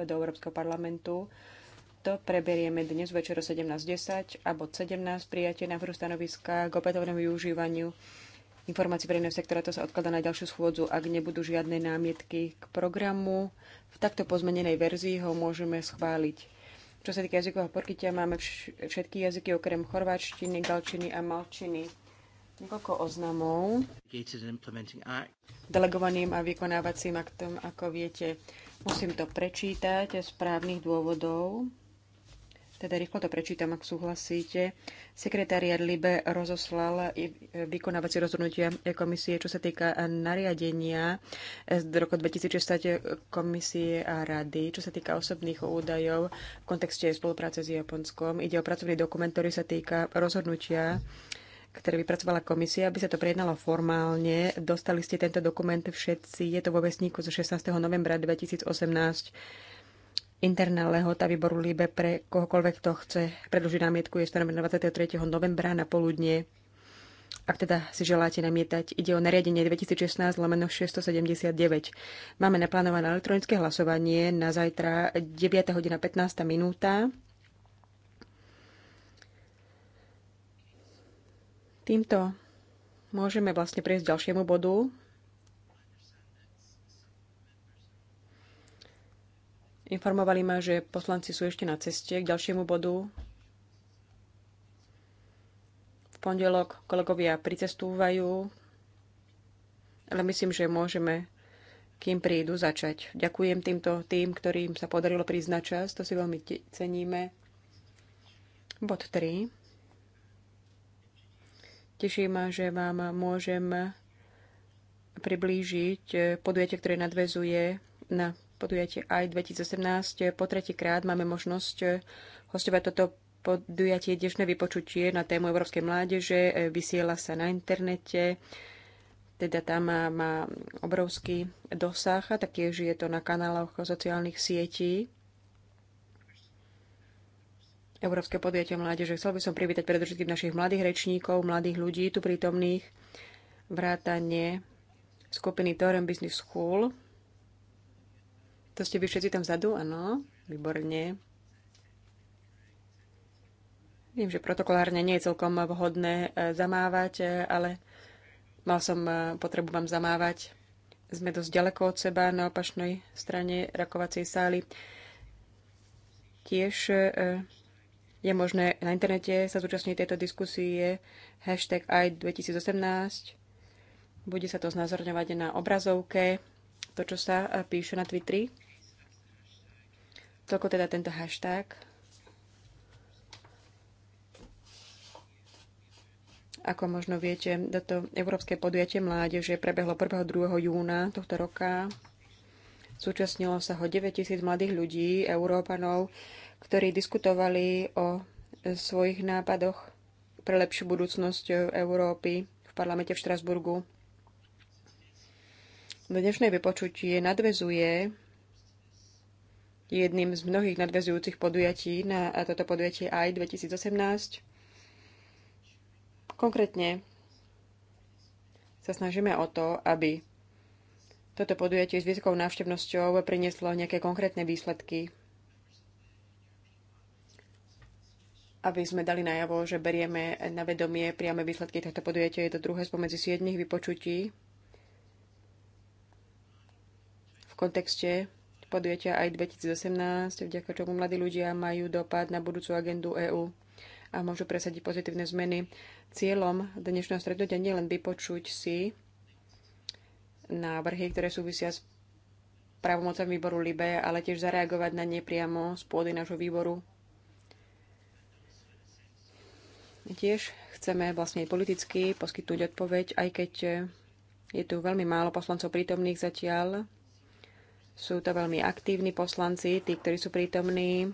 do Európskeho parlamentu. To preberieme dnes večer o 17.10 a bod 17 prijatie návrhu stanoviska k opätovnému využívaniu informácií verejného sektora. To sa odkladá na ďalšiu schôdzu, ak nebudú žiadne námietky k programu. V takto pozmenenej verzii ho môžeme schváliť. Čo sa týka jazykového porkytia, máme všetky jazyky okrem chorváčtiny, galčiny a malčiny. Niekoľko oznamov. Delegovaným a vykonávacím aktom, ako viete, Musím to prečítať z právnych dôvodov. Teda rýchlo to prečítam, ak súhlasíte. Sekretariat LIBE rozoslal vykonávacie rozhodnutia komisie, čo sa týka nariadenia z roku 2016 komisie a rady, čo sa týka osobných údajov v kontexte spolupráce s Japonskom. Ide o pracovný dokument, ktorý sa týka rozhodnutia ktoré vypracovala komisia, aby sa to prejednalo formálne. Dostali ste tento dokument všetci, je to vo vesníku zo 16. novembra 2018. Interná lehota výboru líbe pre kohokoľvek, kto chce predložiť námietku, je stanovená 23. novembra na poludne. Ak teda si želáte namietať, ide o nariadenie 2016 lomeno 679. Máme naplánované elektronické hlasovanie na zajtra 9 hodina 15 minúta Týmto môžeme vlastne prejsť k ďalšiemu bodu. Informovali ma, že poslanci sú ešte na ceste k ďalšiemu bodu. V pondelok kolegovia pricestúvajú, ale myslím, že môžeme, kým prídu, začať. Ďakujem týmto tým, ktorým sa podarilo prísť na čas, to si veľmi ceníme. Bod 3 Teší ma, že vám môžem priblížiť podujatie, ktoré nadvezuje na podujatie aj 2017. Po tretíkrát máme možnosť hostovať toto podujatie dnešné vypočutie na tému Európskej mládeže. Vysiela sa na internete, teda tam má, má obrovský dosah a taktiež je to na kanáloch sociálnych sietí. Európske podujatie mládeže. Chcel by som privítať predovšetkým našich mladých rečníkov, mladých ľudí tu prítomných, vrátanie skupiny Torem Business School. To ste vy všetci tam vzadu, áno? Výborne. Viem, že protokolárne nie je celkom vhodné e, zamávať, e, ale mal som e, potrebu vám zamávať. Sme dosť ďaleko od seba na opačnej strane rakovacej sály. Tiež je možné na internete sa zúčastniť tejto diskusie hashtag aj 2018. Bude sa to znázorňovať na obrazovke, to, čo sa eh, píše na Twitteri. Toľko teda tento hashtag. Ako možno viete, toto Európske podujatie mládeže prebehlo 1. 2. júna tohto roka. Súčasnilo sa ho 9000 mladých ľudí, Európanov ktorí diskutovali o svojich nápadoch pre lepšiu budúcnosť Európy v parlamente v Štrasburgu. Dnešné vypočutie nadvezuje jedným z mnohých nadvezujúcich podujatí na toto podujatie aj 2018. Konkrétne sa snažíme o to, aby toto podujatie s vysokou návštevnosťou prinieslo nejaké konkrétne výsledky aby sme dali najavo, že berieme na vedomie priame výsledky tohto podujatia. Je to druhé spomedzi siedmých vypočutí v kontexte podujatia aj 2018, vďaka čomu mladí ľudia majú dopad na budúcu agendu EÚ a môžu presadiť pozitívne zmeny. Cieľom dnešného stretnutia nie len vypočuť si návrhy, ktoré súvisia s právomocom výboru LIBE, ale tiež zareagovať na ne priamo z pôdy nášho výboru tiež chceme vlastne aj politicky poskytnúť odpoveď, aj keď je tu veľmi málo poslancov prítomných zatiaľ. Sú to veľmi aktívni poslanci, tí, ktorí sú prítomní,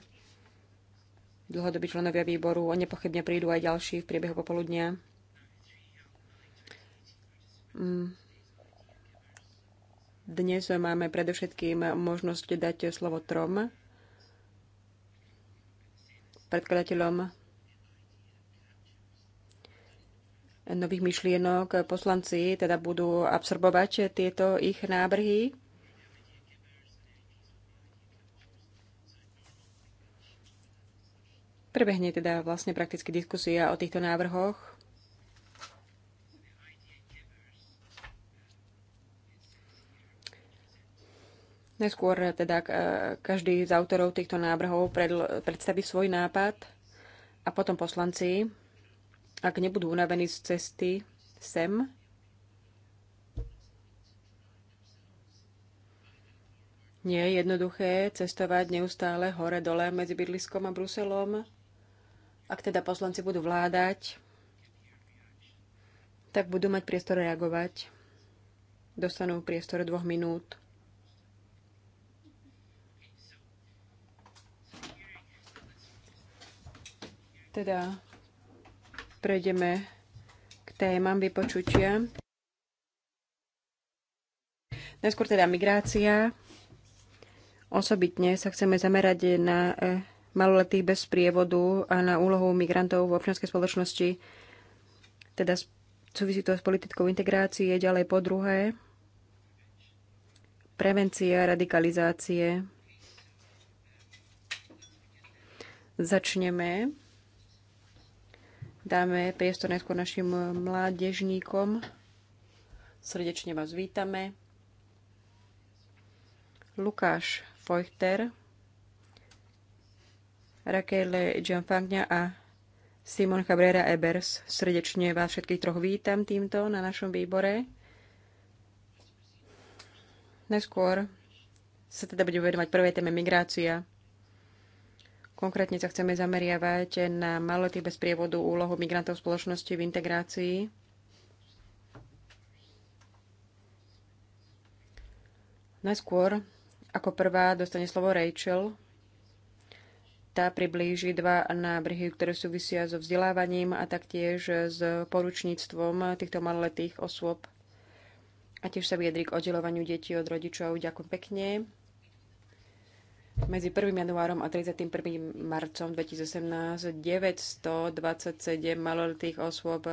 dlhodobí členovia výboru, oni nepochybne prídu aj ďalší v priebehu popoludnia. Mm. Dnes máme predovšetkým možnosť dať slovo trom predkladateľom nových myšlienok poslanci teda budú absorbovať tieto ich nábrhy. Prebehne teda vlastne prakticky diskusia o týchto návrhoch. Najskôr teda e, každý z autorov týchto návrhov predstaví svoj nápad a potom poslanci ak nebudú unavení z cesty sem, nie je jednoduché cestovať neustále hore-dole medzi bydliskom a Bruselom. Ak teda poslanci budú vládať, tak budú mať priestor reagovať. Dostanú priestor dvoch minút. Teda prejdeme k témam vypočutia. Najskôr teda migrácia. Osobitne sa chceme zamerať na eh, maloletých bez prievodu a na úlohu migrantov v občianskej spoločnosti. Teda súvisí to s politickou integrácie, ďalej po druhé prevencia radikalizácie. Začneme Dáme priestor najskôr našim mládežníkom. Srdečne vás vítame. Lukáš Feuchter, Raquel Gianfagna a Simon Cabrera Ebers. Srdečne vás všetkých troch vítam týmto na našom výbore. Najskôr sa teda budeme venovať prvej téme migrácia. Konkrétne sa chceme zameriavať na malety bez prievodu úlohu migrantov v spoločnosti v integrácii. Najskôr, ako prvá, dostane slovo Rachel. Tá priblíži dva nábrhy, ktoré súvisia so vzdelávaním a taktiež s poručníctvom týchto maloletých osôb. A tiež sa viedri k oddelovaniu detí od rodičov. Ďakujem pekne. Medzi 1. januárom a 31. marcom 2018 927 maloletých osôb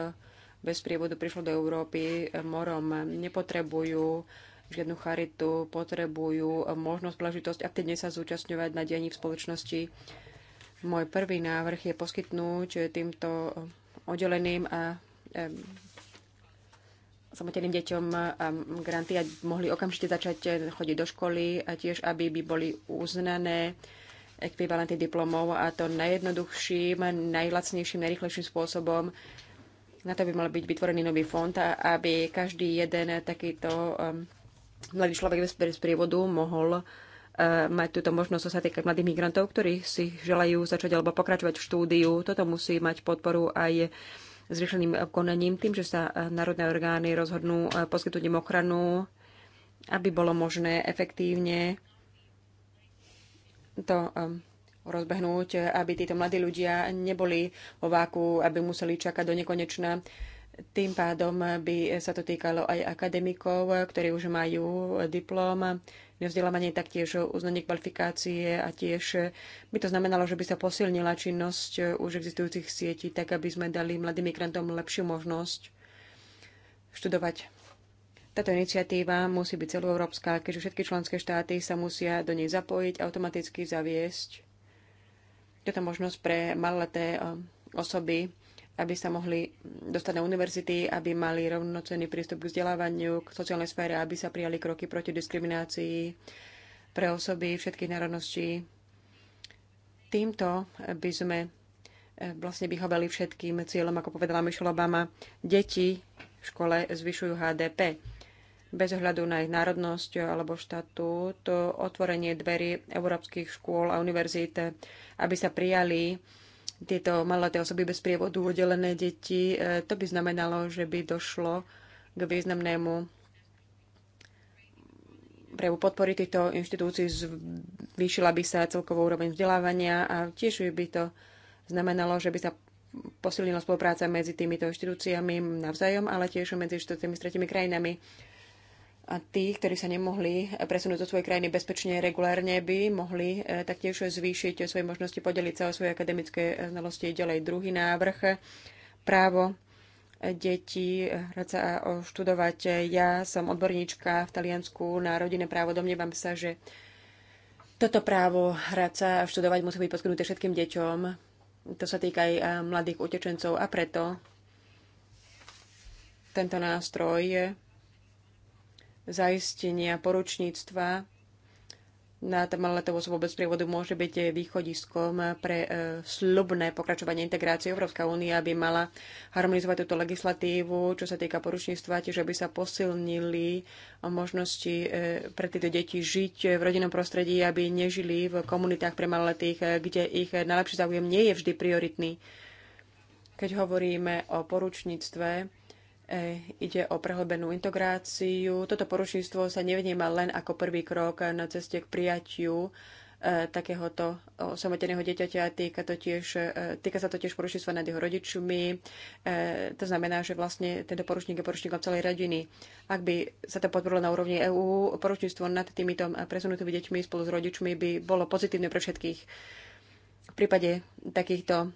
bez prievodu prišlo do Európy morom. Nepotrebujú žiadnu charitu, potrebujú možnosť, príležitosť aktívne sa zúčastňovať na dianí v spoločnosti. Môj prvý návrh je poskytnúť týmto oddeleným a samoteným deťom granty a mohli okamžite začať eh, chodiť do školy a tiež, aby by boli uznané ekvivalenty diplomov a to najjednoduchším, najlacnejším, najrychlejším spôsobom. Na to by mal byť vytvorený nový fond, aby každý jeden takýto mladý človek bez prievodu mohol eh, mať túto možnosť, čo sa týka mladých migrantov, ktorí si želajú začať alebo pokračovať v štúdiu. Toto musí mať podporu aj zrýchleným konaním, tým, že sa eh, národné orgány rozhodnú eh, poskytnúť im ochranu, aby bolo možné efektívne to eh, rozbehnúť, aby títo mladí ľudia neboli vo váku, aby museli čakať do nekonečna. Tým pádom by sa to týkalo aj akademikov, ktorí už majú diplom vzdelávanie, taktiež uznanie kvalifikácie a tiež by to znamenalo, že by sa posilnila činnosť už existujúcich sietí, tak aby sme dali mladým migrantom lepšiu možnosť študovať. Táto iniciatíva musí byť celoeurópska, keďže všetky členské štáty sa musia do nej zapojiť, automaticky zaviesť. Je to možnosť pre malé um, osoby aby sa mohli dostať na univerzity, aby mali rovnocenný prístup k vzdelávaniu, k sociálnej sfére, aby sa prijali kroky proti diskriminácii pre osoby všetkých národností. Týmto by sme eh, vlastne vyhovali všetkým cieľom, ako povedala Michelle Obama, deti v škole zvyšujú HDP. Bez ohľadu na ich národnosť alebo to otvorenie dverí európskych škôl a univerzít, aby sa prijali tieto malé osoby bez prievodu, oddelené deti, e, to by znamenalo, že by došlo k významnému prejavu podpory týchto inštitúcií, zvýšila by sa celkovou úroveň vzdelávania a tiež by to znamenalo, že by sa posilnila spolupráca medzi týmito inštitúciami navzájom, ale tiež medzi inštitúciami s tretimi krajinami a tí, ktorí sa nemohli eh, presunúť do svojej krajiny bezpečne, regulárne, by mohli eh, taktiež zvýšiť svoje možnosti podeliť sa o svoje akademické eh, znalosti ďalej. Druhý návrh, právo detí hrať sa o študovať. Ja som odborníčka v Taliansku na rodinné právo. Domnievam sa, že toto právo hrať sa a študovať musí byť poskytnuté všetkým deťom. To sa týka aj mladých utečencov a preto tento nástroj zaistenia poručníctva na letov osôb bez prievodu môže byť východiskom pre e, slubné pokračovanie integrácie. Európska únia by mala harmonizovať túto legislatívu, čo sa týka poručníctva, tiež aby sa posilnili možnosti e, pre tieto deti žiť v rodinnom prostredí, aby nežili v komunitách pre maloletých, e, kde ich najlepší záujem nie je vždy prioritný. Keď hovoríme o poručníctve, E, ide o prehlbenú integráciu. Toto porušenstvo sa nevníma len ako prvý krok na ceste k prijatiu e, takéhoto osamoteného dieťaťa. Týka, to tiež, e, týka sa to tiež porušenstva nad jeho rodičmi. To znamená, že vlastne tento porušník je porušníkom celej rodiny. Ak by sa to podporilo na úrovni EÚ, porušenstvo nad týmito presunutými deťmi spolu s rodičmi by bolo pozitívne pre všetkých. V prípade takýchto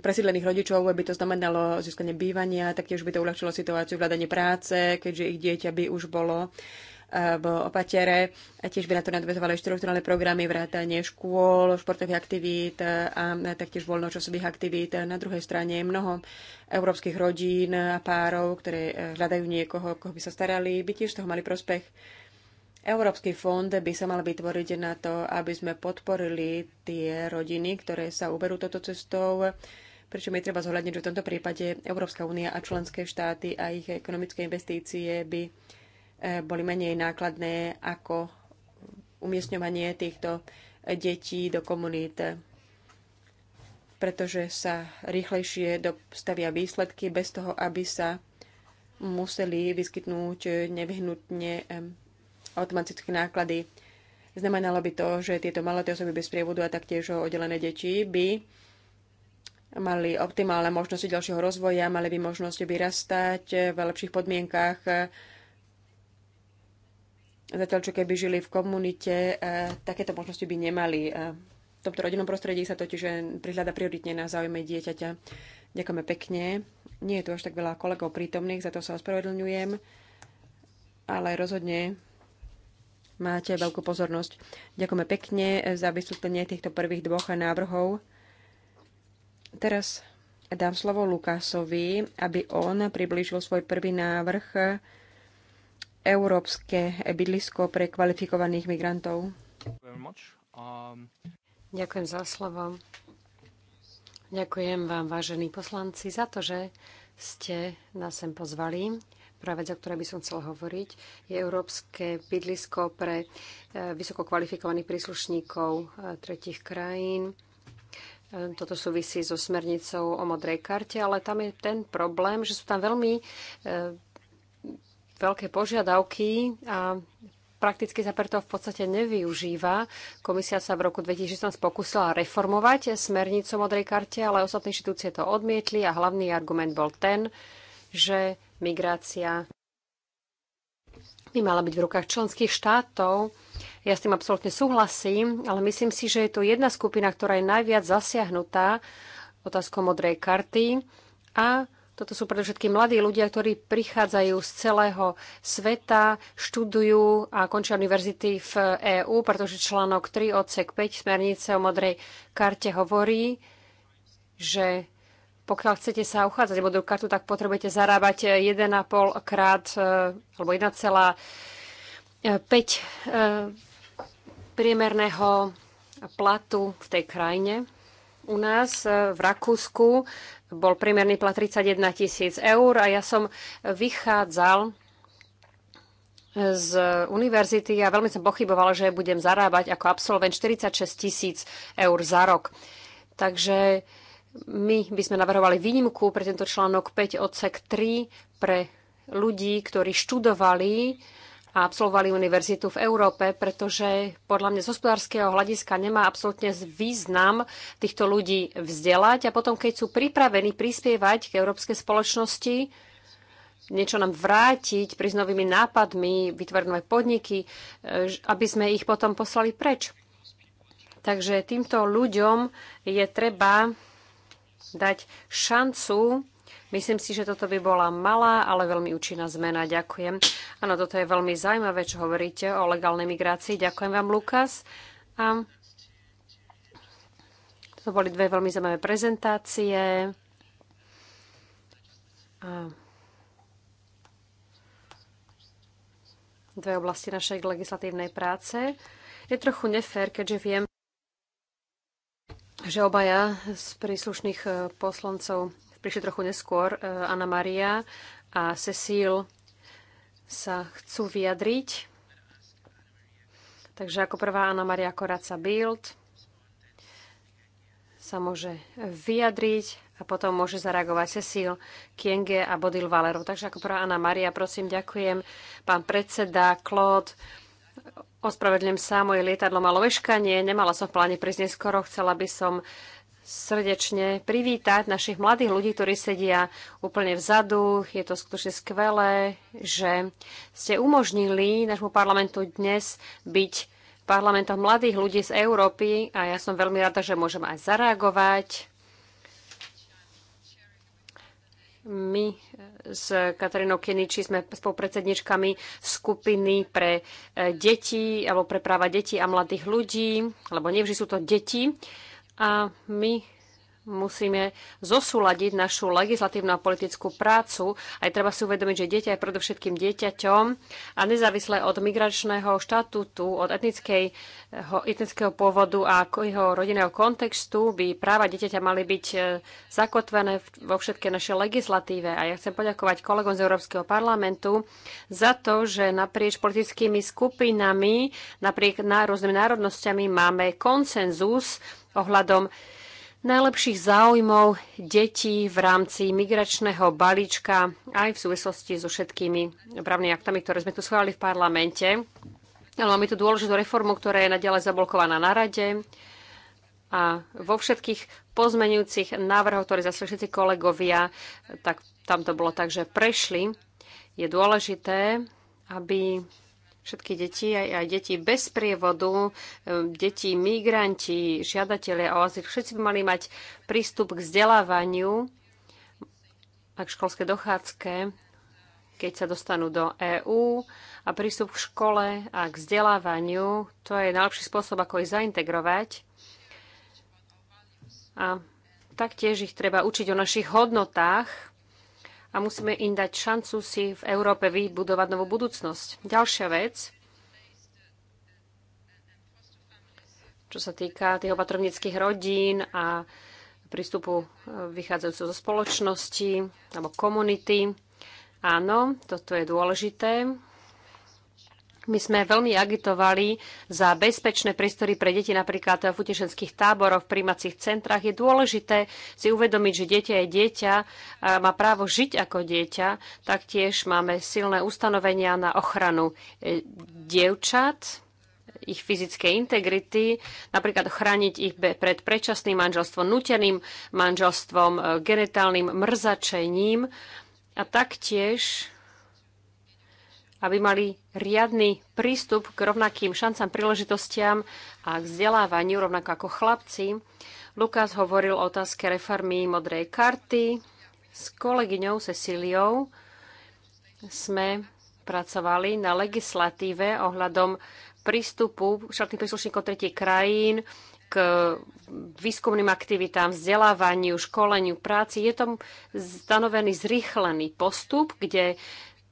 presídlených rodičov by to znamenalo získanie bývania, taktiež by to uľahčilo situáciu v hľadaní práce, keďže ich dieťa by už bolo e, v opatere. A tiež by na to nadvezovali štruktúrne programy vrátanie škôl, športových aktivít e, a taktiež voľnočasových aktivít. Na druhej strane mnoho európskych rodín a párov, ktoré e, hľadajú niekoho, koho by sa starali, by tiež z toho mali prospech. Európsky fond by sa mal vytvoriť na to, aby sme podporili tie rodiny, ktoré sa uberú toto cestou, pričom je treba zohľadniť, že v tomto prípade Európska únia a členské štáty a ich ekonomické investície by eh, boli menej nákladné ako umiestňovanie týchto detí do komunít pretože sa rýchlejšie dostavia výsledky bez toho, aby sa museli vyskytnúť nevyhnutne automatické náklady. Znamenalo by to, že tieto malé osoby bez prievodu a taktiež oddelené deti by mali optimálne možnosti ďalšieho rozvoja, mali by možnosť vyrastať v lepších podmienkách. Zatiaľ, čo keby žili v komunite, eh, takéto možnosti by nemali. Eh, v tomto rodinnom prostredí sa totiž prihľada prioritne na záujme dieťaťa. Ďakujeme pekne. Nie je tu až tak veľa kolegov prítomných, za to sa ospravedlňujem, ale rozhodne máte veľkú pozornosť. Ďakujeme pekne za vysvetlenie týchto prvých dvoch návrhov. Teraz dám slovo Lukásovi, aby on priblížil svoj prvý návrh Európske bydlisko pre kvalifikovaných migrantov. Ďakujem za slovo. Ďakujem vám, vážení poslanci, za to, že ste nás sem pozvali. Prvá vec, o ktorej by som chcel hovoriť, je Európske bydlisko pre e, vysoko kvalifikovaných príslušníkov e, tretich krajín. E, toto súvisí so smernicou o modrej karte, ale tam je ten problém, že sú tam veľmi veľké požiadavky a prakticky sa preto v podstate nevyužíva. Komisia sa v roku 2016 pokusila reformovať smernicu modrej karte, ale ostatné inštitúcie to odmietli a hlavný argument bol ten, že migrácia by mala byť v rukách členských štátov. Ja s tým absolútne súhlasím, ale myslím si, že je to jedna skupina, ktorá je najviac zasiahnutá otázkou modrej karty. A toto sú predovšetkým mladí ľudia, ktorí prichádzajú z celého sveta, študujú a končia univerzity v EÚ, pretože článok 3 odsek 5 smernice o modrej karte hovorí, že pokiaľ chcete sa uchádzať o modrú kartu, tak potrebujete zarábať 1,5 eh, krát eh, alebo 1,5 eh, priemerného platu v tej krajine. U nás v Rakúsku bol priemerný plat 31 tisíc eur a ja som vychádzal z univerzity a veľmi som pochybovala, že budem zarábať ako absolvent 46 tisíc eur za rok. Takže my by sme navrhovali výnimku pre tento článok 5 odsek 3 pre ľudí, ktorí študovali a absolvovali univerzitu v Európe, pretože podľa mňa z hospodárskeho hľadiska nemá absolútne význam týchto ľudí vzdelať a potom, keď sú pripravení prispievať k európskej spoločnosti, niečo nám vrátiť, prísť novými nápadmi, vytvoriť nové podniky, e, aby sme ich potom poslali preč. Takže týmto ľuďom je treba dať šancu. Myslím si, že toto by bola malá, ale veľmi účinná zmena. Ďakujem. Áno, toto je veľmi zaujímavé, čo hovoríte o legálnej migrácii. Ďakujem vám, Lukas. A to boli dve veľmi zaujímavé prezentácie. A dve oblasti našej legislatívnej práce. Je trochu nefér, keďže viem, že obaja z príslušných e, poslancov prišli trochu neskôr, e, Anna Maria a Cecil sa chcú vyjadriť. Takže ako prvá Anna Maria Koraca Bild sa môže vyjadriť a potom môže zareagovať Cecil Kienge a Bodil Valero. Takže ako prvá Anna Maria, prosím, ďakujem. Pán predseda, Claude, Ospravedlňujem sa, moje lietadlo malo veškanie, nemala som v pláne prísť neskoro, chcela by som srdečne privítať našich mladých ľudí, ktorí sedia úplne vzadu. Je to skutočne skvelé, že ste umožnili nášmu parlamentu dnes byť parlamentom mladých ľudí z Európy a ja som veľmi rada, že môžem aj zareagovať My s Katarínou Keniči sme spolupredsedničkami skupiny pre e, deti alebo pre práva detí a mladých ľudí, lebo nevždy sú to deti. A my musíme zosúladiť našu legislatívnu a politickú prácu. Aj treba si uvedomiť, že dieťa je predovšetkým dieťaťom a nezávisle od migračného štatútu, od etnického, etnického pôvodu a jeho rodinného kontextu by práva dieťaťa mali byť e, zakotvené vo všetkej našej legislatíve. A ja chcem poďakovať kolegom z Európskeho parlamentu za to, že naprieč politickými skupinami, napriek rôznymi národnosťami máme konsenzus ohľadom najlepších záujmov detí v rámci migračného balíčka aj v súvislosti so všetkými právnymi aktami, ktoré sme tu schválili v parlamente. Ale máme tu dôležitú reformu, ktorá je nadalej zablokovaná na rade. A vo všetkých pozmenujúcich návrhoch, ktoré zase všetci kolegovia, tak tam to bolo tak, že prešli. Je dôležité, aby všetky deti, aj, aj deti bez prievodu, e, deti, migranti, žiadatelia o azyl, všetci by mali mať prístup k vzdelávaniu a k školskej dochádzke, keď sa dostanú do EÚ a prístup k škole a k vzdelávaniu, to je najlepší spôsob, ako ich zaintegrovať. A taktiež ich treba učiť o našich hodnotách, a musíme im dať šancu si v Európe vybudovať novú budúcnosť. Ďalšia vec, čo sa týka tých opatrovnických rodín a prístupu e, vychádzajúceho zo spoločnosti alebo komunity. Áno, toto je dôležité. My sme veľmi agitovali za bezpečné priestory pre deti napríklad v utešenských táboroch, v príjmacích centrách. Je dôležité si uvedomiť, že dieťa je dieťa, má právo žiť ako dieťa. Taktiež máme silné ustanovenia na ochranu e, dievčat, ich fyzickej integrity, napríklad chrániť ich pred predčasným manželstvom, nuteným manželstvom, e, genetálnym mrzačením a taktiež aby mali riadny prístup k rovnakým šancám príležitostiam a k vzdelávaniu, rovnako ako chlapci. Lukas hovoril o otázke reformy modrej karty. S kolegyňou Cecíliou sme pracovali na legislatíve ohľadom prístupu štátnych príslušníkov tretich krajín k výskumným aktivitám, vzdelávaniu, školeniu, práci. Je tam stanovený zrýchlený postup, kde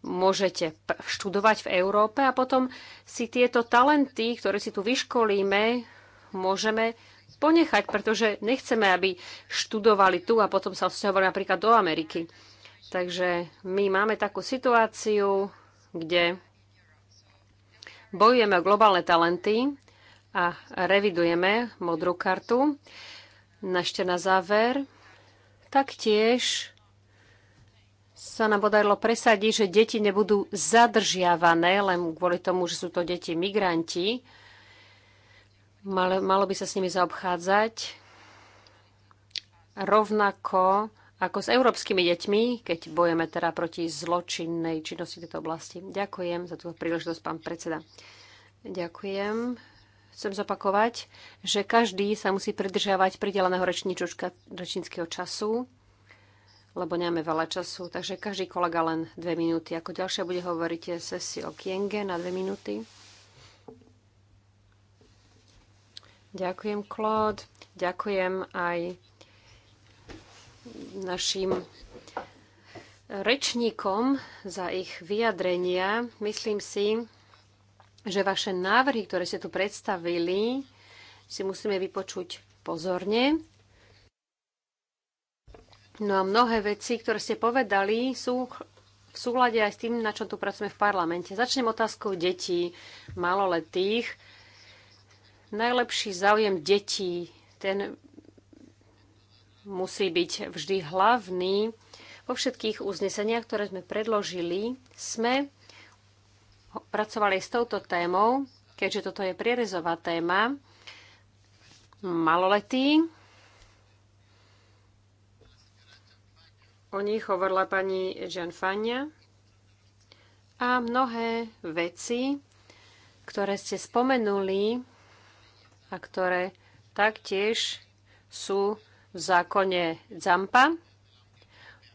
môžete študovať v Európe a potom si tieto talenty, ktoré si tu vyškolíme, môžeme ponechať, pretože nechceme, aby študovali tu a potom sa odsťahovali napríklad do Ameriky. Takže my máme takú situáciu, kde bojujeme o globálne talenty a revidujeme modrú kartu. Našte na záver. Taktiež sa nám podarilo presadiť, že deti nebudú zadržiavané len kvôli tomu, že sú to deti migranti. Malo, malo by sa s nimi zaobchádzať rovnako ako s európskymi deťmi, keď bojeme teda proti zločinnej činnosti tejto oblasti. Ďakujem za túto príležitosť, pán predseda. Ďakujem. Chcem zopakovať, že každý sa musí pridržiavať prideleného rečníčka, rečníckého času lebo nemáme veľa času. Takže každý kolega len dve minúty. Ako ďalšia bude hovoriť sesi o Kienge na dve minúty. Ďakujem, Claude. Ďakujem aj našim rečníkom za ich vyjadrenia. Myslím si, že vaše návrhy, ktoré ste tu predstavili, si musíme vypočuť pozorne No a mnohé veci, ktoré ste povedali, sú v súlade aj s tým, na čo tu pracujeme v parlamente. Začnem otázkou detí, maloletých. Najlepší záujem detí, ten musí byť vždy hlavný. Vo všetkých uzneseniach, ktoré sme predložili, sme pracovali s touto témou, keďže toto je prierezová téma. Maloletí O nich hovorila pani Žanfania. A mnohé veci, ktoré ste spomenuli a ktoré taktiež sú v zákone Zampa,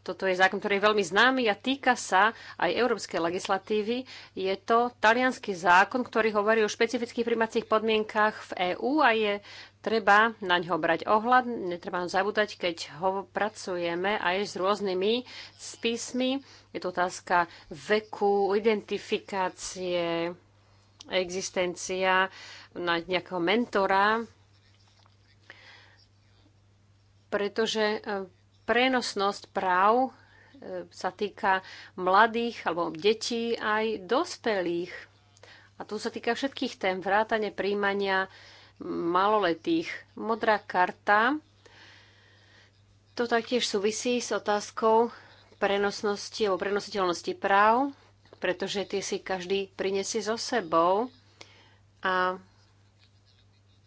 toto je zákon, ktorý je veľmi známy a týka sa aj európskej legislatívy. Je to talianský zákon, ktorý hovorí o špecifických primacích podmienkách v EÚ a je treba na ňo brať ohľad. Netreba zabúdať, keď ho pracujeme aj s rôznymi spismi. Je to otázka veku, identifikácie, existencia na nejakého mentora, pretože eh, prenosnosť práv e, sa týka mladých alebo detí aj dospelých. A tu sa týka všetkých tém vrátane príjmania maloletých. Modrá karta to taktiež súvisí s otázkou prenosnosti alebo prenositeľnosti práv, pretože tie si každý prinesie so sebou a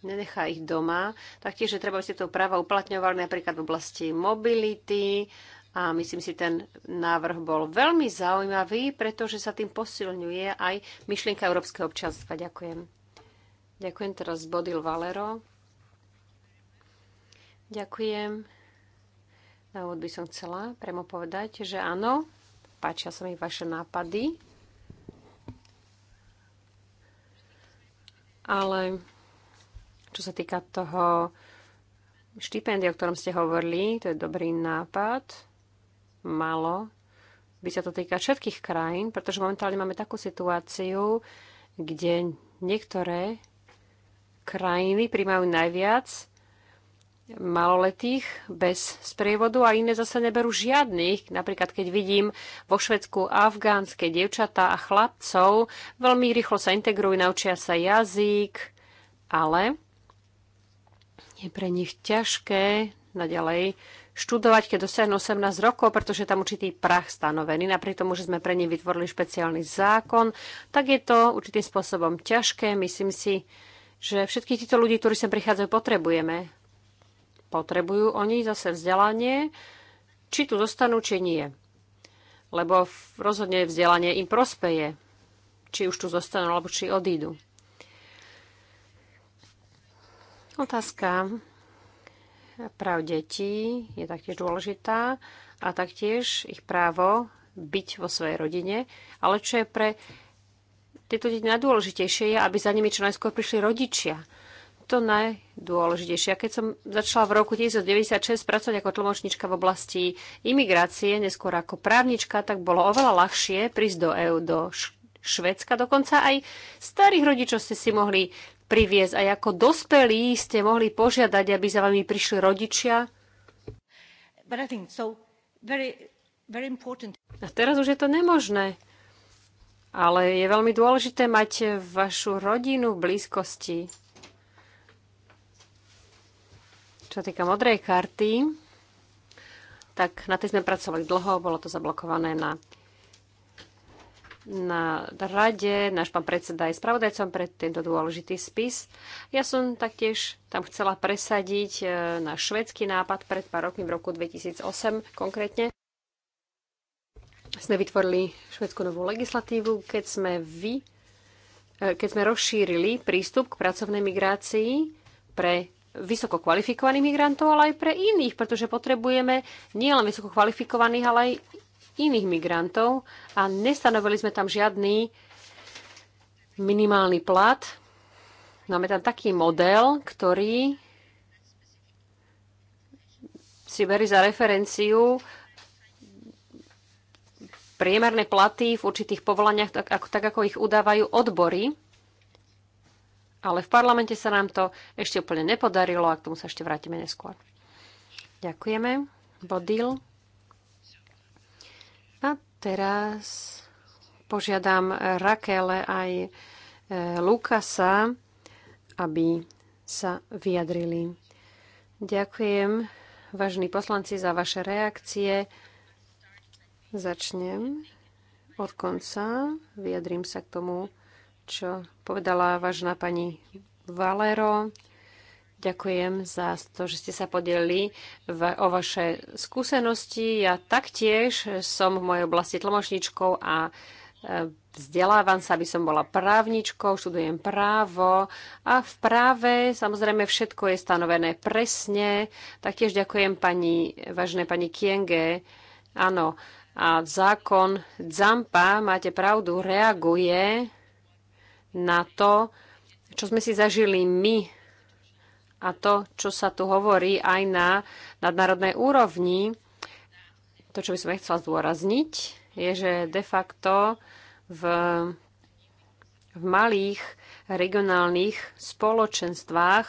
nenechá ich doma. Taktiež že treba, aby to práva uplatňovali napríklad v oblasti mobility a myslím si, ten návrh bol veľmi zaujímavý, pretože sa tým posilňuje aj myšlienka európskeho občanstva. Ďakujem. Ďakujem teraz Bodil Valero. Ďakujem. Na úvod by som chcela premo povedať, že áno, páčia sa mi vaše nápady, ale čo sa týka toho štipendia, o ktorom ste hovorili, to je dobrý nápad. Malo by sa to týka všetkých krajín, pretože momentálne máme takú situáciu, kde niektoré krajiny príjmajú najviac maloletých bez sprievodu a iné zase neberú žiadnych. Napríklad, keď vidím vo Švedsku afgánske dievčatá a chlapcov, veľmi rýchlo sa integrujú, naučia sa jazyk, ale je pre nich ťažké naďalej študovať, keď dosiahnu 18 rokov, pretože je tam určitý prach stanovený. Napriek tomu, že sme pre nich vytvorili špeciálny zákon, tak je to určitým spôsobom ťažké. Myslím si, že všetkých týchto ľudí, ktorí sem prichádzajú, potrebujeme. Potrebujú oni zase vzdelanie, či tu zostanú, či nie. Lebo rozhodne vzdelanie im prospeje, či už tu zostanú, alebo či odídu. Otázka práv detí je taktiež dôležitá a taktiež ich právo byť vo svojej rodine. Ale čo je pre tieto deti najdôležitejšie, je, aby za nimi čo najskôr prišli rodičia. To najdôležitejšie. A keď som začala v roku 1996 pracovať ako tlmočnička v oblasti imigrácie, neskôr ako právnička, tak bolo oveľa ľahšie prísť do EU, do Švedska. Dokonca aj starých rodičov ste si mohli priviesť. Aj ako dospelí ste mohli požiadať, aby za vami prišli rodičia. So very, very A teraz už je to nemožné. Ale je veľmi dôležité mať vašu rodinu v blízkosti. Čo týka modrej karty, tak na tej sme pracovali dlho, bolo to zablokované na na rade. Náš pán predseda je spravodajcom pre tento dôležitý spis. Ja som taktiež tam chcela presadiť e, na švedský nápad pred pár rokmi, v roku 2008 konkrétne. Sme vytvorili švedskú novú legislatívu, keď sme vy e, keď sme rozšírili prístup k pracovnej migrácii pre vysoko kvalifikovaných migrantov, ale aj pre iných, pretože potrebujeme nielen vysoko kvalifikovaných, ale aj iných migrantov a nestanovili sme tam žiadny minimálny plat. Máme tam taký model, ktorý si verí za referenciu priemerné platy v určitých povolaniach, tak ako, tak ako ich udávajú odbory. Ale v parlamente sa nám to ešte úplne nepodarilo a k tomu sa ešte vrátime neskôr. Ďakujeme. Bodil. Teraz požiadam Rakele aj e, Lukasa, aby sa vyjadrili. Ďakujem, vážni poslanci, za vaše reakcie. Začnem od konca. Vyjadrím sa k tomu, čo povedala vážna pani Valero. Ďakujem za to, že ste sa podelili o vaše skúsenosti. Ja taktiež som v mojej oblasti tlmočničkou a e, vzdelávam sa, aby som bola právničkou, študujem právo a v práve samozrejme všetko je stanovené presne. Taktiež ďakujem pani, vážne pani Kienge. Áno, a zákon Zampa, máte pravdu, reaguje na to, čo sme si zažili my a to, čo sa tu hovorí aj na nadnárodnej úrovni, to, čo by som chcela zdôrazniť, je, že de facto v, v malých regionálnych spoločenstvách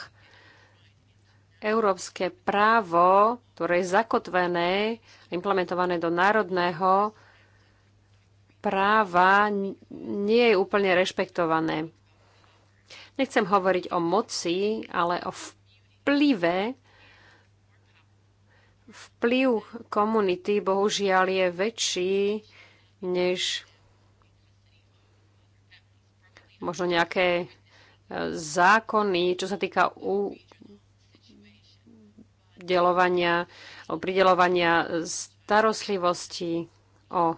európske právo, ktoré je zakotvené, implementované do národného práva, nie je úplne rešpektované. Nechcem hovoriť o moci, ale o vplyve vplyv komunity bohužiaľ je väčší než možno nejaké e, zákony, čo sa týka u pridelovania starostlivosti o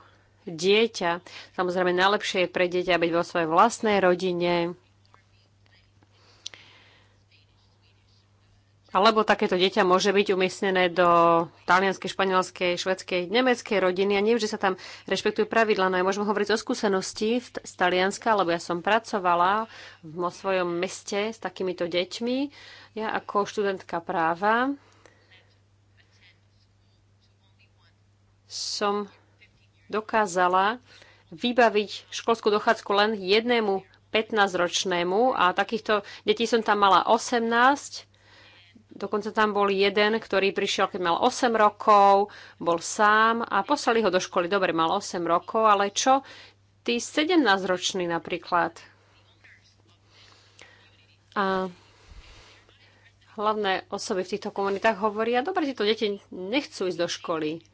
dieťa. Samozrejme, najlepšie je pre dieťa byť vo svojej vlastnej rodine, Alebo takéto dieťa môže byť umiestnené do talianskej, španielskej, švedskej, nemeckej rodiny a nevždy sa tam rešpektujú pravidla. No ja môžem hovoriť o skúsenosti z Talianska, lebo ja som pracovala vo svojom meste s takýmito deťmi. Ja ako študentka práva som dokázala vybaviť školskú dochádzku len jednému 15-ročnému a takýchto detí som tam mala 18 Dokonca tam bol jeden, ktorý prišiel, keď mal 8 rokov, bol sám a poslali ho do školy. Dobre, mal 8 rokov, ale čo? Tí 17-roční napríklad. A hlavné osoby v týchto komunitách hovoria, dobre, títo deti nechcú ísť do školy.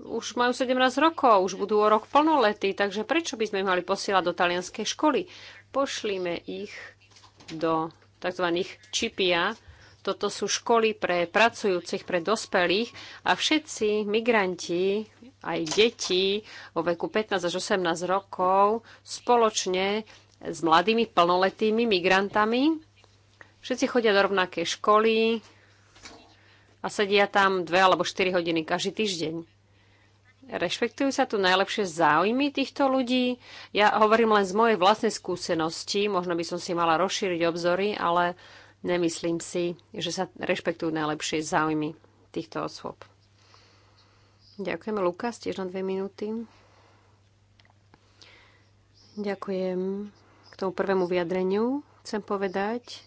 Už majú 17 rokov, už budú o rok plnoletí, takže prečo by sme mali posielať do talianskej školy? Pošlíme ich do tzv. čipia, toto sú školy pre pracujúcich, pre dospelých a všetci migranti, aj deti vo veku 15 až 18 rokov spoločne s mladými plnoletými migrantami. Všetci chodia do rovnakej školy a sedia tam dve alebo 4 hodiny každý týždeň rešpektujú sa tu najlepšie záujmy týchto ľudí. Ja hovorím len z mojej vlastnej skúsenosti, možno by som si mala rozšíriť obzory, ale nemyslím si, že sa rešpektujú najlepšie záujmy týchto osôb. Ďakujem. Lukas, tiež na dve minúty. Ďakujem. K tomu prvému vyjadreniu chcem povedať,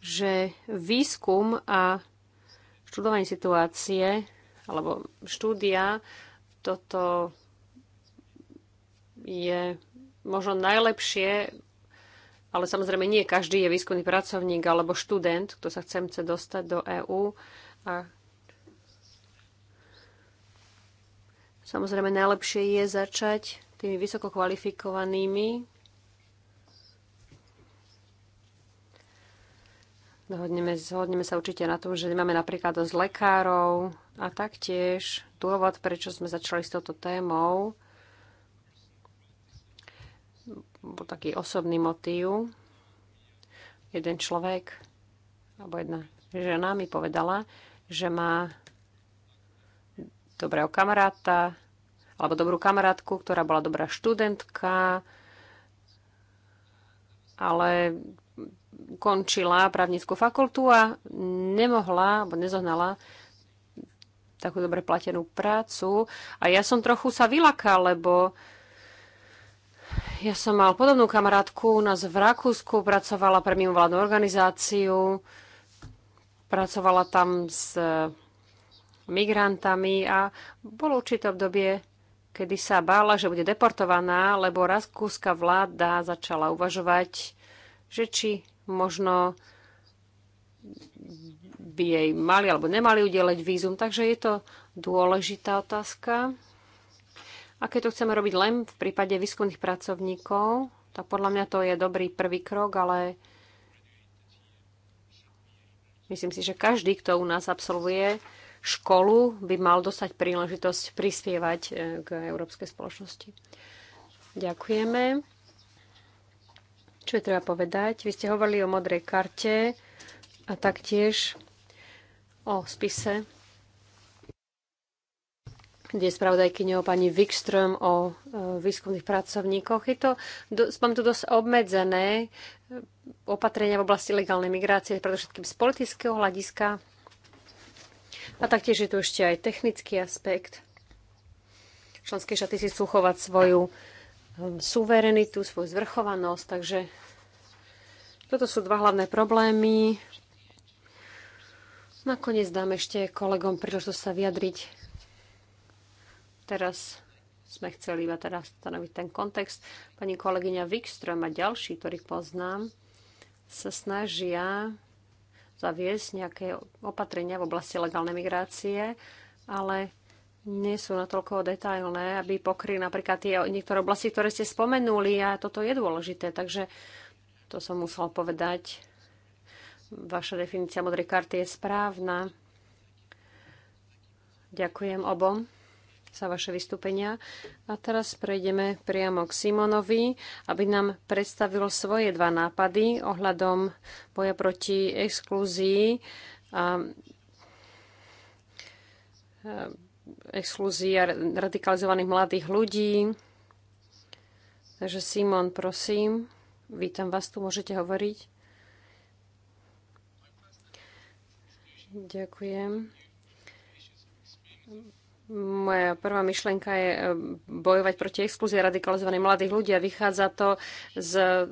že výskum a študovanie situácie alebo štúdia toto je možno najlepšie ale samozrejme nie každý je výskumný pracovník alebo študent, kto sa chce, chce dostať do EÚ. A samozrejme najlepšie je začať tými vysoko kvalifikovanými. Dohodneme, zhodneme sa určite na tom, že nemáme napríklad dosť lekárov a taktiež dôvod, prečo sme začali s touto témou, bol taký osobný motív. Jeden človek, alebo jedna žena mi povedala, že má dobrého kamaráta, alebo dobrú kamarátku, ktorá bola dobrá študentka, ale končila právnickú fakultu a nemohla, alebo nezohnala takú dobre platenú prácu. A ja som trochu sa vylakal, lebo ja som mal podobnú kamarátku, u nás v Rakúsku pracovala pre mimovládnu organizáciu, pracovala tam s e, migrantami a bolo určité obdobie, kedy sa bála, že bude deportovaná, lebo rakúska vláda začala uvažovať, že či možno by jej mali alebo nemali udeleť vízum. Takže je to dôležitá otázka. A keď to chceme robiť len v prípade výskumných pracovníkov, tak podľa mňa to je dobrý prvý krok, ale myslím si, že každý, kto u nás absolvuje školu, by mal dostať príležitosť prispievať e, k európskej spoločnosti. Ďakujeme. Čo je treba povedať? Vy ste hovorili o modrej karte a taktiež o spise kde je spravodajkyňou pani Wikström o e, výskumných pracovníkoch. Je to, mám tu dosť obmedzené e, opatrenia v oblasti legálnej migrácie, predovšetkým z politického hľadiska. A taktiež je tu ešte aj technický aspekt. Členské štáty si chcú chovať svoju um, suverenitu, svoju zvrchovanosť, takže toto sú dva hlavné problémy. Nakoniec dám ešte kolegom príležitosť sa vyjadriť Teraz sme chceli iba teraz stanoviť ten kontext. Pani kolegyňa Wikström a ďalší, ktorých poznám, sa snažia zaviesť nejaké opatrenia v oblasti legálnej migrácie, ale nie sú natoľko detailné, aby pokryli napríklad tie niektoré oblasti, ktoré ste spomenuli a toto je dôležité, takže to som musel povedať. Vaša definícia modrej karty je správna. Ďakujem obom za vaše vystúpenia. A teraz prejdeme priamo k Simonovi, aby nám predstavil svoje dva nápady ohľadom boja proti exklúzii a e, exkluzii a radikalizovaných mladých ľudí. Takže Simon, prosím, vítam vás tu, môžete hovoriť. Ďakujem. Moja prvá myšlienka je eh, bojovať proti exkluzie radikalizovaných mladých ľudí a vychádza to z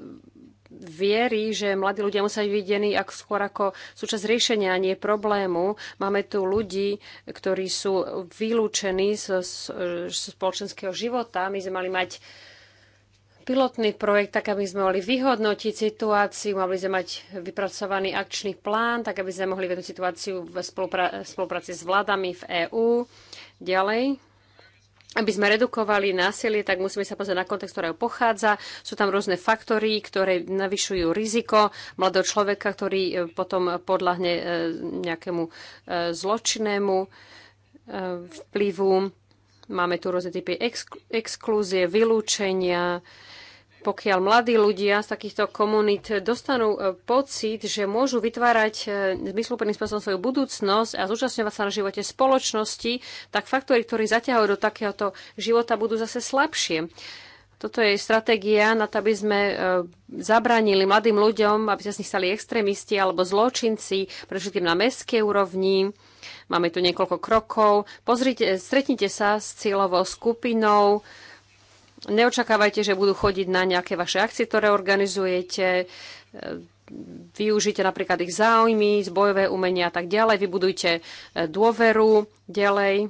viery, že mladí ľudia musia byť videní ako skôr ako súčasť riešenia, a nie problému. Máme tu ľudí, ktorí sú vylúčení z, spoločenského života. My sme mali mať pilotný projekt, tak aby sme mohli vyhodnotiť situáciu, mali sme mať vypracovaný akčný plán, tak aby sme mohli vedúť situáciu v spolupra spolupráci s vládami v EÚ. Ďalej, aby sme redukovali násilie, tak musíme sa pozrieť na kontext, ktorého pochádza. Sú tam rôzne faktory, ktoré navyšujú riziko mladého človeka, ktorý e, potom podľahne e, nejakému e, zločinnému vplyvu. Máme tu rôzne typy exklúzie, vylúčenia, pokiaľ mladí ľudia z takýchto komunít dostanú e, pocit, že môžu vytvárať e, zmysluplným spôsobom svoju budúcnosť a zúčastňovať sa na živote spoločnosti, tak faktory, ktorí zaťahujú do takéhoto života, budú zase slabšie. Toto je stratégia na to, aby sme e, zabránili mladým ľuďom, aby sa z nich stali extrémisti alebo zločinci, predovšetkým na mestskej úrovni. Máme tu niekoľko krokov. Pozrite, stretnite sa s cieľovou skupinou, Neočakávajte, že budú chodiť na nejaké vaše akcie, ktoré organizujete. E, využite napríklad ich záujmy, zbojové umenia a tak ďalej. Vybudujte e, dôveru ďalej.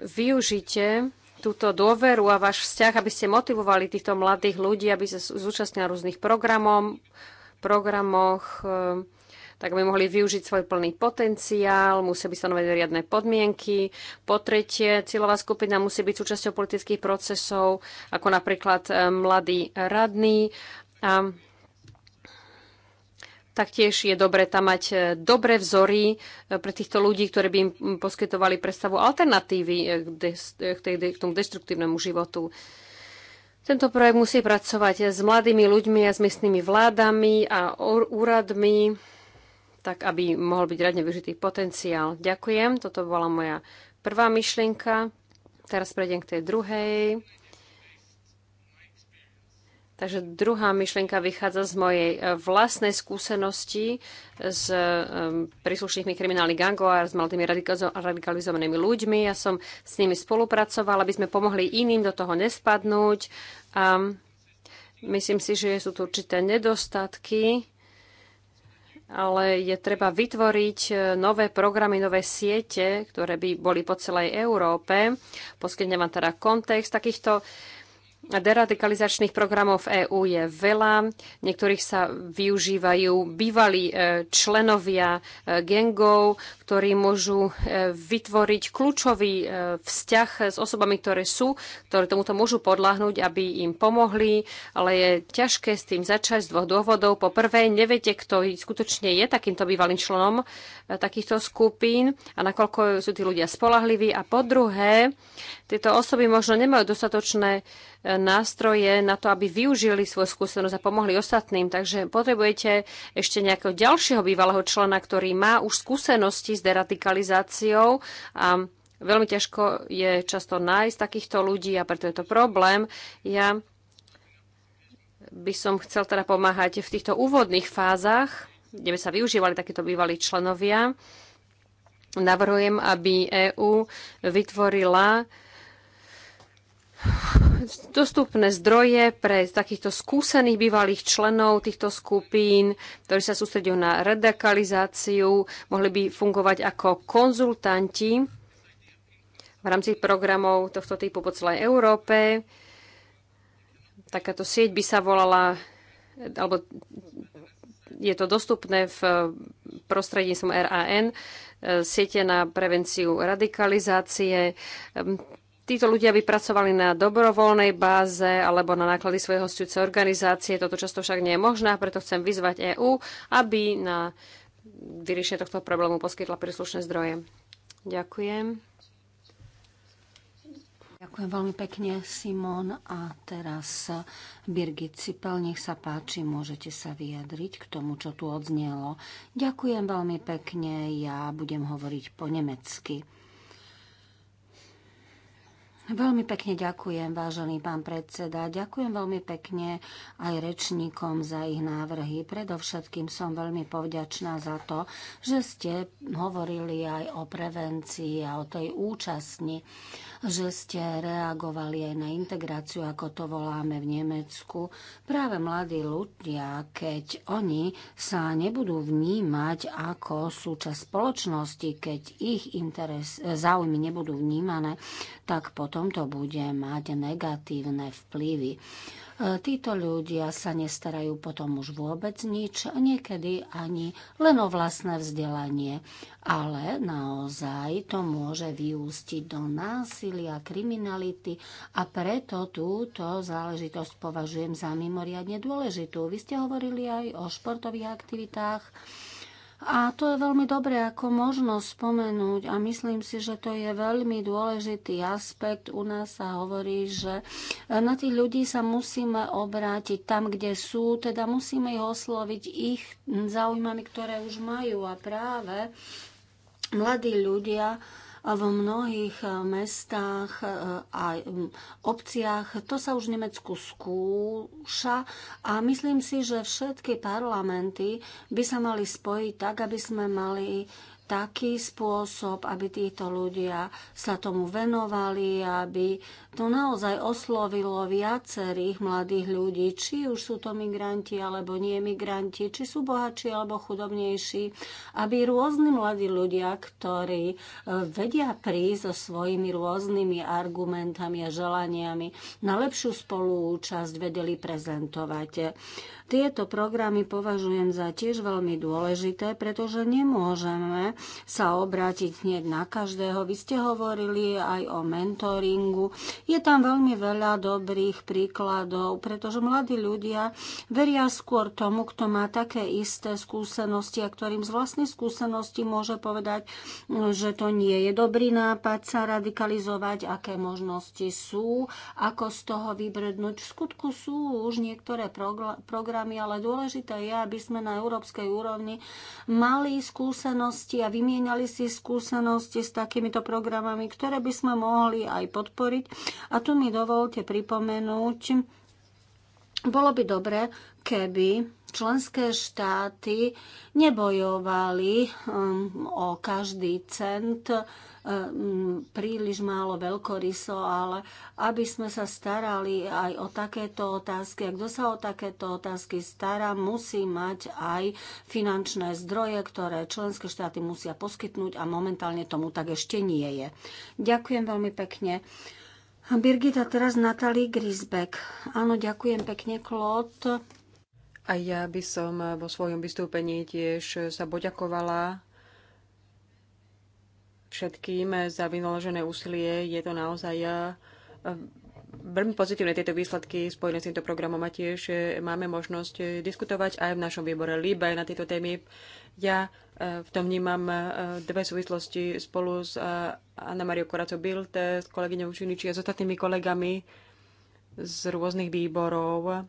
Využite túto dôveru a váš vzťah, aby ste motivovali týchto mladých ľudí, aby sa zúčastnili na rôznych programoch, programoch e, tak aby mohli využiť svoj plný potenciál, musí byť stanoviť riadne podmienky. Po tretie, cieľová skupina musí byť súčasťou politických procesov, ako napríklad e, mladý radný. A taktiež je dobre tam mať e, dobré vzory e, pre týchto ľudí, ktorí by im poskytovali predstavu alternatívy k tomu destruktívnemu životu. Tento projekt musí pracovať s mladými ľuďmi a s miestnymi vládami a úradmi tak aby mohol byť radne využitý potenciál. Ďakujem, toto bola moja prvá myšlienka. Teraz prejdem k tej druhej. Takže druhá myšlienka vychádza z mojej eh, vlastnej skúsenosti s eh, príslušnými kriminálnych gangov a s malými radikalizovanými ľuďmi. Ja som s nimi spolupracovala, aby sme pomohli iným do toho nespadnúť. A myslím si, že sú tu určité nedostatky ale je treba vytvoriť e, nové programy, nové siete, ktoré by boli po celej Európe. Poskytne vám teda kontext takýchto Deradikalizačných programov v EÚ je veľa. Niektorých sa využívajú bývalí e, členovia e, gengov, ktorí môžu e, vytvoriť kľúčový vzťah s osobami, ktoré sú, ktoré tomuto môžu podľahnúť, aby im pomohli, ale je ťažké s tým začať z dvoch dôvodov. Po prvé, neviete, kto skutočne je takýmto bývalým členom takýchto skupín a nakoľko sú tí ľudia spolahliví. A po druhé, tieto osoby možno nemajú dostatočné nástroje na to, aby využili svoju skúsenosť a pomohli ostatným. Takže potrebujete ešte nejakého ďalšieho bývalého člena, ktorý má už skúsenosti s deradikalizáciou a veľmi ťažko je často nájsť takýchto ľudí a preto je to problém. Ja by som chcel teda pomáhať v týchto úvodných fázach, kde by sa využívali takíto bývalí členovia. Navrhujem, aby EÚ vytvorila dostupné zdroje pre takýchto skúsených bývalých členov týchto skupín, ktorí sa sústredujú na radikalizáciu, mohli by fungovať ako konzultanti v rámci programov tohto typu po celej Európe. Takáto sieť by sa volala, alebo je to dostupné v prostredníctvom RAN, siete na prevenciu radikalizácie títo ľudia by pracovali na dobrovoľnej báze alebo na náklady svojej hostujúce organizácie. Toto často však nie je možné, preto chcem vyzvať EÚ, aby na vyriešenie tohto problému poskytla príslušné zdroje. Ďakujem. Ďakujem veľmi pekne, Simon. A teraz Birgit Cipel, nech sa páči, môžete sa vyjadriť k tomu, čo tu odznelo. Ďakujem veľmi pekne, ja budem hovoriť po nemecky. Veľmi pekne ďakujem, vážený pán predseda. Ďakujem veľmi pekne aj rečníkom za ich návrhy. Predovšetkým som veľmi povďačná za to, že ste hovorili aj o prevencii a o tej účastni, že ste reagovali aj na integráciu, ako to voláme v Nemecku. Práve mladí ľudia, keď oni sa nebudú vnímať ako súčasť spoločnosti, keď ich interes, záujmy nebudú vnímané, tak potom tomto to bude mať negatívne vplyvy. E, títo ľudia sa nestarajú potom už vôbec nič, niekedy ani len o vlastné vzdelanie. Ale naozaj to môže vyústiť do násilia, kriminality a preto túto záležitosť považujem za mimoriadne dôležitú. Vy ste hovorili aj o športových aktivitách a to je veľmi dobré ako možnosť spomenúť a myslím si, že to je veľmi dôležitý aspekt. U nás sa hovorí, že na tých ľudí sa musíme obrátiť tam, kde sú, teda musíme ich osloviť ich zaujímami, ktoré už majú a práve mladí ľudia v mnohých e, mestách e, a obciach. To sa už v Nemecku skúša a myslím si, že všetky parlamenty by sa mali spojiť tak, aby sme mali taký spôsob, aby títo ľudia sa tomu venovali, aby to naozaj oslovilo viacerých mladých ľudí, či už sú to migranti alebo nie migranti, či sú bohatší alebo chudobnejší, aby rôzni mladí ľudia, ktorí e, vedia prísť so svojimi rôznymi argumentami a želaniami na lepšiu spolúčasť vedeli prezentovať. Tieto programy považujem za tiež veľmi dôležité, pretože nemôžeme sa obrátiť hneď na každého. Vy ste hovorili aj o mentoringu. Je tam veľmi veľa dobrých príkladov, pretože mladí ľudia veria skôr tomu, kto má také isté skúsenosti a ktorým z vlastnej skúsenosti môže povedať, že to nie je dobrý nápad sa radikalizovať, aké možnosti sú, ako z toho vybrednúť. V skutku sú už niektoré programy, ale dôležité je, aby sme na európskej úrovni mali skúsenosti a vymieniali si skúsenosti s takýmito programami, ktoré by sme mohli aj podporiť a tu mi dovolte pripomenúť, bolo by dobre, keby členské štáty nebojovali um, o každý cent um, príliš málo veľkoryso, ale aby sme sa starali aj o takéto otázky. A kto sa o takéto otázky stará, musí mať aj finančné zdroje, ktoré členské štáty musia poskytnúť a momentálne tomu tak ešte nie je. Ďakujem veľmi pekne. Birgita, teraz Natalie Grisbeck. Áno, ďakujem pekne, Klot. A ja by som vo svojom vystúpení tiež sa poďakovala všetkým za vynaložené úsilie. Je to naozaj eh, veľmi pozitívne tieto výsledky spojené s týmto programom a tiež eh, máme možnosť eh, diskutovať aj v našom výbore líbe na tieto témy. Ja v tom vnímam e, dve súvislosti spolu s e, Anna Mario Koraco Bild, e, s kolegyňou Činiči a s ostatnými kolegami z rôznych výborov.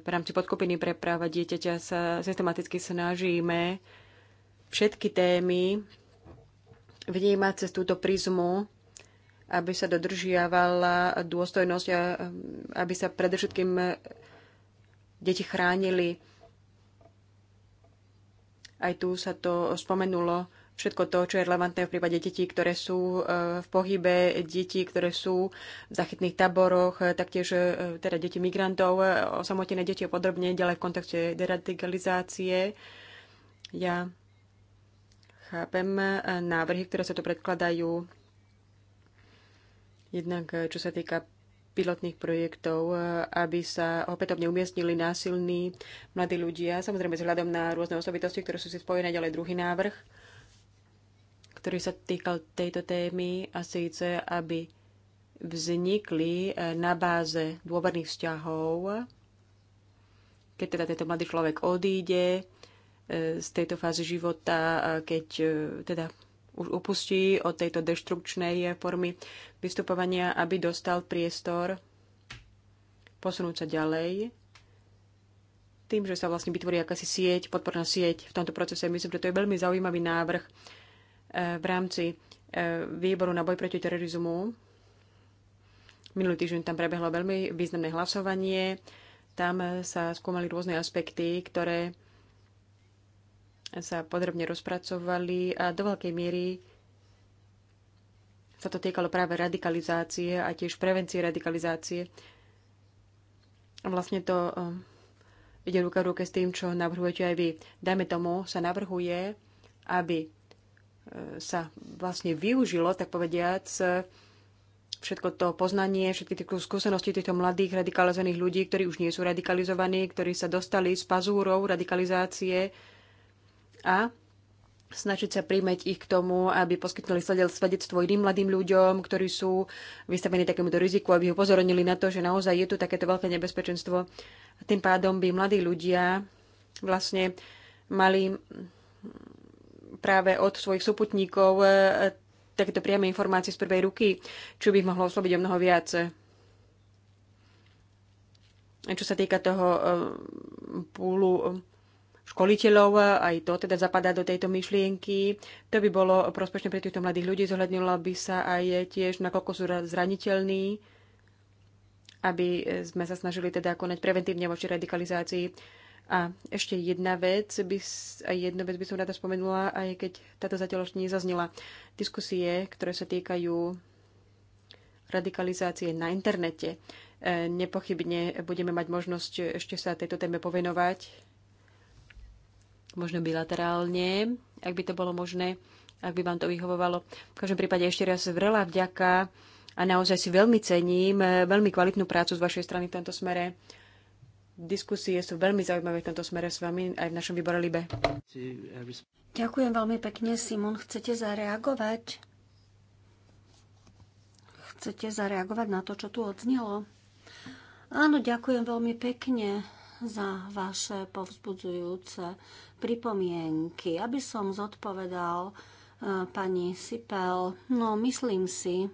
V rámci podkupiny pre práva dieťaťa sa systematicky snažíme všetky témy vnímať cez túto prizmu, aby sa dodržiavala dôstojnosť, a aby sa predovšetkým deti chránili aj tu sa to spomenulo všetko to, čo je relevantné v prípade detí, ktoré sú e, v pohybe, detí, ktoré sú v zachytných taboroch, e, taktiež e, teda deti migrantov, osamotené deti podrobne ďalej v kontakte deradikalizácie. Ja chápem návrhy, ktoré sa tu predkladajú. Jednak čo sa týka pilotných projektov, e, aby sa opätovne umiestnili násilní mladí ľudia, samozrejme s hľadom na rôzne osobitosti, ktoré sú si spojené, ale druhý návrh, ktorý sa týkal tejto témy a síce, aby vznikli e, na báze dôverných vzťahov, keď teda tento mladý človek odíde e, z tejto fázy života, keď teda už upustí od tejto deštrukčnej formy vystupovania, aby dostal priestor posunúť sa ďalej tým, že sa vlastne vytvorí akási sieť, podporná sieť v tomto procese. Myslím, že to je veľmi zaujímavý návrh eh, v rámci eh, výboru na boj proti terorizmu. Minulý týždeň tam prebehlo veľmi významné hlasovanie. Tam sa skúmali rôzne aspekty, ktoré sa podrobne rozpracovali a do veľkej miery sa to týkalo práve radikalizácie a tiež prevencie radikalizácie. Vlastne to eh, ide ruka v ruke s tým, čo navrhujete aj vy. Dajme tomu, sa navrhuje, aby eh, sa vlastne využilo, tak povediac, všetko to poznanie, všetky tie skúsenosti týchto mladých radikalizovaných ľudí, ktorí už nie sú radikalizovaní, ktorí sa dostali z pazúrov radikalizácie, a snažiť sa príjmeť ich k tomu, aby poskytnuli svedectvo iným mladým ľuďom, ktorí sú vystavení takémuto riziku, aby upozornili na to, že naozaj je tu takéto veľké nebezpečenstvo. A tým pádom by mladí ľudia vlastne mali práve od svojich súputníkov e, takéto priame informácie z prvej ruky, čo by ich mohlo oslobiť o mnoho viac. Čo sa týka toho e, púlu školiteľov, aj to teda zapadá do tejto myšlienky. To by bolo prospešné pre týchto mladých ľudí, zohľadnilo by sa aj tiež, nakoľko sú zraniteľní, aby e, sme sa snažili teda konať preventívne voči radikalizácii. A ešte jedna vec, by, aj jednu vec by som rada spomenula, aj keď táto zatiaľ ešte nezaznila. Diskusie, ktoré sa týkajú radikalizácie na internete. E, nepochybne budeme mať možnosť ešte sa tejto téme povenovať možno bilaterálne, ak by to bolo možné, ak by vám to vyhovovalo. V každom prípade ešte raz vrela vďaka a naozaj si veľmi cením e, veľmi kvalitnú prácu z vašej strany v tomto smere. Diskusie sú veľmi zaujímavé v tomto smere s vami aj v našom výbore LIBE. Ďakujem veľmi pekne, Simon. Chcete zareagovať? Chcete zareagovať na to, čo tu odznelo? Áno, ďakujem veľmi pekne za vaše povzbudzujúce pripomienky, aby som zodpovedal e, pani Sipel. No, myslím si,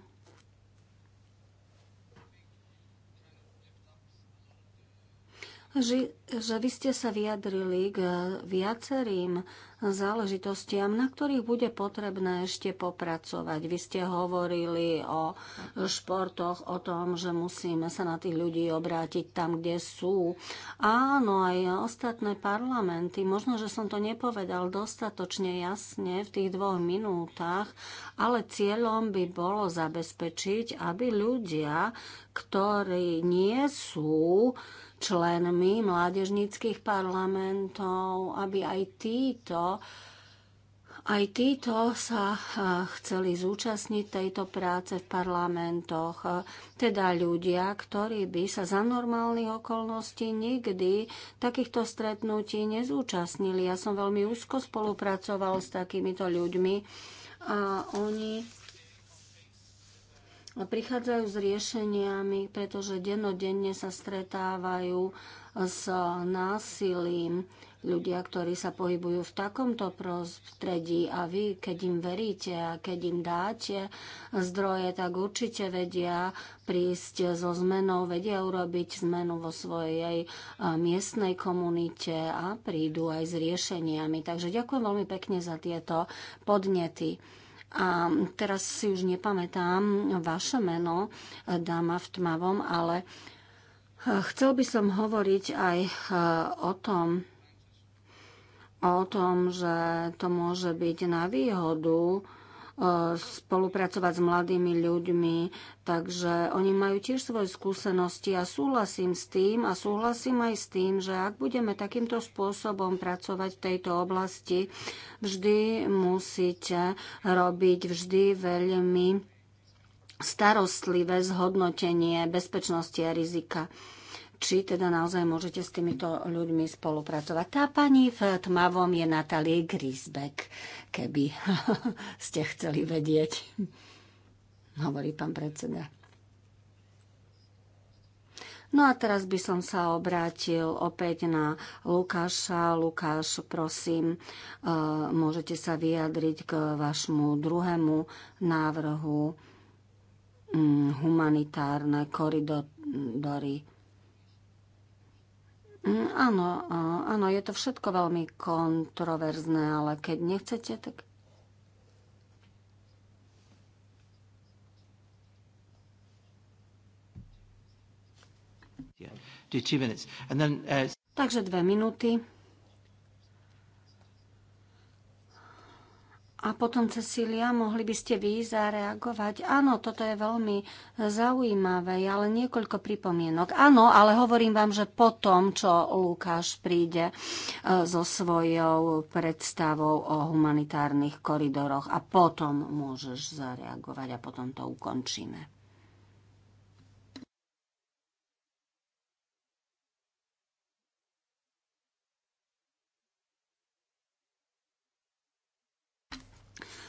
že, že vy ste sa vyjadrili k viacerým záležitostiam, na ktorých bude potrebné ešte popracovať. Vy ste hovorili o športoch, o tom, že musíme sa na tých ľudí obrátiť tam, kde sú. Áno, aj ostatné parlamenty. Možno, že som to nepovedal dostatočne jasne v tých dvoch minútach, ale cieľom by bolo zabezpečiť, aby ľudia, ktorí nie sú členmi mládežníckých parlamentov, aby aj títo aj títo sa eh, chceli zúčastniť tejto práce v parlamentoch, teda ľudia, ktorí by sa za normálnych okolností nikdy takýchto stretnutí nezúčastnili. Ja som veľmi úzko spolupracoval s takýmito ľuďmi a oni prichádzajú s riešeniami, pretože dennodenne sa stretávajú s násilím ľudia, ktorí sa pohybujú v takomto prostredí a vy, keď im veríte a keď im dáte zdroje, tak určite vedia prísť so zmenou, vedia urobiť zmenu vo svojej eh, miestnej komunite a prídu aj s riešeniami. Takže ďakujem veľmi pekne za tieto podnety. A teraz si už nepamätám vaše meno, eh, dáma v tmavom, ale eh, chcel by som hovoriť aj eh, o tom, o tom, že to môže byť na výhodu spolupracovať s mladými ľuďmi, takže oni majú tiež svoje skúsenosti a súhlasím s tým a súhlasím aj s tým, že ak budeme takýmto spôsobom pracovať v tejto oblasti, vždy musíte robiť vždy veľmi starostlivé zhodnotenie bezpečnosti a rizika či teda naozaj môžete s týmito ľuďmi spolupracovať. Tá pani v tmavom je Natalie Grisbeck, keby ste chceli vedieť, hovorí pán predseda. No a teraz by som sa obrátil opäť na Lukáša. Lukáš, prosím, e, môžete sa vyjadriť k vašmu druhému návrhu mm, humanitárne koridory Mm, áno, áno, je to všetko veľmi kontroverzné, ale keď nechcete, tak... Uh, Takže dve minúty. A potom, Cecília, mohli by ste vy zareagovať? Áno, toto je veľmi zaujímavé, ale niekoľko pripomienok. Áno, ale hovorím vám, že potom, čo Lukáš príde e, so svojou predstavou o humanitárnych koridoroch a potom môžeš zareagovať a potom to ukončíme.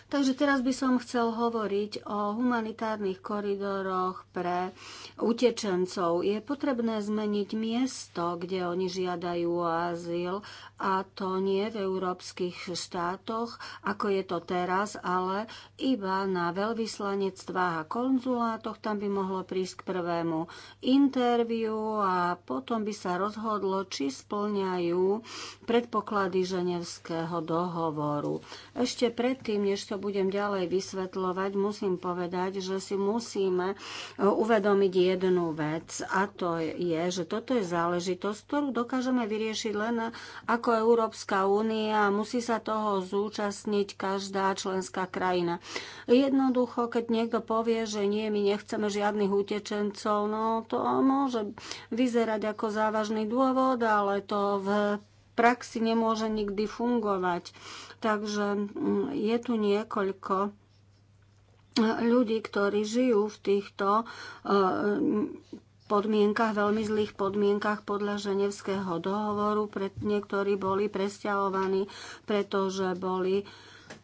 Takže teraz by som chcel hovoriť o humanitárnych koridoroch pre utečencov. Je potrebné zmeniť miesto, kde oni žiadajú o azyl a to nie v európskych štátoch, ako je to teraz, ale iba na veľvyslanectvách a konzulátoch. Tam by mohlo prísť k prvému interviu a potom by sa rozhodlo, či splňajú predpoklady ženevského dohovoru. Ešte predtým, než to budem ďalej vysvetľovať, musím povedať, že si musíme e, uvedomiť jednu vec a to je, že toto je záležitosť, ktorú dokážeme vyriešiť len ako ako Európska únia musí sa toho zúčastniť každá členská krajina. Jednoducho, keď niekto povie, že nie, my nechceme žiadnych utečencov, no to môže vyzerať ako závažný dôvod, ale to v praxi nemôže nikdy fungovať. Takže mm, je tu niekoľko ľudí, ktorí žijú v týchto e, podmienkach, veľmi zlých podmienkach podľa ženevského dohovoru. Pre, niektorí boli presťahovaní, pretože boli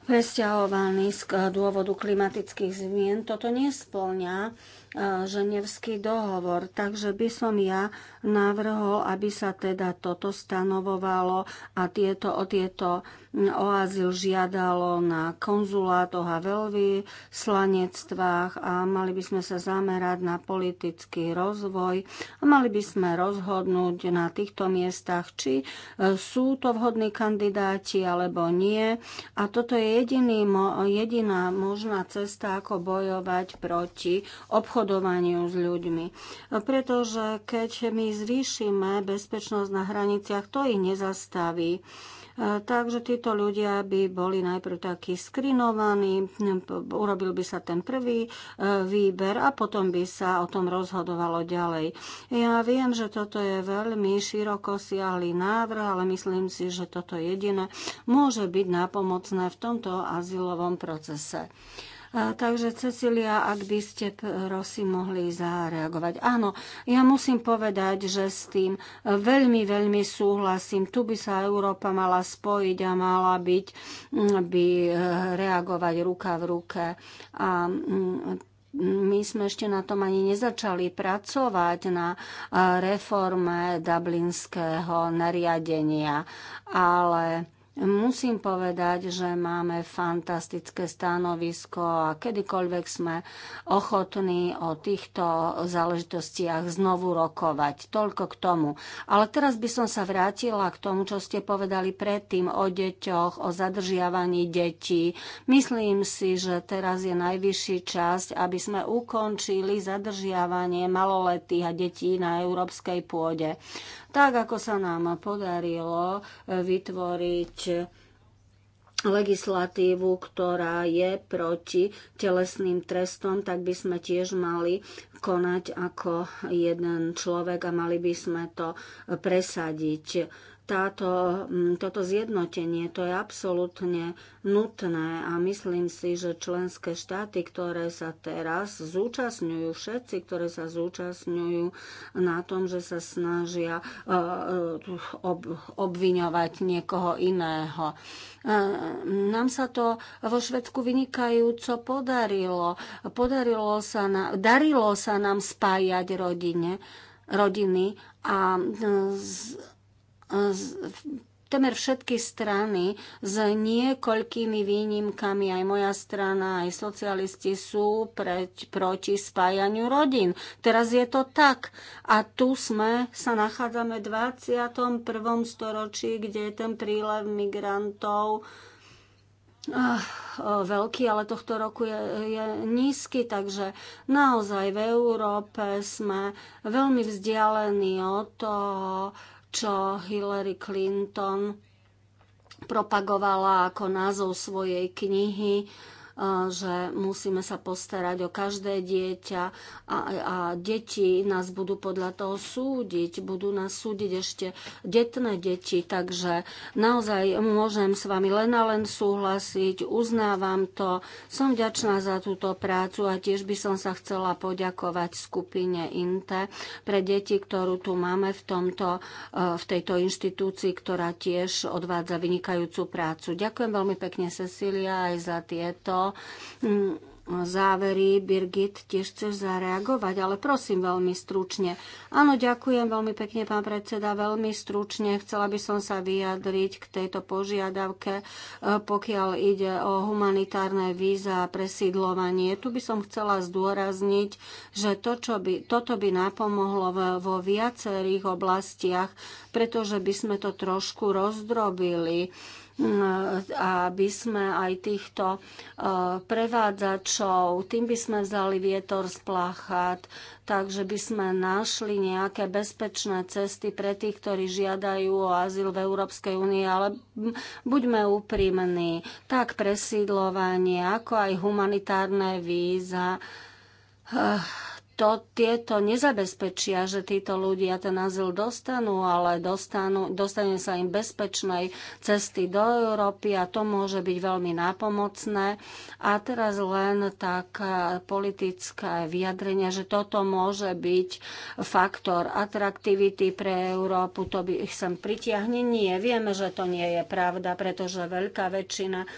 presťahovaní z dôvodu klimatických zmien. Toto nesplňa Eh, ženevský dohovor. Takže by som ja navrhol, aby sa teda toto stanovovalo a tieto, o tieto mm, oazil žiadalo na konzulátoch a veľvy slanectvách a mali by sme sa zamerať na politický rozvoj a mali by sme rozhodnúť na týchto miestach, či eh, sú to vhodní kandidáti alebo nie. A toto je jediný, jediná možná cesta, ako bojovať proti obchodu obchodovaniu s ľuďmi. Pretože keď my zvýšime bezpečnosť na hraniciach, to ich nezastaví. E, takže títo ľudia by boli najprv takí skrinovaní, urobil by sa ten prvý e, výber a potom by sa o tom rozhodovalo ďalej. Ja viem, že toto je veľmi široko siahlý návrh, ale myslím si, že toto jediné môže byť nápomocné v tomto azylovom procese. Takže Cecilia, ak by ste prosím mohli zareagovať. Áno, ja musím povedať, že s tým e, veľmi, veľmi súhlasím. Tu by sa Európa mala spojiť a mala byť, by e, reagovať ruka v ruke. A my sme ešte na tom ani nezačali pracovať na e, reforme dublinského nariadenia, ale Musím povedať, že máme fantastické stanovisko a kedykoľvek sme ochotní o týchto záležitostiach znovu rokovať. Toľko k tomu. Ale teraz by som sa vrátila k tomu, čo ste povedali predtým o deťoch, o zadržiavaní detí. Myslím si, že teraz je najvyšší čas, aby sme ukončili zadržiavanie maloletých a detí na európskej pôde tak ako sa nám podarilo e, vytvoriť legislatívu, ktorá je proti telesným trestom, tak by sme tiež mali konať ako jeden človek a mali by sme to presadiť táto, mm, toto zjednotenie, to je absolútne nutné a myslím si, že členské štáty, ktoré sa teraz zúčastňujú, všetci, ktoré sa zúčastňujú na tom, že sa snažia e, e, ob, obviňovať niekoho iného. E, nám sa to vo Švedsku vynikajúco podarilo. Podarilo sa na, darilo sa nám spájať rodine, rodiny a temer všetky strany s niekoľkými výnimkami, aj moja strana, aj socialisti sú preč, proti spájaniu rodín. Teraz je to tak. A tu sme, sa nachádzame v 21. storočí, kde je ten prílev migrantov uh, veľký, ale tohto roku je, je nízky, takže naozaj v Európe sme veľmi vzdialení od toho, čo Hillary Clinton propagovala ako názov svojej knihy že musíme sa postarať o každé dieťa a, a deti nás budú podľa toho súdiť, budú nás súdiť ešte detné deti, takže naozaj môžem s vami len a len súhlasiť, uznávam to, som vďačná za túto prácu a tiež by som sa chcela poďakovať skupine INTE pre deti, ktorú tu máme v, tomto, e, v tejto inštitúcii, ktorá tiež odvádza vynikajúcu prácu. Ďakujem veľmi pekne Cecília aj za tieto Mm, závery. Birgit, tiež chceš zareagovať, ale prosím veľmi stručne. Áno, ďakujem veľmi pekne, pán predseda, veľmi stručne. Chcela by som sa vyjadriť k tejto požiadavke, e, pokiaľ ide o humanitárne víza a presídlovanie. Tu by som chcela zdôrazniť, že to, čo by, toto by napomohlo vo viacerých oblastiach, pretože by sme to trošku rozdrobili Mm, aby sme aj týchto e, prevádzačov, tým by sme vzali vietor z plachat, takže by sme našli nejaké bezpečné cesty pre tých, ktorí žiadajú o azyl v Európskej únii, ale buďme úprimní, tak presídlovanie, ako aj humanitárne víza, eh, to, tieto nezabezpečia, že títo ľudia ten azyl dostanú, ale dostanú, dostane sa im bezpečnej cesty do Európy a to môže byť veľmi nápomocné. A teraz len tak e, politické vyjadrenia, že toto môže byť faktor atraktivity pre Európu, to by ich sem pritiahne. Nie, vieme, že to nie je pravda, pretože veľká väčšina e,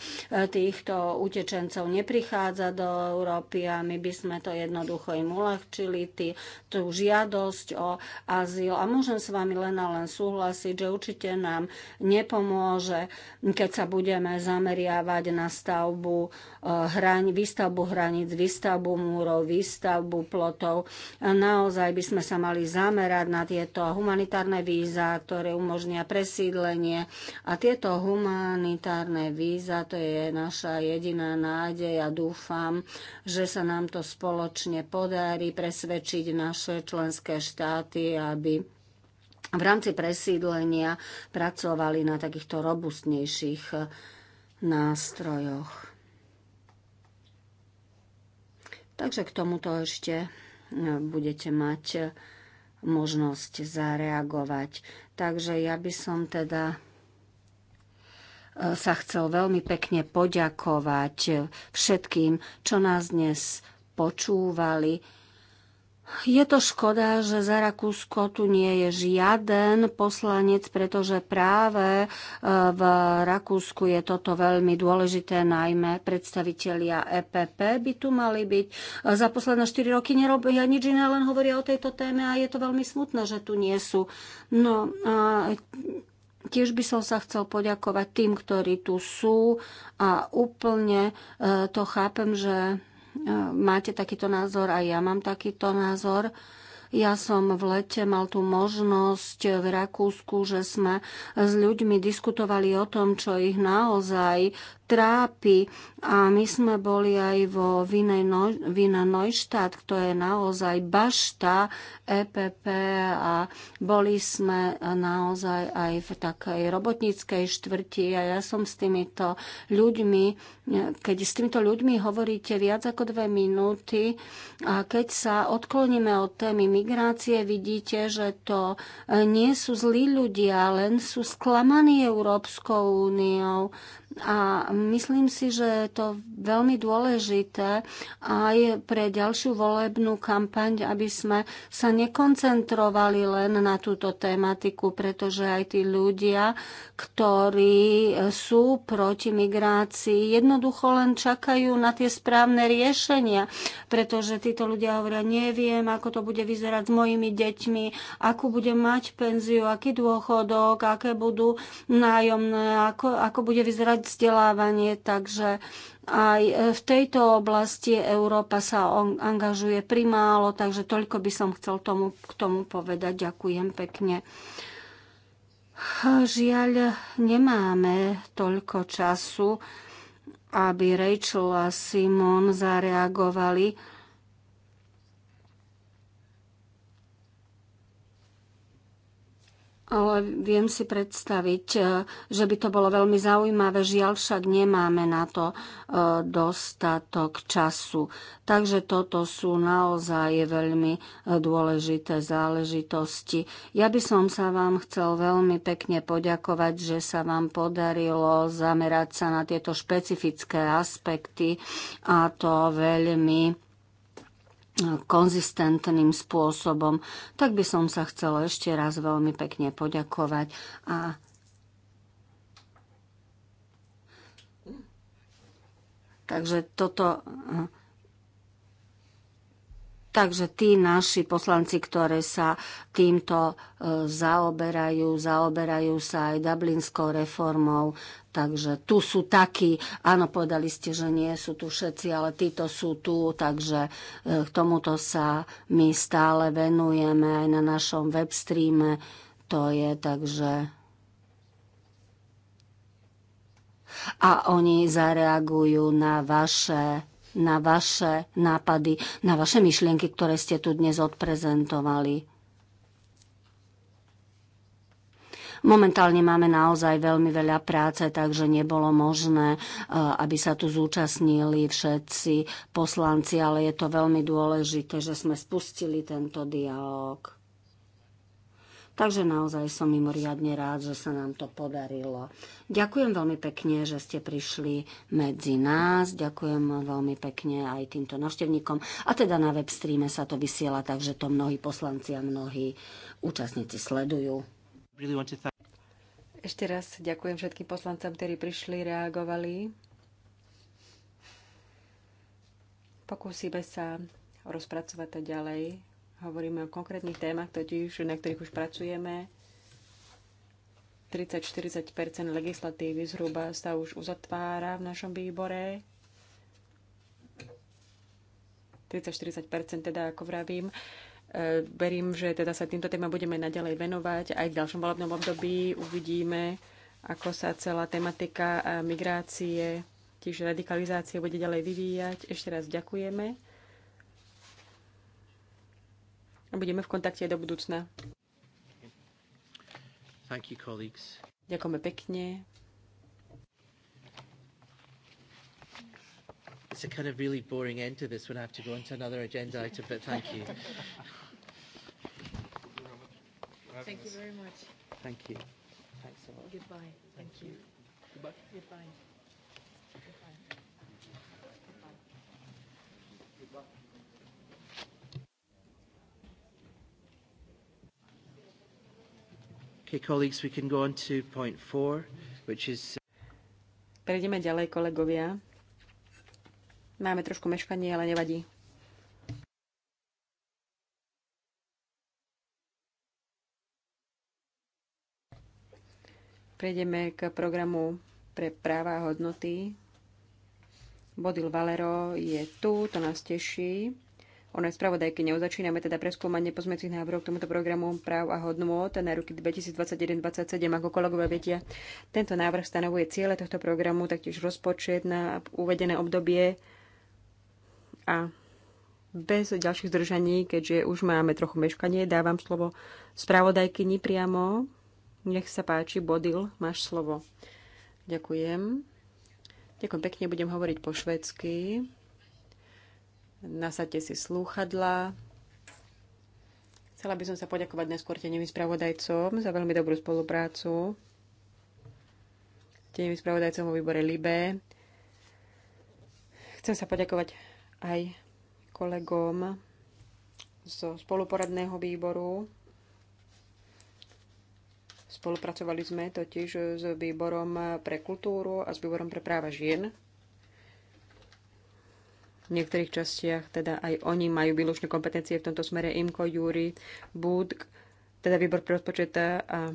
týchto utečencov neprichádza do Európy a my by sme to jednoducho im uľahčili uľahčili tý, tú žiadosť o azyl. A môžem s vami len a len súhlasiť, že určite nám nepomôže, keď sa budeme zameriavať na stavbu eh, hraň, výstavbu hraníc, výstavbu múrov, výstavbu plotov. Naozaj by sme sa mali zamerať na tieto humanitárne víza, ktoré umožnia presídlenie. A tieto humanitárne víza, to je naša jediná nádej a dúfam, že sa nám to spoločne podarí presvedčiť naše členské štáty, aby v rámci presídlenia pracovali na takýchto robustnejších nástrojoch. Takže k tomuto ešte budete mať možnosť zareagovať. Takže ja by som teda e, sa chcel veľmi pekne poďakovať všetkým, čo nás dnes počúvali je to škoda, že za Rakúsko tu nie je žiaden poslanec, pretože práve e, v Rakúsku je toto veľmi dôležité, najmä predstavitelia EPP by tu mali byť. E, za posledné 4 roky nerobia nič iné, len hovoria o tejto téme a je to veľmi smutné, že tu nie sú. No, e, Tiež by som sa chcel poďakovať tým, ktorí tu sú a úplne to chápem, že máte takýto názor a ja mám takýto názor. Ja som v lete mal tú možnosť v Rakúsku, že sme s ľuďmi diskutovali o tom, čo ich naozaj trápi. A my sme boli aj vo Vina Neustadt, to je naozaj bašta EPP a boli sme naozaj aj v takej robotníckej štvrti a ja som s týmito ľuďmi, keď s týmito ľuďmi hovoríte viac ako dve minúty a keď sa odkloníme od témy migrácie vidíte, že to e, nie sú zlí ľudia, len sú sklamaní Európskou úniou. A myslím si, že je to veľmi dôležité aj pre ďalšiu volebnú kampaň, aby sme sa nekoncentrovali len na túto tematiku, pretože aj tí ľudia, ktorí sú proti migrácii, jednoducho len čakajú na tie správne riešenia, pretože títo ľudia hovoria, neviem, ako to bude vyzerať s mojimi deťmi, akú budem mať penziu, aký dôchodok, aké budú nájomné, ako, ako bude vyzerať vzdelávanie, takže aj v tejto oblasti Európa sa angažuje primálo, takže toľko by som chcel tomu, k tomu povedať. Ďakujem pekne. Žiaľ, nemáme toľko času, aby Rachel a Simon zareagovali ale viem si predstaviť, e, že by to bolo veľmi zaujímavé. Žiaľ však nemáme na to e, dostatok času. Takže toto sú naozaj veľmi e, dôležité záležitosti. Ja by som sa vám chcel veľmi pekne poďakovať, že sa vám podarilo zamerať sa na tieto špecifické aspekty a to veľmi konzistentným spôsobom, tak by som sa chcela ešte raz veľmi pekne poďakovať a Takže toto Takže tí naši poslanci, ktoré sa týmto e, zaoberajú, zaoberajú sa aj dublinskou reformou, Takže tu sú takí, áno, povedali ste, že nie sú tu všetci, ale títo sú tu, takže e, k tomuto sa my stále venujeme aj na našom webstreame. To je, takže a oni zareagujú na vaše, na vaše nápady, na vaše myšlienky, ktoré ste tu dnes odprezentovali. Momentálne máme naozaj veľmi veľa práce, takže nebolo možné, e, aby sa tu zúčastnili všetci poslanci, ale je to veľmi dôležité, že sme spustili tento dialog. Takže naozaj som mimoriadne rád, že sa nám to podarilo. Ďakujem veľmi pekne, že ste prišli medzi nás. Ďakujem veľmi pekne aj týmto navštevníkom. A teda na web streame sa to vysiela, takže to mnohí poslanci a mnohí účastníci sledujú. Ešte raz ďakujem všetkým poslancom, ktorí prišli, reagovali. Pokúsime sa rozpracovať to ďalej. Hovoríme o konkrétnych témach, totiž na ktorých už pracujeme. 30-40 legislatívy zhruba sa už uzatvára v našom výbore. 30-40 teda, ako vravím. E, verím, že teda sa týmto téma budeme naďalej venovať. Aj v ďalšom volebnom období uvidíme, ako sa celá tematika e, migrácie, tiež radikalizácie bude ďalej vyvíjať. Ešte raz ďakujeme. A budeme v kontakte aj do budúcna. Thank you, colleagues. Ďakujeme pekne. It's a kind of really boring end to this when I have to go into another agenda item, but thank you. Thank you very much. Thank you. Thanks a lot. Goodbye. Thank, Thank you. you. Goodbye. Goodbye. Okay, colleagues, we can go on to point four, which is... Uh, Prejdeme ďalej, kolegovia. Máme trošku meškanie, ale nevadí. Prejdeme k programu pre práva a hodnoty. Bodil Valero je tu, to nás teší. Ono je spravodajky, Začíname teda preskúmanie pozmecích návrhov k tomuto programu práv a hodnot. na ruky 2021-2027. Ako kolegovia vedia, tento návrh stanovuje ciele tohto programu, taktiež rozpočet na uvedené obdobie a bez ďalších zdržaní, keďže už máme trochu meškanie, dávam slovo spravodajkyni priamo. Nech sa páči, Bodil, máš slovo. Ďakujem. Ďakujem pekne, budem hovoriť po švedsky. Nasadte si slúchadla. Chcela by som sa poďakovať neskôr tenevým spravodajcom za veľmi dobrú spoluprácu. Tenevým spravodajcom vo výbore LIBE. Chcem sa poďakovať aj kolegom zo spoluporadného výboru, Spolupracovali sme totiž s výborom pre kultúru a s výborom pre práva žien. V niektorých častiach teda aj oni majú výlučné kompetencie v tomto smere IMKO, Júri, Búdk, teda výbor pre rozpočet a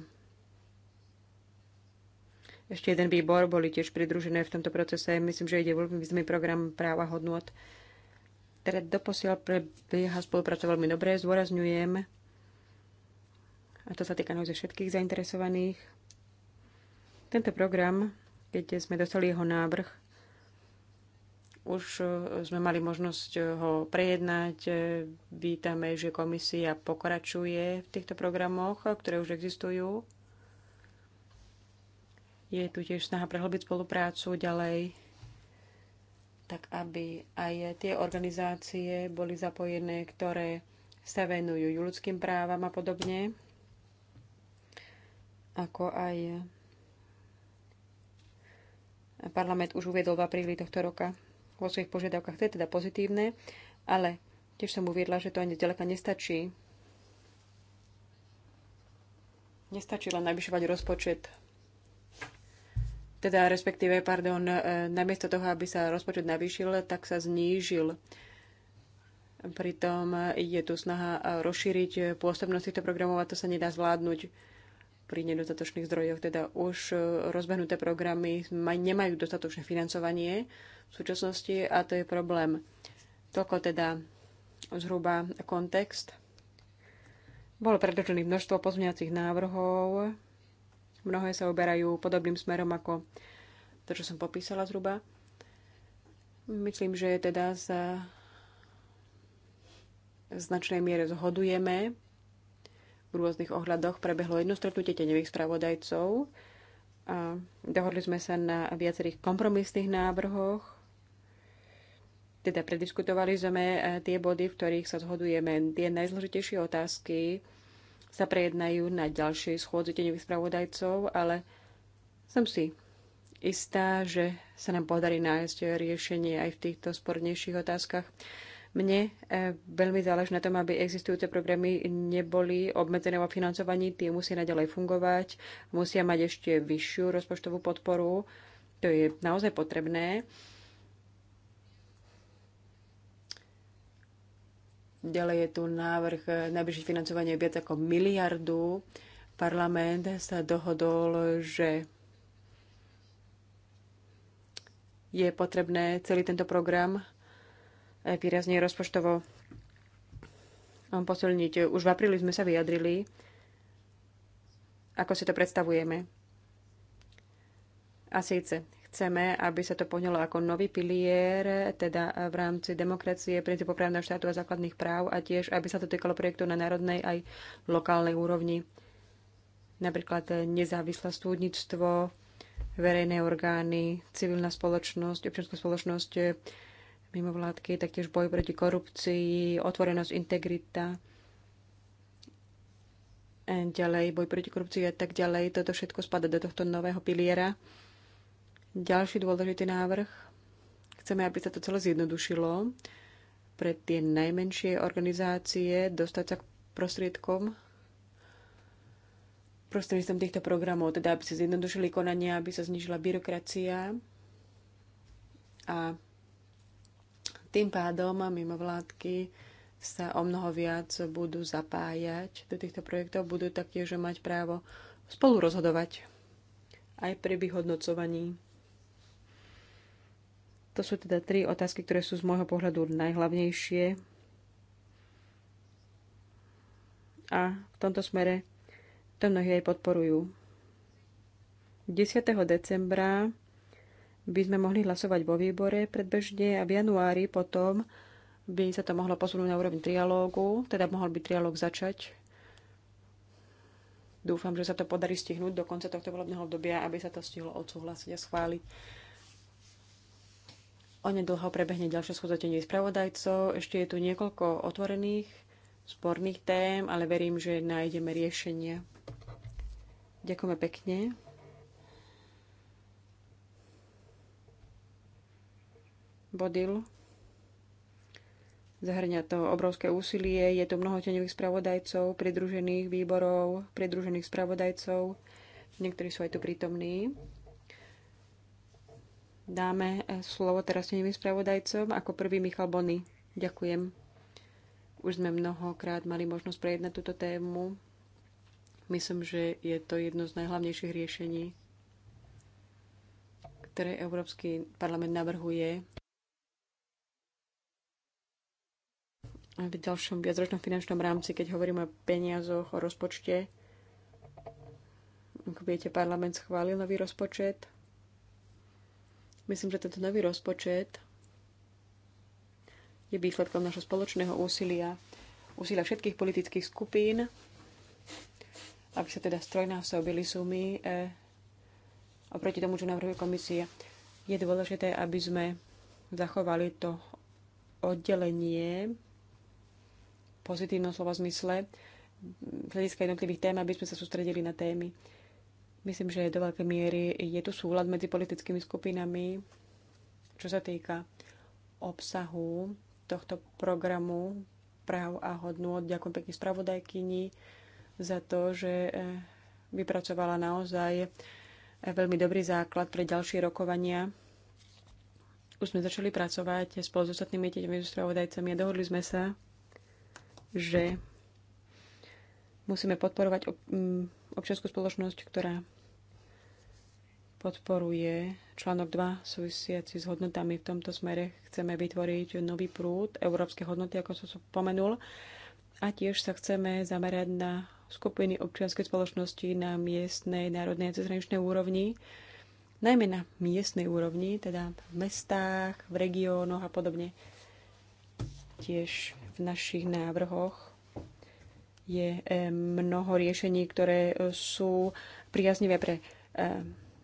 ešte jeden výbor boli tiež pridružené v tomto procese. Myslím, že ide veľmi významný program práva hodnot. Teda doposiaľ prebieha spolupracovať veľmi dobre. Zdôrazňujem, a to sa týka naozaj všetkých zainteresovaných. Tento program, keď sme dostali jeho návrh, už e, sme mali možnosť e, ho prejednať. E, vítame, že komisia pokračuje v týchto programoch, ktoré už existujú. Je tu tiež snaha prehlbiť spoluprácu ďalej, tak aby aj tie organizácie boli zapojené, ktoré sa venujú ľudským právam a podobne. Ako aj parlament už uviedol v apríli tohto roka vo svojich požiadavkách. To je teda pozitívne, ale tiež som uviedla, že to ani zďaleka nestačí. Nestačí len navyšovať rozpočet. Teda respektíve, pardon, e, namiesto toho, aby sa rozpočet navýšil, tak sa znížil. Pritom je tu snaha rozšíriť pôsobnosť týchto programov a to sa nedá zvládnuť pri nedostatočných zdrojoch, teda už e, rozbehnuté programy nemajú dostatočné financovanie v súčasnosti a to je problém. Toľko teda zhruba kontext. Bolo predložených množstvo pozmeňacích návrhov. Mnohé sa uberajú podobným smerom ako to, čo som popísala zhruba. Myslím, že teda sa v značnej miere zhodujeme v rôznych ohľadoch. Prebehlo jedno stretnutie tenevých spravodajcov. A dohodli sme sa na viacerých kompromisných návrhoch. Teda prediskutovali sme e, tie body, v ktorých sa zhodujeme. Tie najzložitejšie otázky sa prejednajú na ďalšej schôdzi tenevých spravodajcov, ale som si istá, že sa nám podarí nájsť riešenie aj v týchto spornejších otázkach. Mne e, veľmi záleží na tom, aby existujúce programy neboli obmedzené vo financovaní, tie musia naďalej fungovať, musia mať ešte vyššiu rozpočtovú podporu, to je naozaj potrebné. Ďalej je tu návrh navýšiť financovanie viac ako miliardu. Parlament sa dohodol, že je potrebné celý tento program výrazne rozpočtovo posilniť. Už v apríli sme sa vyjadrili, ako si to predstavujeme. A síce chceme, aby sa to pohnelo ako nový pilier, teda v rámci demokracie, princípov právneho štátu a základných práv a tiež, aby sa to týkalo projektov na národnej aj lokálnej úrovni. Napríklad nezávislé súdnictvo, verejné orgány, civilná spoločnosť, občianská spoločnosť, mimovládky, taktiež boj proti korupcii, otvorenosť, integrita, ďalej boj proti korupcii a tak ďalej. Toto všetko spada do tohto nového piliera. Ďalší dôležitý návrh. Chceme, aby sa to celé zjednodušilo pre tie najmenšie organizácie dostať sa k prostriedkom prostredníctvom týchto programov, teda aby sa zjednodušili konania, aby sa znižila byrokracia a tým pádom mimovládky sa o mnoho viac budú zapájať do týchto projektov, budú taktiež mať právo spolu rozhodovať aj pri vyhodnocovaní. To sú teda tri otázky, ktoré sú z môjho pohľadu najhlavnejšie. A v tomto smere to mnohí aj podporujú. 10. decembra by sme mohli hlasovať vo výbore predbežne a v januári potom by sa to mohlo posunúť na úroveň trialógu, teda mohol by trialóg začať. Dúfam, že sa to podarí stihnúť do konca tohto volebného obdobia, aby sa to stihlo odsúhlasiť a schváliť. Onedlho prebehne ďalšie schôdzatenie spravodajcov. Ešte je tu niekoľko otvorených, sporných tém, ale verím, že nájdeme riešenie. Ďakujeme pekne. Bodil. Zahrňa to obrovské úsilie, je tu mnoho teňových spravodajcov, pridružených výborov, pridružených spravodajcov. Niektorí sú aj tu prítomní. Dáme eh, slovo teraz teňovým spravodajcom, ako prvý Michal Bony. Ďakujem. Už sme mnohokrát mali možnosť prejednať túto tému. Myslím, že je to jedno z najhlavnejších riešení, ktoré Európsky parlament navrhuje v ďalšom viacročnom finančnom rámci, keď hovorím o peniazoch, o rozpočte. Ako viete, parlament schválil nový rozpočet. Myslím, že tento nový rozpočet je výsledkom našho spoločného úsilia, úsilia všetkých politických skupín, aby sa teda strojnásobili sumy e, oproti tomu, čo navrhuje komisia. Je dôležité, aby sme zachovali to oddelenie pozitívnom slova zmysle, z hľadiska jednotlivých tém, aby sme sa sústredili na témy. Myslím, že do veľkej miery je tu súlad medzi politickými skupinami, čo sa týka obsahu tohto programu práv a hodnôt. Ďakujem pekne spravodajkyni za to, že eh, vypracovala naozaj eh, veľmi dobrý základ pre ďalšie rokovania. Už sme začali pracovať spolu s ostatnými tieťmi spravodajcami a dohodli sme sa, že musíme podporovať občianskú spoločnosť, ktorá podporuje článok 2 súvisiaci s hodnotami. V tomto smere chceme vytvoriť nový prúd európske hodnoty, ako som spomenul, a tiež sa chceme zamerať na skupiny občianskej spoločnosti na miestnej, národnej a cezhraničnej úrovni, najmä na miestnej úrovni, teda v mestách, v regiónoch a podobne. Tiež v našich návrhoch je eh, mnoho riešení, ktoré eh, sú priaznivé pre eh,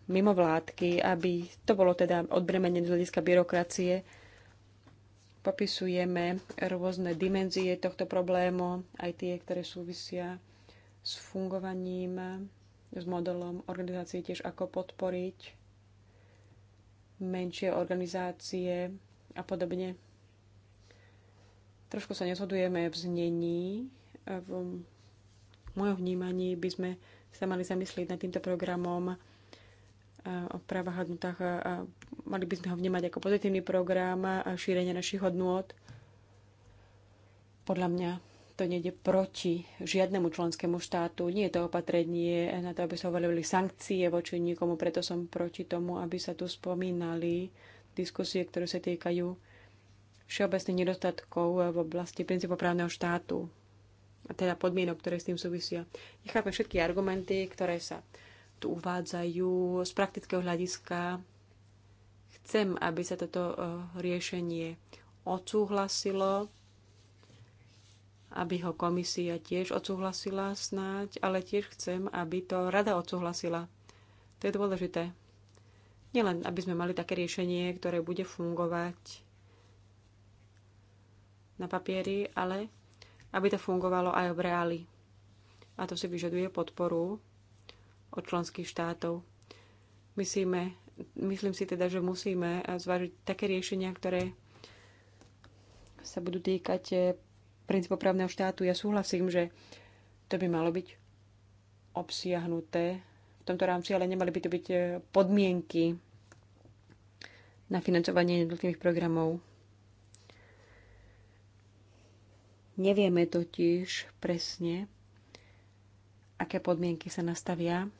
mimovládky, aby to bolo teda odbremenie z hľadiska byrokracie. Popisujeme rôzne dimenzie tohto problému, aj tie, ktoré súvisia s fungovaním, s modelom organizácie, tiež ako podporiť menšie organizácie a podobne. Trošku sa nezhodujeme v znení. V mojom vnímaní by sme sa mali zamyslieť nad týmto programom o právach a hodnotách. Mali by sme ho vnímať ako pozitívny program a šírenie našich hodnôt. Podľa mňa to nejde proti žiadnemu členskému štátu. Nie je to opatrenie na to, aby sa uvalili sankcie voči nikomu, preto som proti tomu, aby sa tu spomínali diskusie, ktoré sa týkajú všeobecných nedostatkov v oblasti princípoprávneho štátu, a teda podmienok, ktoré s tým súvisia. Nechápem všetky argumenty, ktoré sa tu uvádzajú z praktického hľadiska. Chcem, aby sa toto e, riešenie odsúhlasilo, aby ho komisia tiež odsúhlasila snáď, ale tiež chcem, aby to rada odsúhlasila. To je dôležité. Nielen, aby sme mali také riešenie, ktoré bude fungovať na papieri, ale aby to fungovalo aj v reáli. A to si vyžaduje podporu od členských štátov. Myslíme, myslím si teda, že musíme zvážiť také riešenia, ktoré sa budú týkať eh, princípov právneho štátu. Ja súhlasím, že to by malo byť obsiahnuté v tomto rámci, ale nemali by to byť eh, podmienky na financovanie jednotlivých programov. Nevieme totiž presne, aké podmienky sa nastavia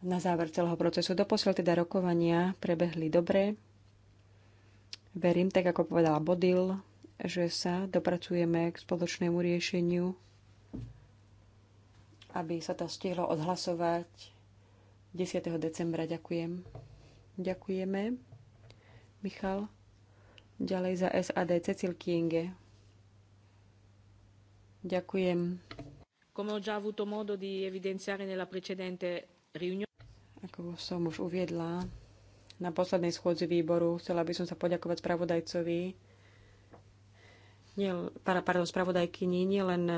na záver celého procesu. Doposiaľ teda rokovania prebehli dobre. Verím, tak ako povedala Bodil, že sa dopracujeme k spoločnému riešeniu, aby sa to stihlo odhlasovať 10. decembra. Ďakujem. Ďakujeme. Michal. Ďalej za SAD Cecil Kienge. Ďakujem. Ako som už uviedla, na poslednej schôdzi výboru chcela by som sa poďakovať spravodajcovi, nie, pardon, spravodajkyni, nielen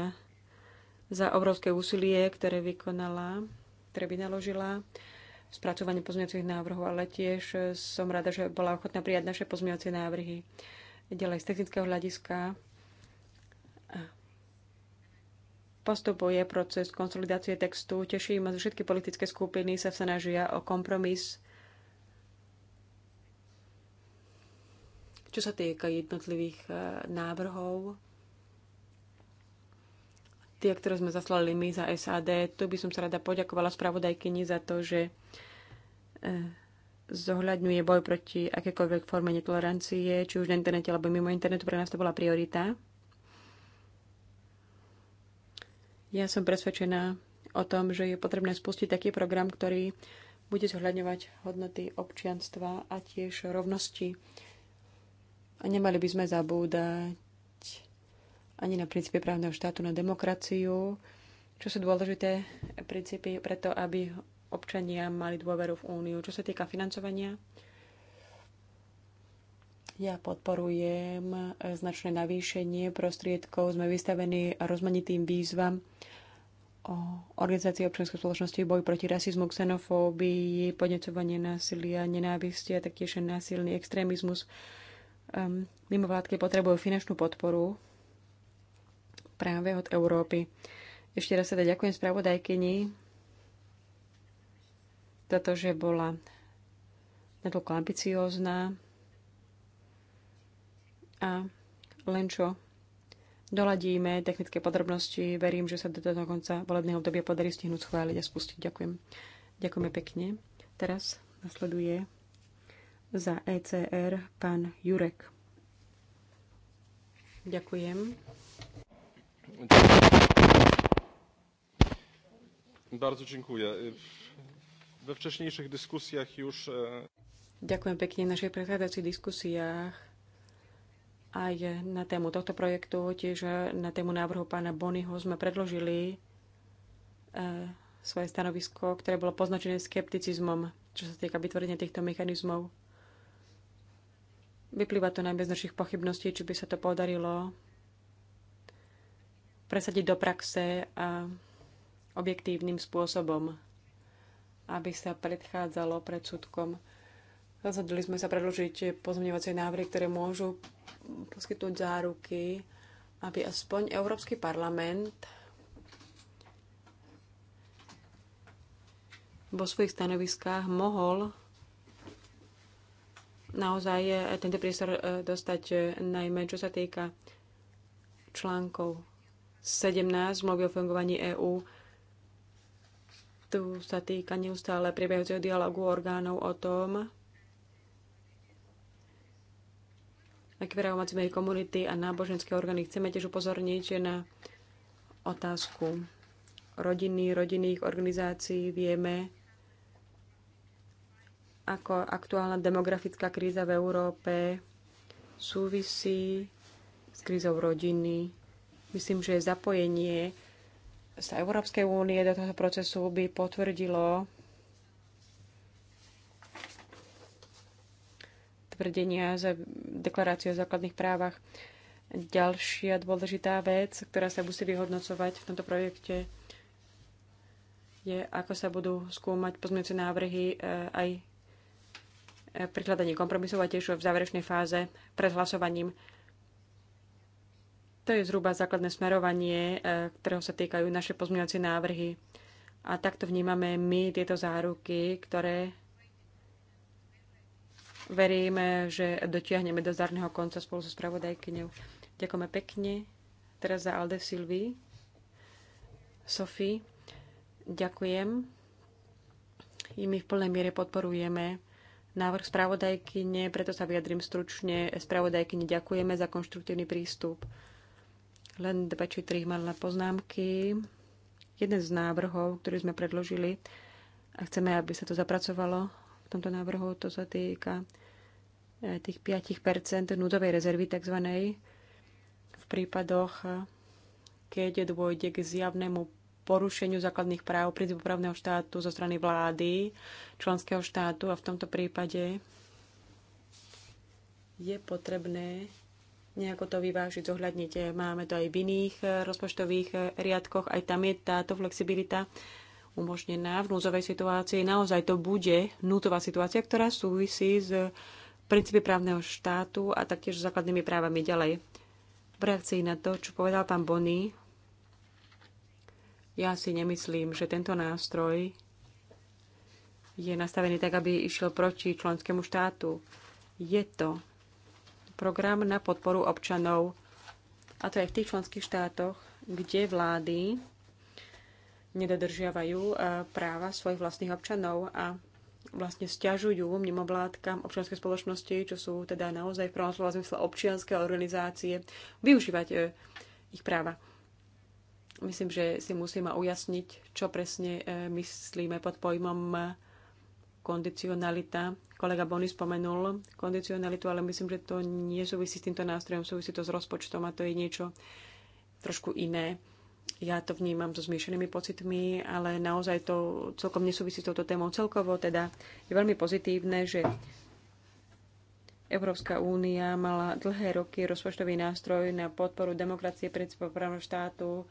za obrovské úsilie, ktoré vykonala, ktoré by naložila, spracovanie pozmeňovacích návrhov, ale tiež som rada, že bola ochotná prijať naše pozmeňovacie návrhy. Ďalej z technického hľadiska postupuje proces konsolidácie textu. Teší ma, že všetky politické skupiny sa snažia o kompromis, čo sa týka jednotlivých e, návrhov tie, ktoré sme zaslali my za SAD. Tu by som sa rada poďakovala spravodajkyni za to, že Eh, zohľadňuje boj proti akékoľvek forme netolerancie, či už na internete alebo mimo internetu. Pre nás to bola priorita. Ja som presvedčená o tom, že je potrebné spustiť taký program, ktorý bude zohľadňovať hodnoty občianstva a tiež rovnosti. A nemali by sme zabúdať ani na princípe právneho štátu, na demokraciu, čo sú dôležité princípy preto, aby občania mali dôveru v Úniu. Čo sa týka financovania, ja podporujem značné navýšenie prostriedkov. Sme vystavení rozmanitým výzvam o organizácii občianskej spoločnosti, boj proti rasizmu, xenofóbii, podnecovanie násilia, nenávisti a taktiež násilný extrémizmus. Um, ehm, mimovládky potrebujú finančnú podporu práve od Európy. Ešte raz teda ďakujem spravodajkyni za že bola natoľko ambiciózna a len čo doladíme technické podrobnosti, verím, že sa do toho konca volebného obdobia podarí stihnúť schváliť a spustiť. Ďakujem. Ďakujeme pekne. Teraz nasleduje za ECR pán Jurek. Ďakujem. Bardzo dziękuję we wcześniejszych dyskusjach już... E, Ďakujem pekne. V našich predchádzajúcich diskusiách aj na tému tohto projektu, tiež na tému návrhu pána Bonyho sme predložili e, svoje stanovisko, ktoré bolo poznačené skepticizmom, čo sa týka vytvorenia týchto mechanizmov. Vyplýva to najmä z našich pochybností, či by sa to podarilo presadiť do praxe a objektívnym spôsobom aby sa predchádzalo predsudkom. Rozhodli sme sa predložiť pozmeňovacie návrhy, ktoré môžu poskytnúť záruky, aby aspoň Európsky parlament vo svojich stanoviskách mohol naozaj tento priestor e, dostať, e, najmä čo sa týka článkov 17 zmluvy o fungovaní EÚ tu sa týka neustále priebehujúceho dialogu orgánov o tom, aké verovacie komunity a náboženské orgány. Chceme tiež upozorniť na otázku rodiny, rodinných organizácií. Vieme, ako aktuálna demografická kríza v Európe súvisí s krízou rodiny. Myslím, že zapojenie z Európskej únie do tohto procesu by potvrdilo tvrdenia za deklaráciu o základných právach. Ďalšia dôležitá vec, ktorá sa musí vyhodnocovať v tomto projekte, je, ako sa budú skúmať pozmeňujúce návrhy e, aj prikladanie hľadaní kompromisov a tiež v záverečnej fáze pred hlasovaním. To je zhruba základné smerovanie, e, ktorého sa týkajú naše pozmeňovacie návrhy. A takto vnímame my tieto záruky, ktoré veríme, že dotiahneme do zárneho konca spolu so spravodajkyňou. Ďakujeme pekne. Teraz za Alde Silvi. Sofie, ďakujem. I my v plnej miere podporujeme návrh spravodajkyne, preto sa vyjadrím stručne. Spravodajkyne ďakujeme za konštruktívny prístup len dva či tri malé poznámky. Jeden z návrhov, ktorý sme predložili a chceme, aby sa to zapracovalo v tomto návrhu, to sa týka e, tých 5% núdovej rezervy tzv. v prípadoch, e, keď dôjde k zjavnému porušeniu základných práv princípu právneho štátu zo strany vlády členského štátu a v tomto prípade je potrebné nejako to vyvážiť, zohľadniť. Máme to aj v iných eh, rozpočtových eh, riadkoch, aj tam je táto flexibilita umožnená v núzovej situácii. Naozaj to bude nútová situácia, ktorá súvisí s eh, princípy právneho štátu a taktiež s základnými právami ďalej. V reakcii na to, čo povedal pán Bonny, ja si nemyslím, že tento nástroj je nastavený tak, aby išiel proti členskému štátu. Je to program na podporu občanov. A to aj v tých členských štátoch, kde vlády nedodržiavajú eh, práva svojich vlastných občanov a vlastne stiažujú mimovládkam občianske spoločnosti, čo sú teda naozaj v prvom slova zmysle občianské organizácie, využívať eh, ich práva. Myslím, že si musíme ujasniť, čo presne eh, myslíme pod pojmom kondicionalita. Kolega Bony spomenul kondicionalitu, ale myslím, že to nie súvisí s týmto nástrojom, súvisí to s rozpočtom a to je niečo trošku iné. Ja to vnímam so zmiešanými pocitmi, ale naozaj to celkom nesúvisí s touto témou celkovo. Teda je veľmi pozitívne, že Európska únia mala dlhé roky rozpočtový nástroj na podporu demokracie, princípov právneho štátu,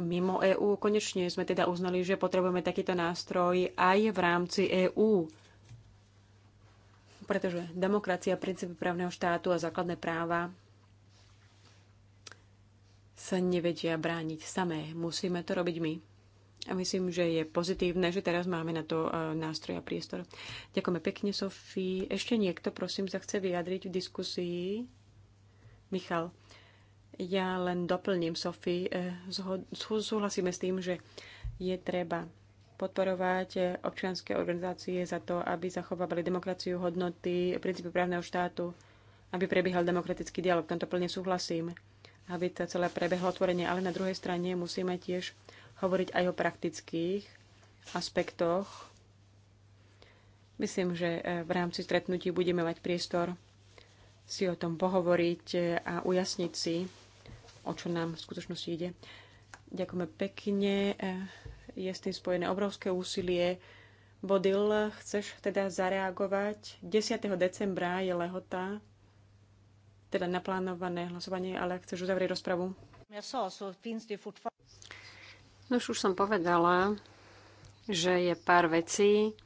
mimo EÚ. Konečne sme teda uznali, že potrebujeme takýto nástroj aj v rámci EÚ. Pretože demokracia, princípy právneho štátu a základné práva sa nevedia brániť samé. Musíme to robiť my. A myslím, že je pozitívne, že teraz máme na to e, nástroj a priestor. Ďakujeme pekne, Sofí. Ešte niekto, prosím, sa chce vyjadriť v diskusii? Michal. Ja len doplním, Sofie, eh, súhlasíme s tým, že je treba podporovať eh, občianské organizácie za to, aby zachovávali demokraciu, hodnoty, princípy právneho štátu, aby prebiehal demokratický dialog. Tento plne súhlasím, aby to celé prebehlo otvorenie. Ale na druhej strane musíme tiež hovoriť aj o praktických aspektoch. Myslím, že eh, v rámci stretnutí budeme mať priestor si o tom pohovoriť a ujasniť si, o čo nám v skutočnosti ide. Ďakujeme pekne. Je s tým spojené obrovské úsilie. Bodil, chceš teda zareagovať? 10. decembra je lehota, teda naplánované hlasovanie, ale chceš uzavrieť rozpravu? No už som povedala, že je pár vecí,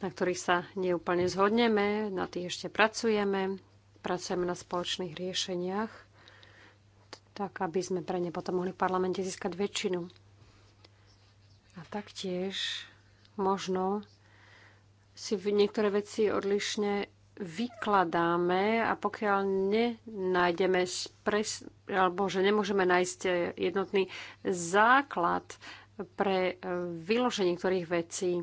na ktorých sa neúplne zhodneme, na tých ešte pracujeme, pracujeme na spoločných riešeniach tak aby sme pre ne potom mohli v parlamente získať väčšinu. A taktiež možno si niektoré veci odlišne vykladáme a pokiaľ nenájdeme pres, alebo že nemôžeme nájsť jednotný základ pre e, vyloženie niektorých vecí,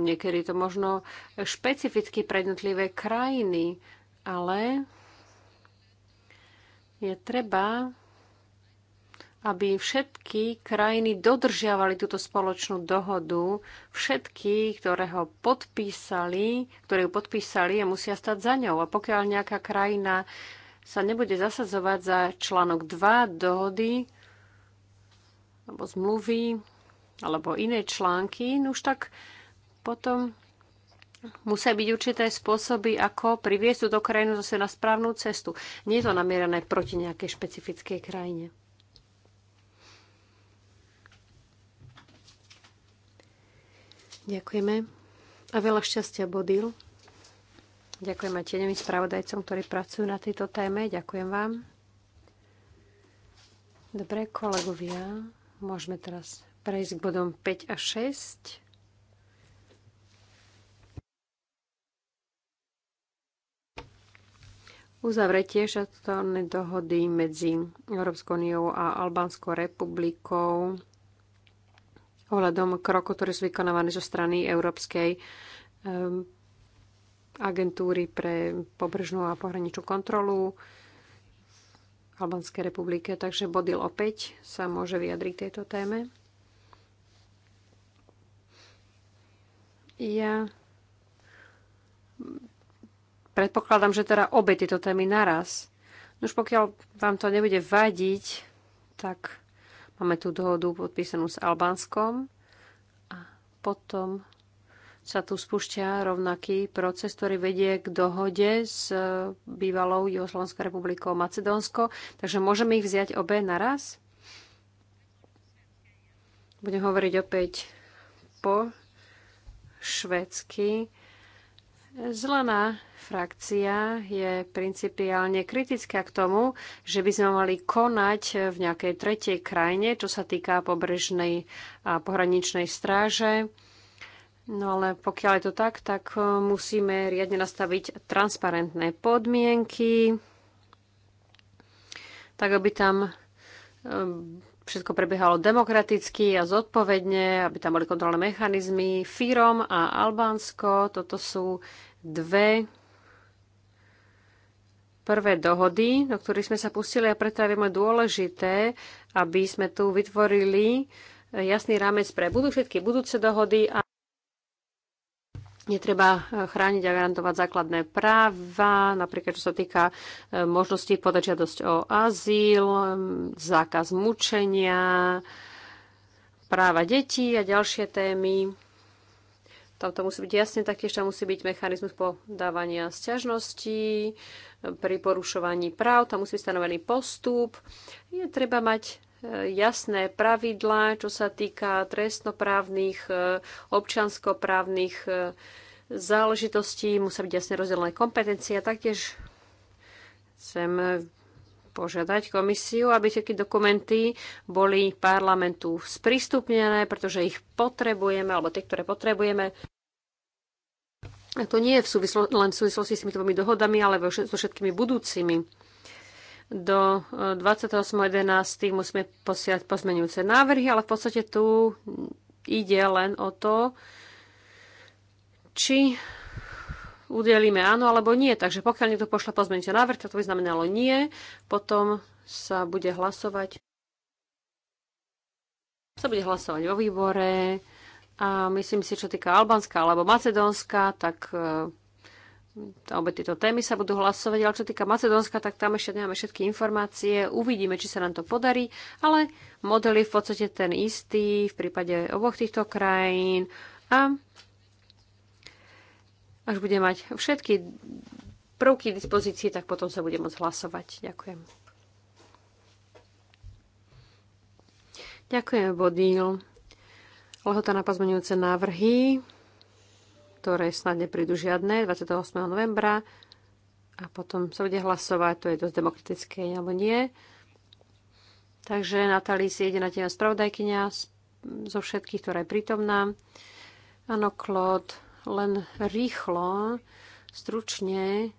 niekedy to možno špecificky pre jednotlivé krajiny, ale je treba, aby všetky krajiny dodržiavali túto spoločnú dohodu. Všetky, ktoré ho podpísali, ktoré ju podpísali a musia stať za ňou. A pokiaľ nejaká krajina sa nebude zasadzovať za článok 2 dohody alebo zmluvy alebo iné články, no už tak potom Musia byť určité spôsoby, ako priviesť túto krajinu zase na správnu cestu. Nie je to namierané proti nejakej špecifickej krajine. Ďakujeme. A veľa šťastia, Bodil. Ďakujem aj tieňovým spravodajcom, ktorí pracujú na tejto téme. Ďakujem vám. Dobre, kolegovia, môžeme teraz prejsť k bodom 5 a 6. uzavretie štatutárnej dohody medzi Európskou uniou a Albánskou republikou ohľadom krokov, ktoré sú vykonávané zo strany Európskej um, agentúry pre pobrežnú a pohraničnú kontrolu Albánskej republike. Takže Bodil opäť sa môže vyjadriť tejto téme. Ja Predpokladám, že teda obe tieto témy naraz. No už pokiaľ vám to nebude vadiť, tak máme tú dohodu podpísanú s Albánskom a potom sa tu spúšťa rovnaký proces, ktorý vedie k dohode s e, bývalou Juhoslovanskou republikou Macedónsko. Takže môžeme ich vziať obe naraz? Budem hovoriť opäť po švedsky. Zelená frakcia je principiálne kritická k tomu, že by sme mali konať v nejakej tretej krajine, čo sa týka pobrežnej a pohraničnej stráže. No ale pokiaľ je to tak, tak e, musíme riadne nastaviť transparentné podmienky, tak aby tam e, všetko prebiehalo demokraticky a zodpovedne, aby tam boli kontrolné mechanizmy. Fírom a Albánsko, toto sú dve prvé dohody, do ktorých sme sa pustili a preto je veľmi dôležité, aby sme tu vytvorili jasný rámec pre budú všetky budúce dohody a netreba e, chrániť a garantovať základné práva, napríklad čo sa týka e, možnosti podať žiadosť o azyl, e, zákaz mučenia, práva detí a ďalšie témy. Tam to musí byť jasne, taktiež tam musí byť mechanizmus podávania sťažností pri porušovaní práv, tam musí byť stanovený postup. Je treba mať Eh, jasné pravidlá, čo sa týka trestnoprávnych, eh, občanskoprávnych eh, záležitostí, musia byť jasne rozdelené kompetencie. Taktiež chcem požiadať komisiu, aby všetky dokumenty boli parlamentu sprístupnené, pretože ich potrebujeme, alebo tie, ktoré potrebujeme. A to nie je v súvislo, len v súvislosti s týmito dohodami, ale so všetkými budúcimi do 28.11. Eh, musíme posiať pozmenujúce návrhy, ale v podstate tu ide len o to, či udelíme áno alebo nie. Takže pokiaľ niekto pošle pozmenujúce návrh, to by znamenalo nie, potom sa bude hlasovať sa bude hlasovať vo výbore a myslím si, čo týka Albánska alebo Macedónska, tak eh, obe tieto témy sa budú hlasovať, ale čo týka Macedónska, tak tam ešte nemáme všetky informácie. Uvidíme, či sa nám to podarí, ale model je v podstate ten istý v prípade oboch týchto krajín a až bude mať všetky prvky k dispozícii, tak potom sa bude môcť hlasovať. Ďakujem. Ďakujem, Bodil. Lehota na pozmeňujúce návrhy ktoré snad neprídu žiadne 28. novembra a potom sa bude hlasovať, to je dosť demokratické alebo nie. Takže Natália si na teba spravodajkynia zo všetkých, ktorá je prítomná. Áno, Klod, len rýchlo, stručne.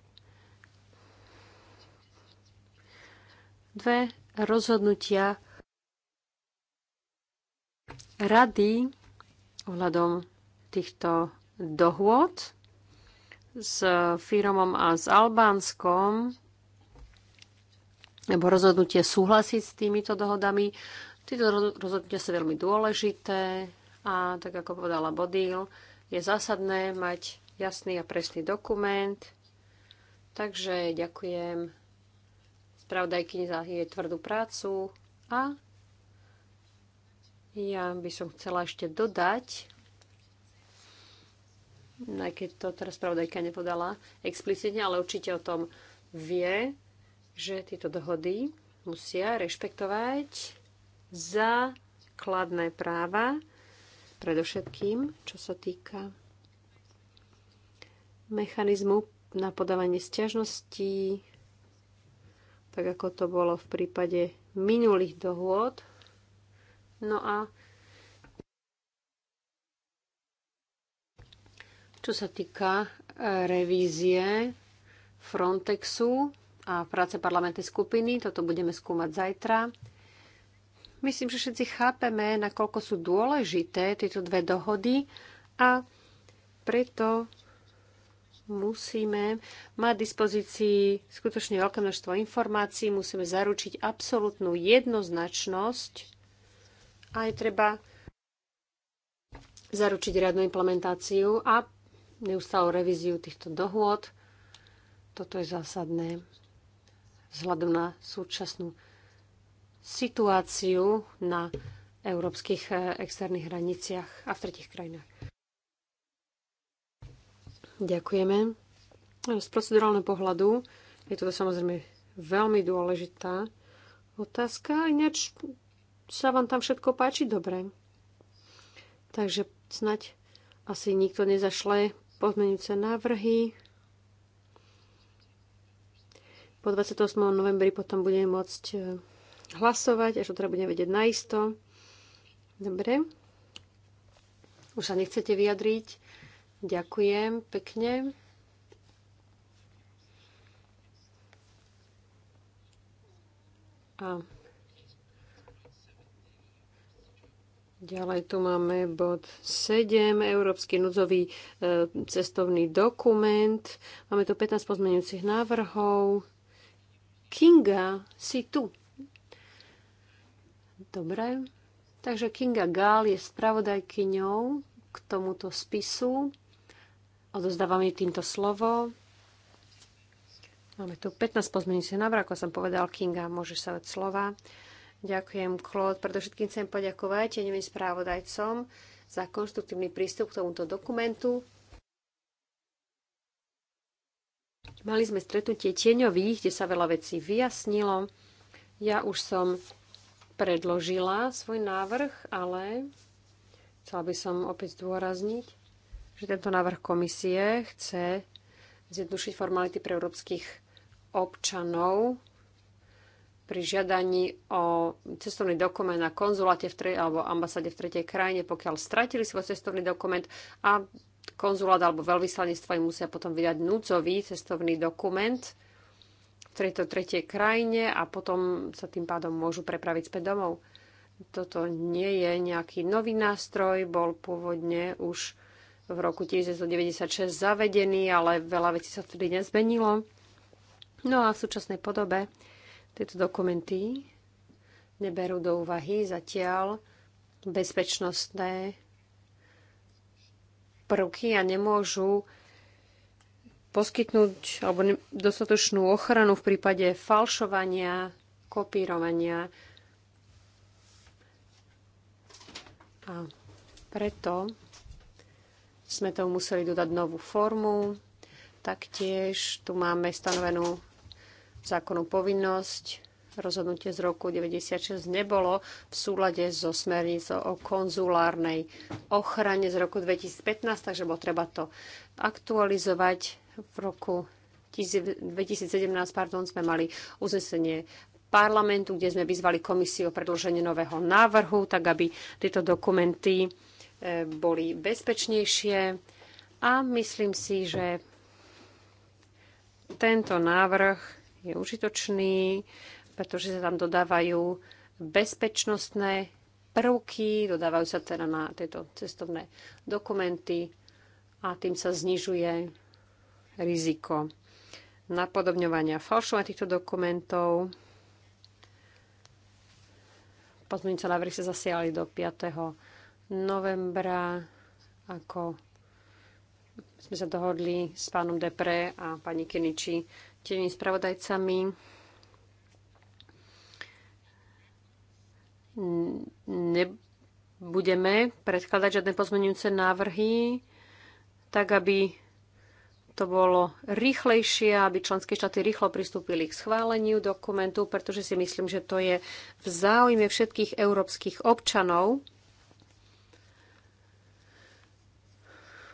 Dve rozhodnutia rady ohľadom týchto dohôd s Firomom a s Albánskom, alebo rozhodnutie súhlasiť s týmito dohodami. Tieto rozhodnutia sú veľmi dôležité a tak ako povedala Bodil, je zásadné mať jasný a presný dokument. Takže ďakujem spravodajkyni za jej tvrdú prácu a ja by som chcela ešte dodať, aj keď to teraz pravdajka nepodala explicitne, ale určite o tom vie, že tieto dohody musia rešpektovať základné práva, predovšetkým, čo sa týka mechanizmu na podávanie stiažností, tak ako to bolo v prípade minulých dohôd. No a Čo sa týka e, revízie Frontexu a práce parlamentnej skupiny, toto budeme skúmať zajtra. Myslím, že všetci chápeme, nakoľko sú dôležité tieto dve dohody a preto musíme mať dispozícii skutočne veľké množstvo informácií, musíme zaručiť absolútnu jednoznačnosť a je treba zaručiť riadnu implementáciu a neustalú revíziu týchto dohôd. Toto je zásadné vzhľadom na súčasnú situáciu na európskych eh, externých hraniciach a v tretich krajinách. Ďakujeme. Z procedurálneho pohľadu je toto samozrejme veľmi dôležitá otázka, ináč sa vám tam všetko páči dobre. Takže snať asi nikto nezašle pozmeňujúce návrhy. Po 28. novembri potom budeme môcť e, hlasovať, až teda budeme vedieť naisto. Dobre. Už sa nechcete vyjadriť. Ďakujem pekne. A Ďalej tu máme bod 7, Európsky núdzový e, cestovný dokument. Máme tu 15 pozmeňujúcich návrhov. Kinga, si tu. Dobre. Takže Kinga Gál je spravodajkyňou k tomuto spisu. Odozdávam jej týmto slovo. Máme tu 15 pozmeňujúcich návrhov, ako som povedal, Kinga, môže sa dať slova. Ďakujem, Preto Predovšetkým chcem poďakovať tenevým správodajcom za konštruktívny prístup k tomuto dokumentu. Mali sme stretnutie tieňových, kde sa veľa vecí vyjasnilo. Ja už som predložila svoj návrh, ale chcela by som opäť zdôrazniť, že tento návrh komisie chce zjednodušiť formality pre európskych občanov pri žiadaní o cestovný dokument na konzuláte v tre, alebo ambasáde v tretej krajine, pokiaľ stratili svoj cestovný dokument a konzulát alebo veľvyslanectvo im musia potom vydať núdzový cestovný dokument v tejto tretej krajine a potom sa tým pádom môžu prepraviť späť domov. Toto nie je nejaký nový nástroj, bol pôvodne už v roku 1996 zavedený, ale veľa vecí sa vtedy nezmenilo. No a v súčasnej podobe tieto dokumenty neberú do úvahy zatiaľ bezpečnostné prvky a nemôžu poskytnúť alebo dostatočnú ochranu v prípade falšovania, kopírovania. A preto sme to museli dodať novú formu. Taktiež tu máme stanovenú zákonnú povinnosť. Rozhodnutie z roku 96 nebolo v súlade so smernicou o konzulárnej ochrane z roku 2015, takže bolo treba to aktualizovať. V roku 2017 pardon, sme mali uznesenie parlamentu, kde sme vyzvali komisiu o predloženie nového návrhu, tak aby tieto dokumenty e, boli bezpečnejšie. A myslím si, že tento návrh je užitočný, pretože sa tam dodávajú bezpečnostné prvky, dodávajú sa teda na tieto cestovné dokumenty a tým sa znižuje riziko napodobňovania falšovania týchto dokumentov. Pozmeňujúce návrhy sa zasiali do 5. novembra ako sme sa dohodli s pánom Depre a pani Kiniči tými spravodajcami. Nebudeme predkladať žiadne pozmenujúce návrhy, tak aby to bolo rýchlejšie, aby členské štáty rýchlo pristúpili k schváleniu dokumentu, pretože si myslím, že to je v záujme všetkých európskych občanov,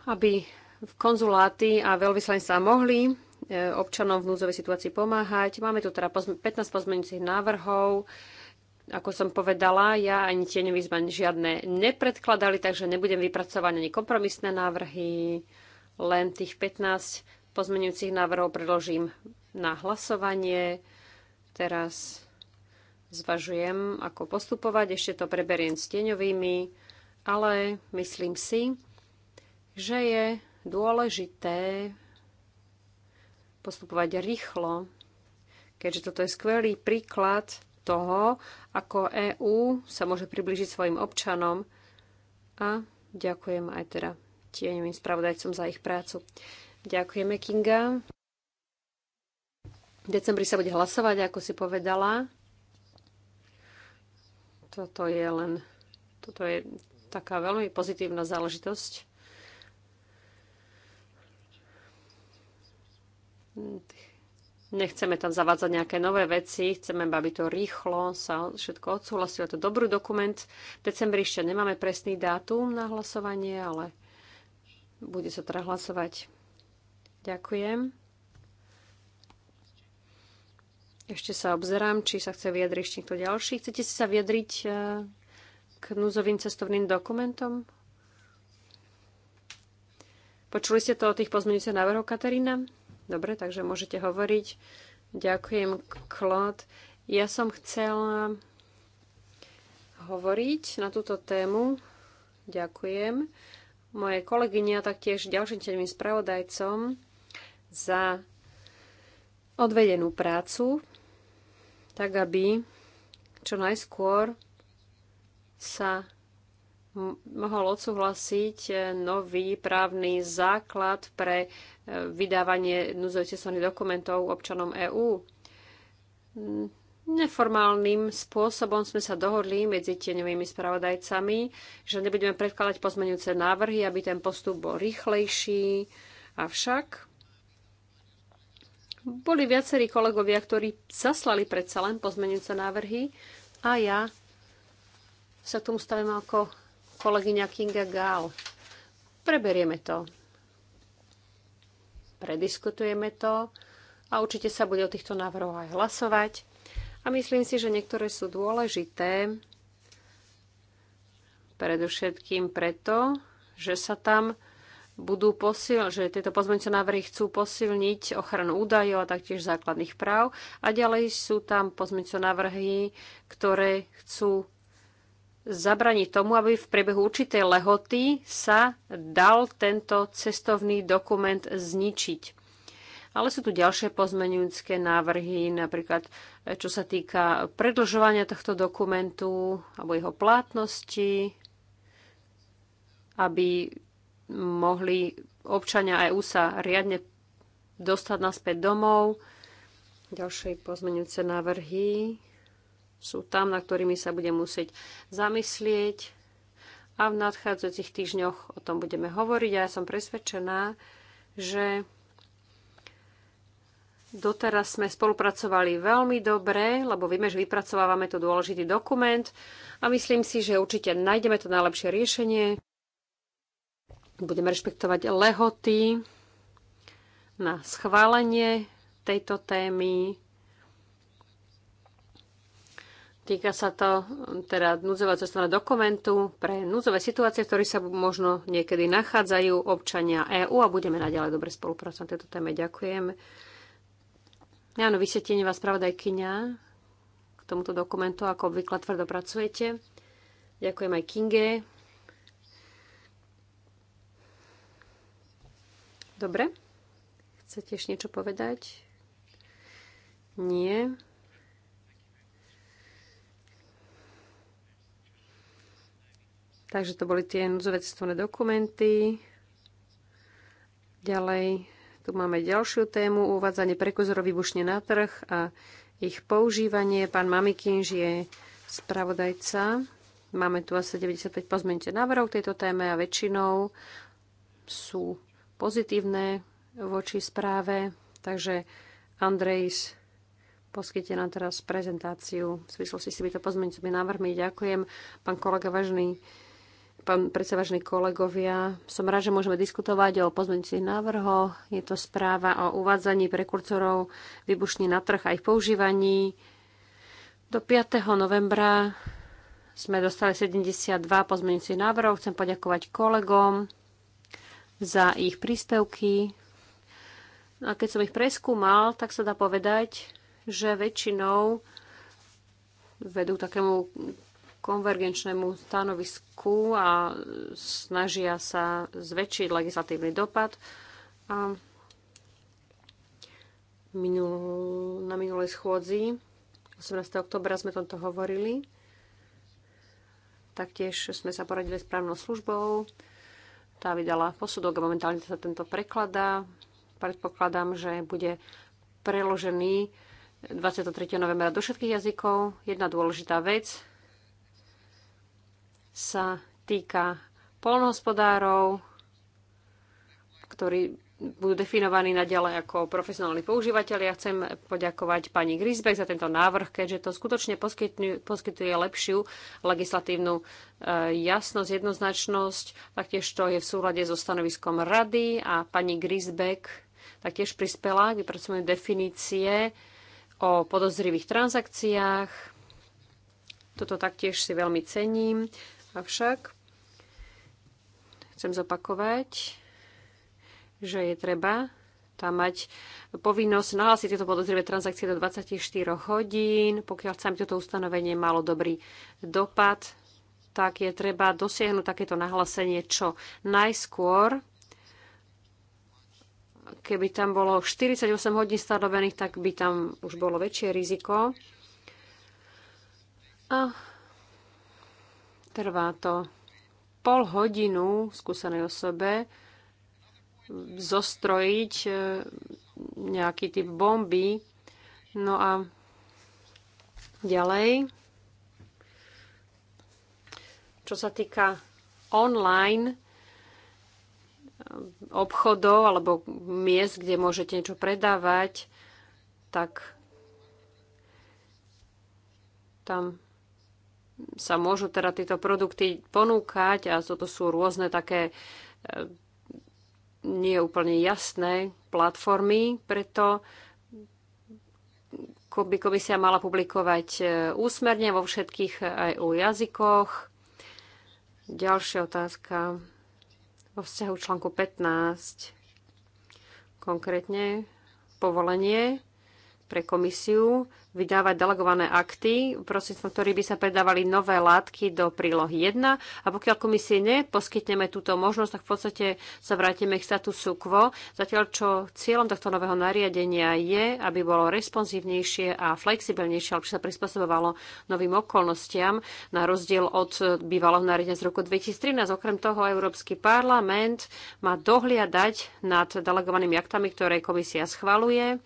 aby konzuláty a veľvyslanectvá mohli E, občanom v núzovej situácii pomáhať. Máme tu teda 15 pozmeňujúcich návrhov. Ako som povedala, ja ani tie zmaň žiadne nepredkladali, takže nebudem vypracovať ani kompromisné návrhy. Len tých 15 pozmeňujúcich návrhov predložím na hlasovanie. Teraz zvažujem, ako postupovať. Ešte to preberiem s tieňovými, ale myslím si, že je dôležité postupovať rýchlo, keďže toto je skvelý príklad toho, ako EÚ sa môže približiť svojim občanom a ďakujem aj teda tieňovým spravodajcom za ich prácu. Ďakujeme, Kinga. V decembri sa bude hlasovať, ako si povedala. Toto je len, toto je taká veľmi pozitívna záležitosť. Nechceme tam zavádzať nejaké nové veci, chceme, aby to rýchlo sa všetko odsúhlasilo. Je to dobrý dokument. V decembri ešte nemáme presný dátum na hlasovanie, ale bude sa teda hlasovať. Ďakujem. Ešte sa obzerám, či sa chce vyjadriť ešte niekto ďalší. Chcete si sa vyjadriť eh, k núzovým cestovným dokumentom? Počuli ste to o tých pozmeňujúcich návrhoch, Katarína? Dobre, takže môžete hovoriť. Ďakujem, Klod. Ja som chcela hovoriť na túto tému. Ďakujem moje kolegyne a taktiež ďalším tenovým spravodajcom za odvedenú prácu, tak aby čo najskôr sa mohol odsúhlasiť e, nový právny základ pre e, vydávanie núzovitesovných dokumentov občanom EÚ. Mm, neformálnym spôsobom sme sa dohodli medzi tieňovými spravodajcami, že nebudeme predkladať pozmeňujúce návrhy, aby ten postup bol rýchlejší. Avšak boli viacerí kolegovia, ktorí zaslali predsa len pozmeňujúce návrhy a ja sa k tomu stavím ako kolegyňa Kinga Gál. Preberieme to. Prediskutujeme to a určite sa bude o týchto návrhoch aj hlasovať. A myslím si, že niektoré sú dôležité, predovšetkým preto, že sa tam budú posilniť, že tieto pozmeňujúce návrhy chcú posilniť ochranu údajov a taktiež základných práv. A ďalej sú tam pozmeňujúce návrhy, ktoré chcú zabraniť tomu, aby v priebehu určitej lehoty sa dal tento cestovný dokument zničiť. Ale sú tu ďalšie pozmeňujúcké návrhy, napríklad eh, čo sa týka predlžovania tohto dokumentu alebo jeho platnosti, aby mohli občania EU sa riadne dostať naspäť domov. Ďalšie pozmenujúce návrhy sú tam, na ktorými sa budem musieť zamyslieť a v nadchádzajúcich týždňoch o tom budeme hovoriť a ja som presvedčená, že doteraz sme spolupracovali veľmi dobre, lebo vieme, že vypracovávame tu dôležitý dokument a myslím si, že určite nájdeme to najlepšie riešenie. Budeme rešpektovať lehoty na schválenie tejto témy Týka sa to teda núzového cestovného dokumentu pre núzové situácie, v ktorých sa možno niekedy nachádzajú občania EÚ a budeme naďalej dobre spolupracovať na tejto téme. Ďakujem. Áno, vysvetlenie vás spravodajkyňa k tomuto dokumentu, ako obvykle tvrdo pracujete. Ďakujem aj Kinge. Dobre. Chcete ešte niečo povedať? Nie. Takže to boli tie núdzové cestovné dokumenty. Ďalej, tu máme ďalšiu tému, uvádzanie prekozorov výbušne na trh a ich používanie. Pán Mamikinž je spravodajca. Máme tu asi 95 pozmeňte návrhov k tejto téme a väčšinou sú pozitívne voči správe. Takže Andrejs poskytne nám teraz prezentáciu v súvislosti s týmito pozmeňujúcimi návrhmi. Ďakujem, pán kolega Važný pán predseda, vážení kolegovia. Som rád, že môžeme diskutovať o pozmeňujúcich návrhoch. Je to správa o uvádzaní prekurzorov vybušní na trh a ich používaní. Do 5. novembra sme dostali 72 pozmeňujúcich návrhov. Chcem poďakovať kolegom za ich príspevky. A keď som ich preskúmal, tak sa dá povedať, že väčšinou vedú takému konvergenčnému stanovisku a snažia sa zväčšiť legislatívny dopad. A minul, na minulej schôdzi 18. oktobra sme tomto hovorili. Taktiež sme sa poradili s právnou službou. Tá vydala posudok a momentálne sa tento prekladá. Predpokladám, že bude preložený 23. novembra do všetkých jazykov. Jedna dôležitá vec, sa týka polnohospodárov, ktorí budú definovaní naďalej ako profesionálni Ja Chcem poďakovať pani Grisbeck za tento návrh, keďže to skutočne poskytuje lepšiu legislatívnu e, jasnosť, jednoznačnosť. Taktiež to je v súlade so stanoviskom rady a pani Grisbeck taktiež prispela k vypracovaniu definície o podozrivých transakciách. Toto taktiež si veľmi cením. Avšak chcem zopakovať, že je treba tam mať povinnosť nahlásiť tieto podozrivé transakcie do 24 hodín. Pokiaľ sa toto ustanovenie malo dobrý dopad, tak je treba dosiahnuť takéto nahlásenie čo najskôr. Keby tam bolo 48 hodín stanovených, tak by tam už bolo väčšie riziko. A Trvá to pol hodinu skúsenej osobe zostrojiť e, nejaký typ bomby. No a ďalej, čo sa týka online e, obchodov alebo miest, kde môžete niečo predávať, tak tam sa môžu teda tieto produkty ponúkať a toto sú rôzne také e, nie úplne jasné platformy, preto by komisia mala publikovať e, úsmerne vo všetkých aj e u jazykoch. Ďalšia otázka vo vzťahu článku 15, konkrétne povolenie pre komisiu vydávať delegované akty, prostredstvom ktorých by sa predávali nové látky do prílohy 1. A pokiaľ komisie neposkytneme túto možnosť, tak v podstate sa vrátime k statusu quo. Zatiaľ, čo cieľom tohto nového nariadenia je, aby bolo responsívnejšie a flexibilnejšie, aby sa prispôsobovalo novým okolnostiam, na rozdiel od bývalého nariadenia z roku 2013. Okrem toho, Európsky parlament má dohliadať nad delegovanými aktami, ktoré komisia schvaluje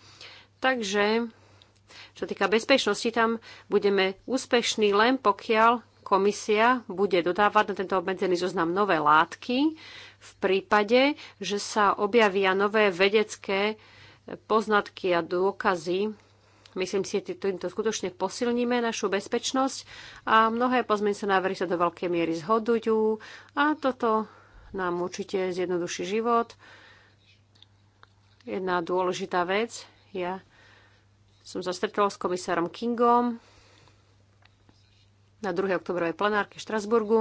Takže, čo týka bezpečnosti, tam budeme úspešní len pokiaľ komisia bude dodávať na tento obmedzený zoznam nové látky v prípade, že sa objavia nové vedecké poznatky a dôkazy. Myslím si, že týmto skutočne posilníme našu bezpečnosť a mnohé pozmeňujúce návrhy sa do veľkej miery zhodujú a toto nám určite zjednoduší život. Jedna dôležitá vec, ja som sa stretol s komisárom Kingom na 2. oktobrovej plenárke v Štrasburgu.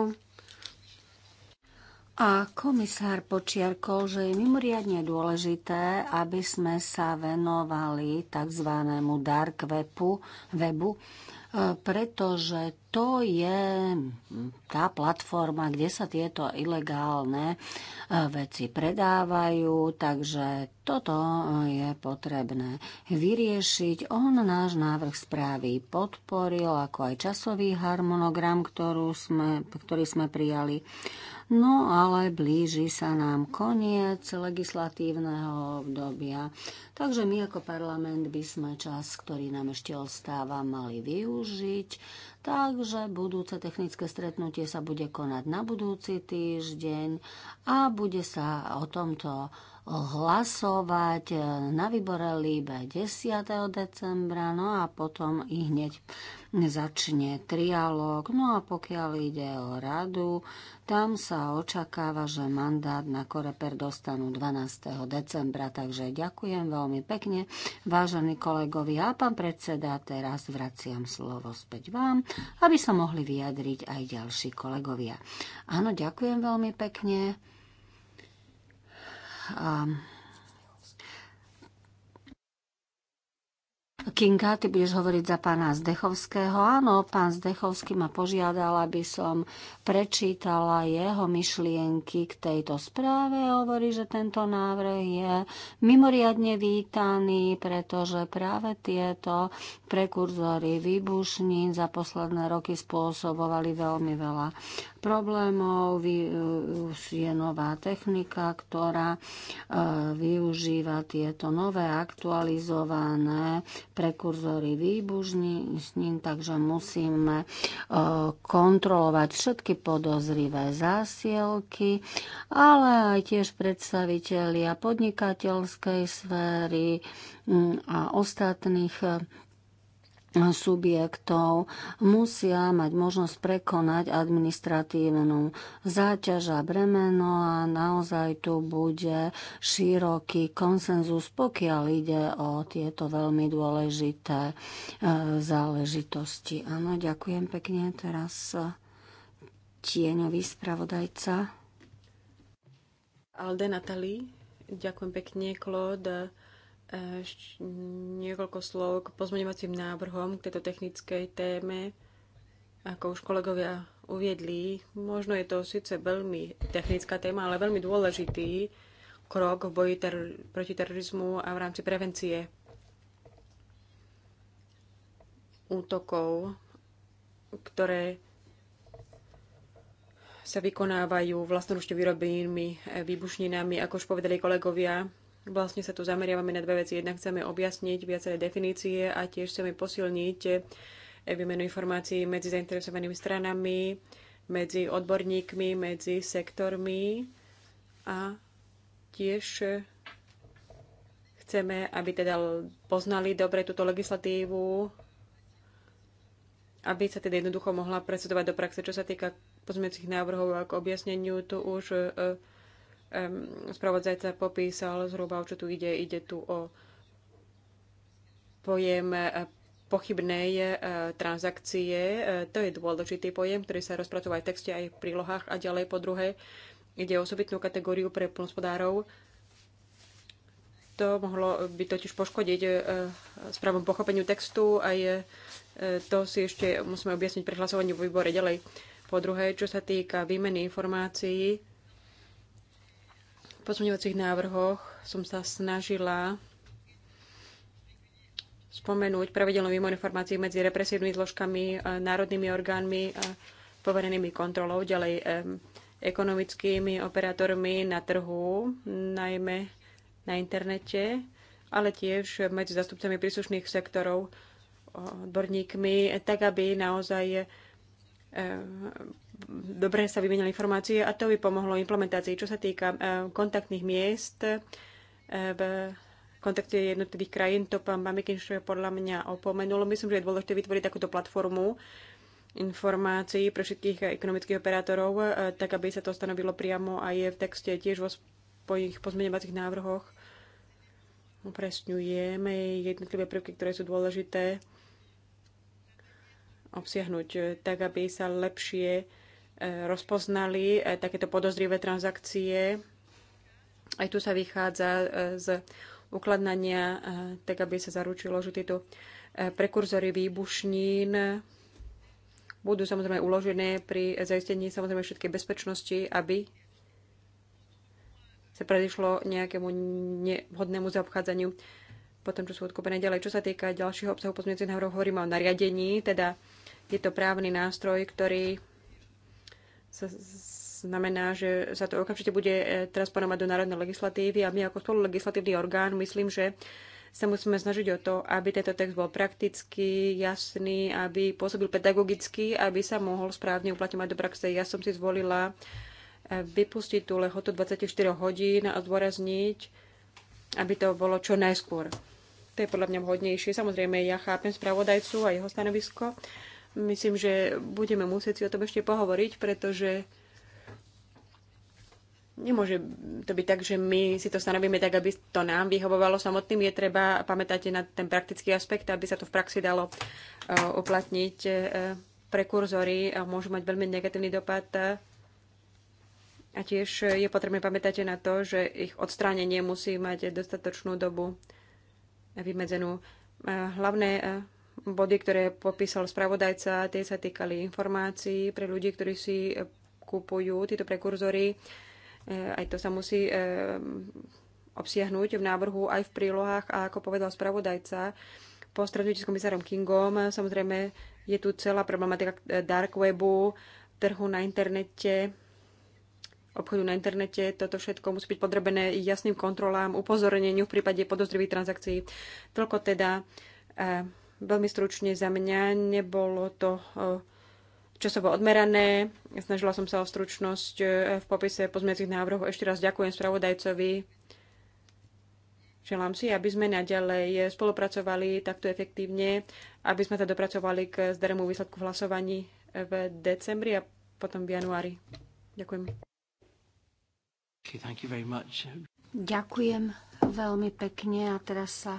A komisár počiarkol, že je mimoriadne dôležité, aby sme sa venovali tzv. dark webu, webu eh, pretože to je tá platforma, kde sa tieto ilegálne e, veci predávajú, takže toto je potrebné vyriešiť. On náš návrh správy podporil, ako aj časový harmonogram, ktorú sme, ktorý sme prijali. No ale blíži sa nám koniec legislatívneho obdobia, takže my ako parlament by sme čas, ktorý nám ešte ostáva, mali využiť Takže budúce technické stretnutie sa bude konať na budúci týždeň a bude sa o tomto hlasovať na výbore Líbe 10. decembra, no a potom i hneď začne trialog, No a pokiaľ ide o radu, tam sa očakáva, že mandát na Koreper dostanú 12. decembra. Takže ďakujem veľmi pekne, vážení kolegovi. A pán predseda, teraz vraciam slovo späť vám, aby sa mohli vyjadriť aj ďalší kolegovia. Áno, ďakujem veľmi pekne. Kinga, ty budeš hovoriť za pána Zdechovského. Áno, pán Zdechovský ma požiadal, aby som prečítala jeho myšlienky k tejto správe. Hovorí, že tento návrh je mimoriadne vítaný, pretože práve tieto prekurzory výbušnín za posledné roky spôsobovali veľmi veľa problémov. Uh, je nová technika, ktorá uh, využíva tieto nové aktualizované prekurzory výbužní, takže musíme e, kontrolovať všetky podozrivé zásielky, ale aj tiež predstavitelia podnikateľskej sféry a ostatných e, subjektov musia mať možnosť prekonať administratívnu záťaž a bremeno a naozaj tu bude široký konsenzus, pokiaľ ide o tieto veľmi dôležité e, záležitosti. Áno, ďakujem pekne. Teraz e, tieňový spravodajca. Alde Natali, ďakujem pekne, Claude. Ešte niekoľko slov k pozmeňovacím návrhom k tejto technickej téme. Ako už kolegovia uviedli, možno je to síce veľmi technická téma, ale veľmi dôležitý krok v boji ter- proti terorizmu a v rámci prevencie útokov, ktoré sa vykonávajú vlastnoručne vyrobenými výbušninami, ako už povedali kolegovia Vlastne sa tu zameriavame na dve veci. Jednak chceme objasniť viaceré definície a tiež chceme posilniť eh, výmenu informácií medzi zainteresovanými stranami, medzi odborníkmi, medzi sektormi a tiež eh, chceme, aby teda poznali dobre túto legislatívu, aby sa teda jednoducho mohla predsedovať do praxe. Čo sa týka pozmeňujúcich návrhov a k objasneniu, tu už eh, Spravodajca popísal zhruba, o čo tu ide. Ide tu o pojem e, pochybnej e, transakcie. E, to je dôležitý pojem, ktorý sa rozpracúva aj v texte, aj v prílohách a ďalej po druhé. Ide o osobitnú kategóriu pre plnospodárov. To mohlo by totiž poškodiť správom pochopeniu textu a je, to si ešte musíme objasniť pri hlasovaní vo výbore ďalej. Po druhé, čo sa týka výmeny informácií, pozmeňovacích návrhoch som sa snažila spomenúť pravidelnú výmenu informácií medzi represívnymi zložkami, e, národnými orgánmi a poverenými kontrolou, ďalej e, ekonomickými operátormi na trhu, najmä na internete, ale tiež medzi zastupcami príslušných sektorov, odborníkmi, tak aby naozaj e, dobre sa vymenili informácie a to by pomohlo implementácii. Čo sa týka e, kontaktných miest e, v kontakte jednotlivých krajín, to pán Mamikinštov podľa mňa opomenul. Myslím, že je dôležité vytvoriť takúto platformu informácií pre všetkých ekonomických operátorov, e, tak aby sa to stanovilo priamo a je v texte tiež vo svojich pozmeňovacích návrhoch. Upresňujeme jednotlivé prvky, ktoré sú dôležité obsiahnuť, tak aby sa lepšie rozpoznali e, takéto podozrivé transakcie. Aj tu sa vychádza e, z ukladnania, e, tak aby sa zaručilo, že tieto prekurzory výbušnín budú samozrejme uložené pri zaistení samozrejme všetkej bezpečnosti, aby sa predišlo nejakému nevhodnému zaobchádzaniu potom, čo sú odkúpené ďalej. Čo sa týka ďalšieho obsahu pozmeňujúcich návrhov, hovoríme o nariadení, teda je to právny nástroj, ktorý znamená, že sa to okamžite bude e, transponovať do národnej legislatívy a my ako spolulegislatívny orgán myslím, že sa musíme snažiť o to, aby tento text bol praktický, jasný, aby pôsobil pedagogicky, aby sa mohol správne uplatňovať do praxe. Ja som si zvolila e, vypustiť tú lehotu 24 hodín a zdôrazniť, aby to bolo čo najskôr. To je podľa mňa vhodnejšie. Samozrejme, ja chápem spravodajcu a jeho stanovisko, Myslím, že budeme musieť si o tom ešte pohovoriť, pretože nemôže to byť tak, že my si to stanovíme tak, aby to nám vyhovovalo samotným. Je treba pamätať na ten praktický aspekt, aby sa to v praxi dalo e, uplatniť. E, prekurzory e, môžu mať veľmi negatívny dopad a tiež je potrebné pamätať na to, že ich odstránenie musí mať dostatočnú dobu vymedzenú. Hlavné Body, ktoré popísal spravodajca, tie sa týkali informácií pre ľudí, ktorí si eh, kúpujú tieto prekurzory. Eh, aj to sa musí eh, obsiahnuť v návrhu aj v prílohách a ako povedal spravodajca, po stretnutí s komisárom Kingom, samozrejme je tu celá problematika dark webu, trhu na internete, obchodu na internete. Toto všetko musí byť podrobené jasným kontrolám, upozorneniu v prípade podozrivých transakcií. Toľko teda Veľmi stručne za mňa nebolo to e, časovo odmerané. Snažila som sa o stručnosť e, v popise pozmeňacích návrhov. Ešte raz ďakujem spravodajcovi. Želám si, aby sme naďalej spolupracovali takto efektívne, aby sme sa dopracovali k zdarému výsledku v hlasovaní v decembri a potom v januári. Ďakujem. Okay, Ďakujem veľmi pekne a teraz sa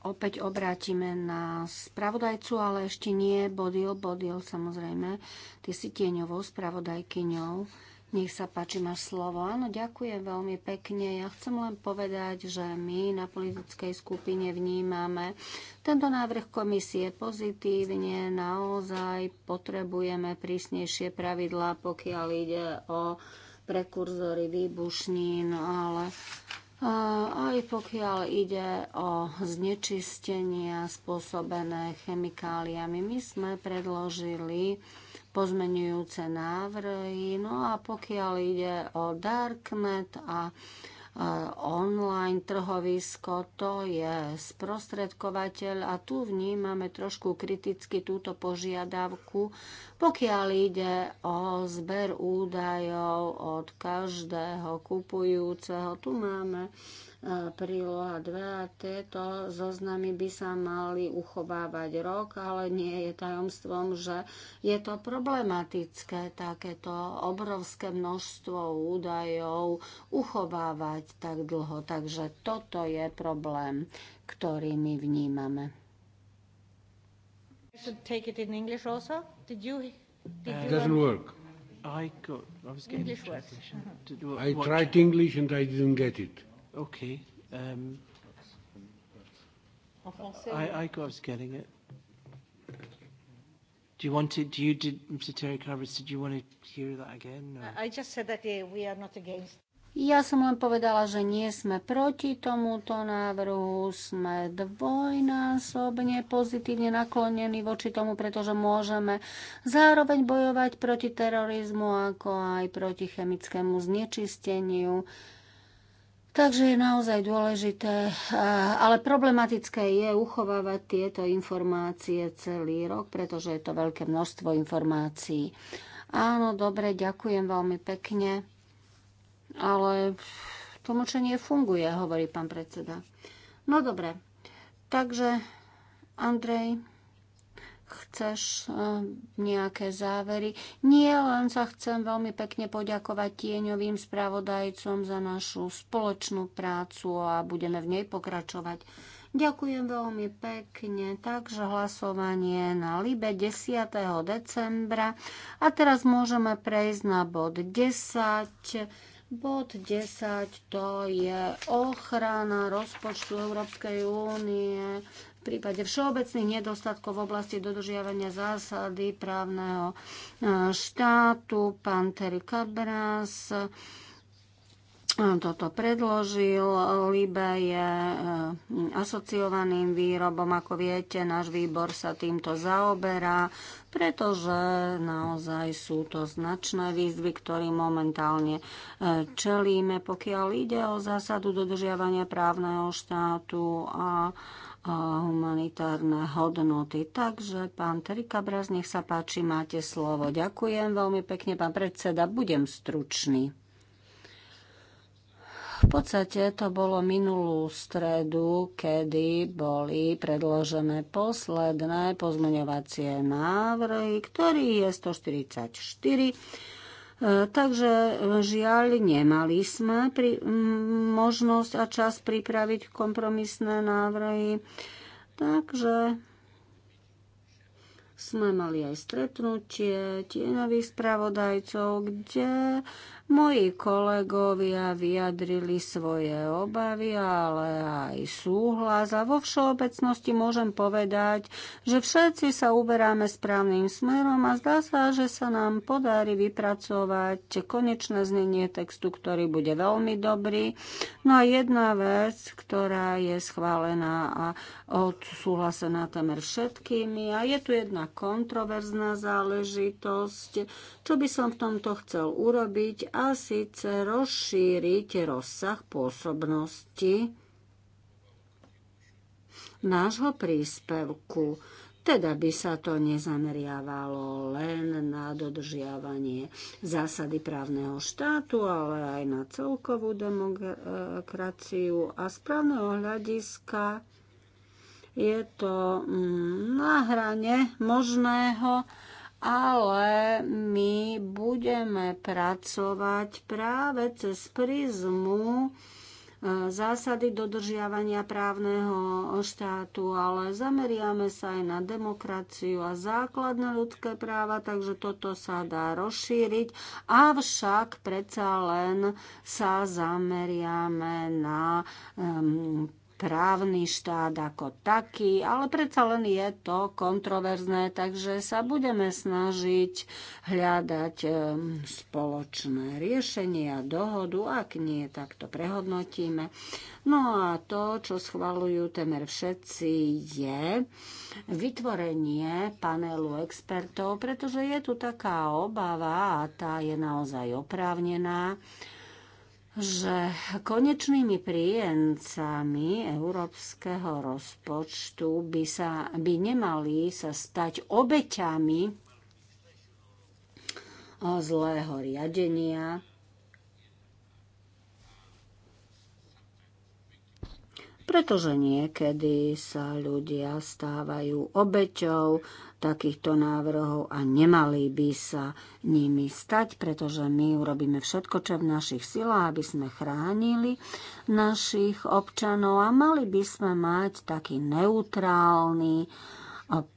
opäť obrátime na spravodajcu, ale ešte nie Bodil. Bodil samozrejme, ty si tieňovou spravodajkyňou. Nech sa páči, máš slovo. Áno, ďakujem veľmi pekne. Ja chcem len povedať, že my na politickej skupine vnímame tento návrh komisie pozitívne. Naozaj potrebujeme prísnejšie pravidlá, pokiaľ ide o prekurzory výbušnín, ale aj pokiaľ ide o znečistenia spôsobené chemikáliami. My sme predložili pozmenujúce návrhy, no a pokiaľ ide o Darknet a online trhovisko, to je sprostredkovateľ a tu vnímame trošku kriticky túto požiadavku, pokiaľ ide o zber údajov od každého kupujúceho. Tu máme príloha 2 a tieto zoznamy by sa mali uchovávať rok, ale nie je tajomstvom, že je to problematické takéto obrovské množstvo údajov uchovávať tak dlho. Takže toto je problém, ktorý my vnímame. I got. I was getting English Uh -huh. I tried English and I didn't get it. Okay. Um, en français. I, I was getting it. Do you want to, do you, did, Mr. Terry Carvers, did you want to hear that again? Or? I just said that we are not against. Ja som len povedala, že nie sme proti tomuto návrhu, sme dvojnásobne pozitívne naklonení voči tomu, pretože môžeme zároveň bojovať proti terorizmu, ako aj proti chemickému znečisteniu. Uh, Takže je naozaj dôležité, ale problematické je uchovávať tieto informácie celý rok, pretože je to veľké množstvo informácií. Áno, dobre, ďakujem veľmi pekne, ale tlmočenie funguje, hovorí pán predseda. No dobre, takže Andrej chceš eh, nejaké závery. Nie, len sa chcem veľmi pekne poďakovať tieňovým spravodajcom za našu spoločnú prácu a budeme v nej pokračovať. Ďakujem veľmi pekne. Takže hlasovanie na Libe 10. decembra. A teraz môžeme prejsť na bod 10. Bod 10 to je ochrana rozpočtu Európskej únie v prípade všeobecných nedostatkov v oblasti dodržiavania zásady právneho eh, štátu. Pán Terry Cabras eh, toto predložil. Libe je eh, asociovaným výrobom. Ako viete, náš výbor sa týmto zaoberá, pretože naozaj sú to značné výzvy, ktorým momentálne čelíme, pokiaľ ide o zásadu dodržiavania právneho štátu a humanitárne hodnoty. Takže pán Terika Braz, nech sa páči, máte slovo. Ďakujem veľmi pekne, pán predseda, budem stručný. V podstate to bolo minulú stredu, kedy boli predložené posledné pozmeňovacie návrhy, ktorý je 144 Takže e, žiaľ, nemali sme pri, možnosť a čas pripraviť kompromisné návrhy. Takže sme mali aj stretnutie tienových spravodajcov, kde Moji kolegovia vyjadrili svoje obavy, ale aj súhlas a vo všeobecnosti môžem povedať, že všetci sa uberáme správnym smerom a zdá sa, že sa nám podarí vypracovať konečné znenie textu, ktorý bude veľmi dobrý. No a jedna vec, ktorá je schválená a odsúhlasená temer všetkými a je tu jedna kontroverzná záležitosť, čo by som v tomto chcel urobiť a síce rozšíriť rozsah pôsobnosti nášho príspevku. Teda by sa to nezameriavalo len na dodržiavanie zásady právneho štátu, ale aj na celkovú demokraciu a správneho hľadiska je to mm, na hrane možného ale my budeme pracovať práve cez prizmu e, zásady dodržiavania právneho štátu, ale zameriame sa aj na demokraciu a základné ľudské práva, takže toto sa dá rozšíriť. Avšak predsa len sa zameriame na um, právny štát ako taký, ale predsa len je to kontroverzné, takže sa budeme snažiť hľadať spoločné riešenie a dohodu, ak nie, tak to prehodnotíme. No a to, čo schvalujú temer všetci, je vytvorenie panelu expertov, pretože je tu taká obava a tá je naozaj oprávnená, že konečnými príjemcami európskeho rozpočtu by, sa, by nemali sa stať obeťami eh, zlého riadenia, pretože niekedy sa ľudia stávajú obeťou takýchto návrhov a nemali by sa nimi stať, pretože my urobíme všetko, čo v našich silách, aby sme chránili našich občanov a mali by sme mať taký neutrálny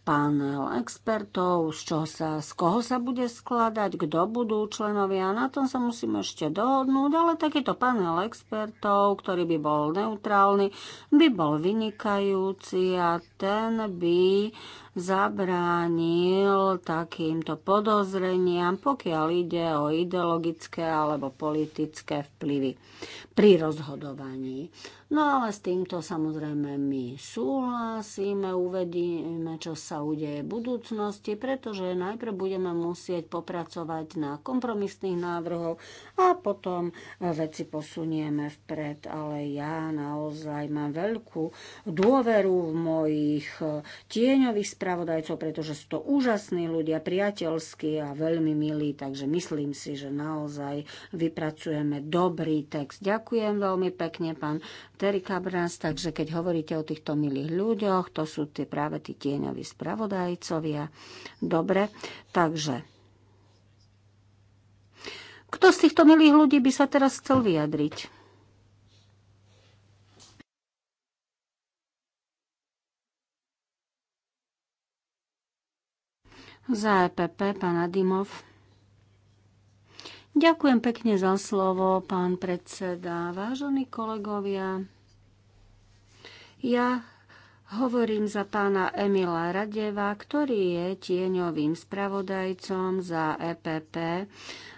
panel expertov, z, čoho sa, z koho sa bude skladať, kto budú členovia. Na tom sa musíme ešte dohodnúť, ale takýto panel expertov, ktorý by bol neutrálny, by bol vynikajúci a ten by zabránil takýmto podozreniam, pokiaľ ide o ideologické alebo politické vplyvy pri rozhodovaní. No ale s týmto samozrejme my súhlasíme, uvedíme, čo sa sa udeje v budúcnosti, pretože najprv budeme musieť popracovať na kompromisných návrhov a potom e, veci posunieme vpred. Ale ja naozaj mám veľkú dôveru v mojich e, tieňových spravodajcov, pretože sú to úžasní ľudia, priateľskí a veľmi milí, takže myslím si, že naozaj vypracujeme dobrý text. Ďakujem veľmi pekne, pán Terry Cabrans, takže keď hovoríte o týchto milých ľuďoch, to sú tie práve tí tieňoví spravodajcov spravodajcovia. Dobre, takže kto z týchto milých ľudí by sa teraz chcel vyjadriť? Za EPP, pán Adimov. Ďakujem pekne za slovo, pán predseda. Vážení kolegovia, ja Hovorím za pána Emila Radeva, ktorý je tieňovým spravodajcom za EPP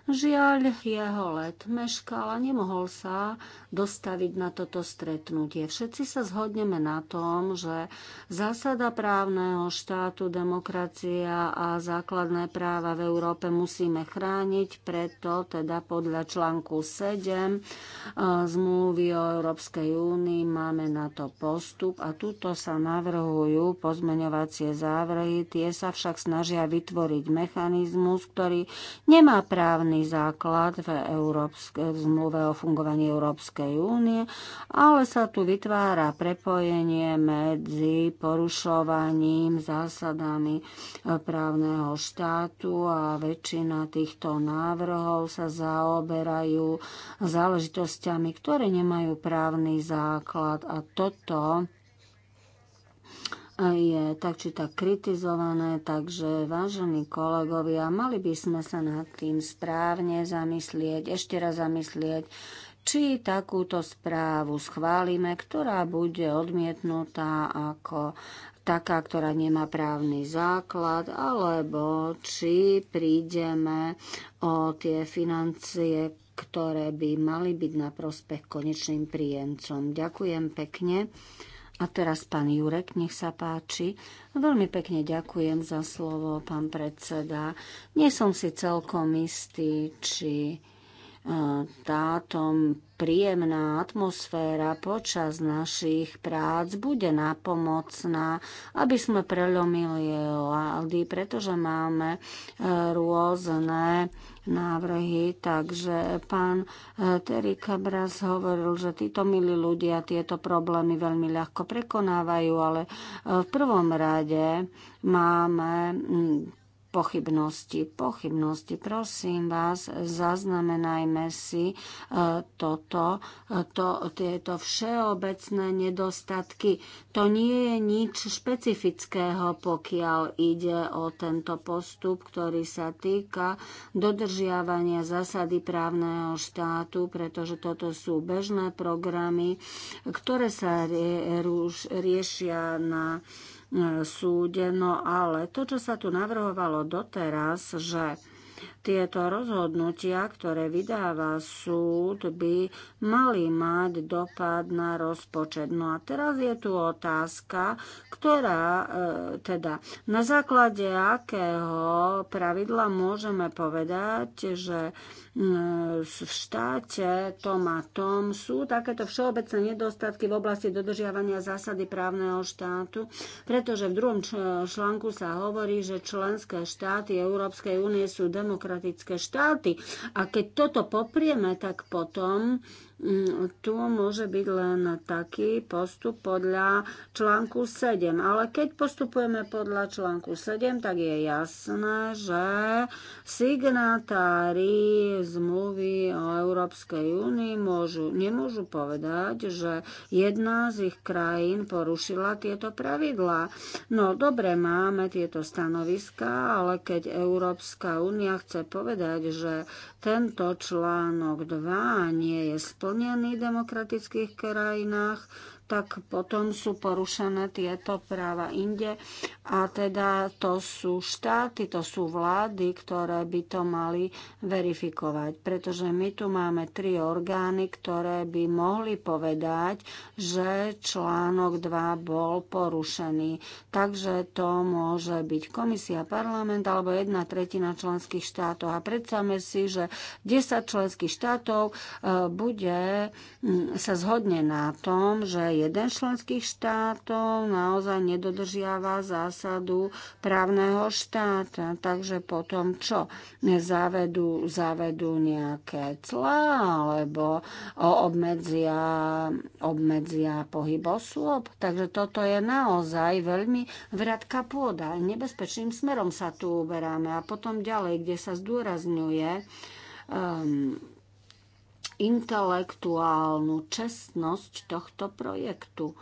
Žiaľ, jeho let meškal a nemohol sa dostaviť na toto stretnutie. Všetci sa zhodneme na tom, že zásada právneho štátu, demokracia a základné práva v Európe musíme chrániť, preto teda podľa článku 7 e, zmluvy o Európskej únii máme na to postup a tuto sa navrhujú pozmeňovacie závrhy. tie sa však snažia vytvoriť mechanizmus, ktorý nemá právny právny základ v, Európske, v zmluve o fungovaní Európskej únie, ale sa tu vytvára prepojenie medzi porušovaním zásadami e, právneho štátu a väčšina týchto návrhov sa zaoberajú záležitosťami, ktoré nemajú právny základ a toto je tak či tak kritizované, takže vážení kolegovia, mali by sme sa nad tým správne zamyslieť, ešte raz zamyslieť, či takúto správu schválime, ktorá bude odmietnutá ako taká, ktorá nemá právny základ, alebo či prídeme o tie financie, ktoré by mali byť na prospech konečným príjemcom. Ďakujem pekne. A teraz pán Jurek, nech sa páči. Veľmi pekne ďakujem za slovo, pán predseda. Nie som si celkom istý, či e, táto príjemná atmosféra počas našich prác bude napomocná, aby sme prelomili lády, pretože máme e, rôzne návrhy. Takže pán eh, Terry Cabras hovoril, že títo milí ľudia tieto problémy veľmi ľahko prekonávajú, ale eh, v prvom rade máme mm, pochybnosti. Pochybnosti, prosím vás, zaznamenajme si e, toto, e, to, tieto všeobecné nedostatky. To nie je nič špecifického, pokiaľ ide o tento postup, ktorý sa týka dodržiavania zásady právneho štátu, pretože toto sú bežné programy, ktoré sa riešia na súde. No ale to, čo sa tu navrhovalo doteraz, že tieto rozhodnutia, ktoré vydáva súd, by mali mať dopad na rozpočet. No a teraz je tu otázka, ktorá e, teda na základe akého pravidla môžeme povedať, že v štáte tom a tom sú takéto všeobecné nedostatky v oblasti dodržiavania zásady právneho štátu, pretože v druhom článku sa hovorí, že členské štáty Európskej únie sú demokratické demokratické štáty. A keď toto poprieme, tak potom Mm, tu môže byť len taký postup podľa článku 7. Ale keď postupujeme podľa článku 7, tak je jasné, že signatári zmluvy o Európskej únii môžu, nemôžu povedať, že jedna z ich krajín porušila tieto pravidlá. No dobre, máme tieto stanoviská, ale keď Európska únia chce povedať, že tento článok 2 nie je splný. Unii demokratických krajinách tak potom sú porušené tieto práva inde. A teda to sú štáty, to sú vlády, ktoré by to mali verifikovať. Pretože my tu máme tri orgány, ktoré by mohli povedať, že článok 2 bol porušený. Takže to môže byť komisia, parlament alebo jedna tretina členských štátov. A predstavme si, že 10 členských štátov eh, bude hm, sa zhodne na tom, že jeden členských štátov naozaj nedodržiava zásadu právneho štáta. Takže potom čo? Zavedú, zavedú nejaké clá alebo obmedzia, obmedzia pohyb osôb. Takže toto je naozaj veľmi vratká pôda. Nebezpečným smerom sa tu uberáme. A potom ďalej, kde sa zdôrazňuje um, intelektuálnu čestnosť tohto projektu.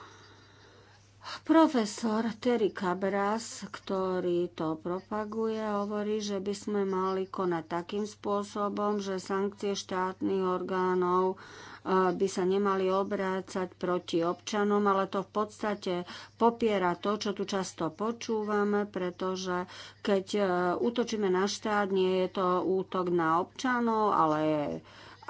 Profesor Terry Cabras, ktorý to propaguje, hovorí, že by sme mali konať takým spôsobom, že sankcie štátnych orgánov e, by sa nemali obrácať proti občanom, ale to v podstate popiera to, čo tu často počúvame, pretože keď e, útočíme na štát, nie je to útok na občanov, ale je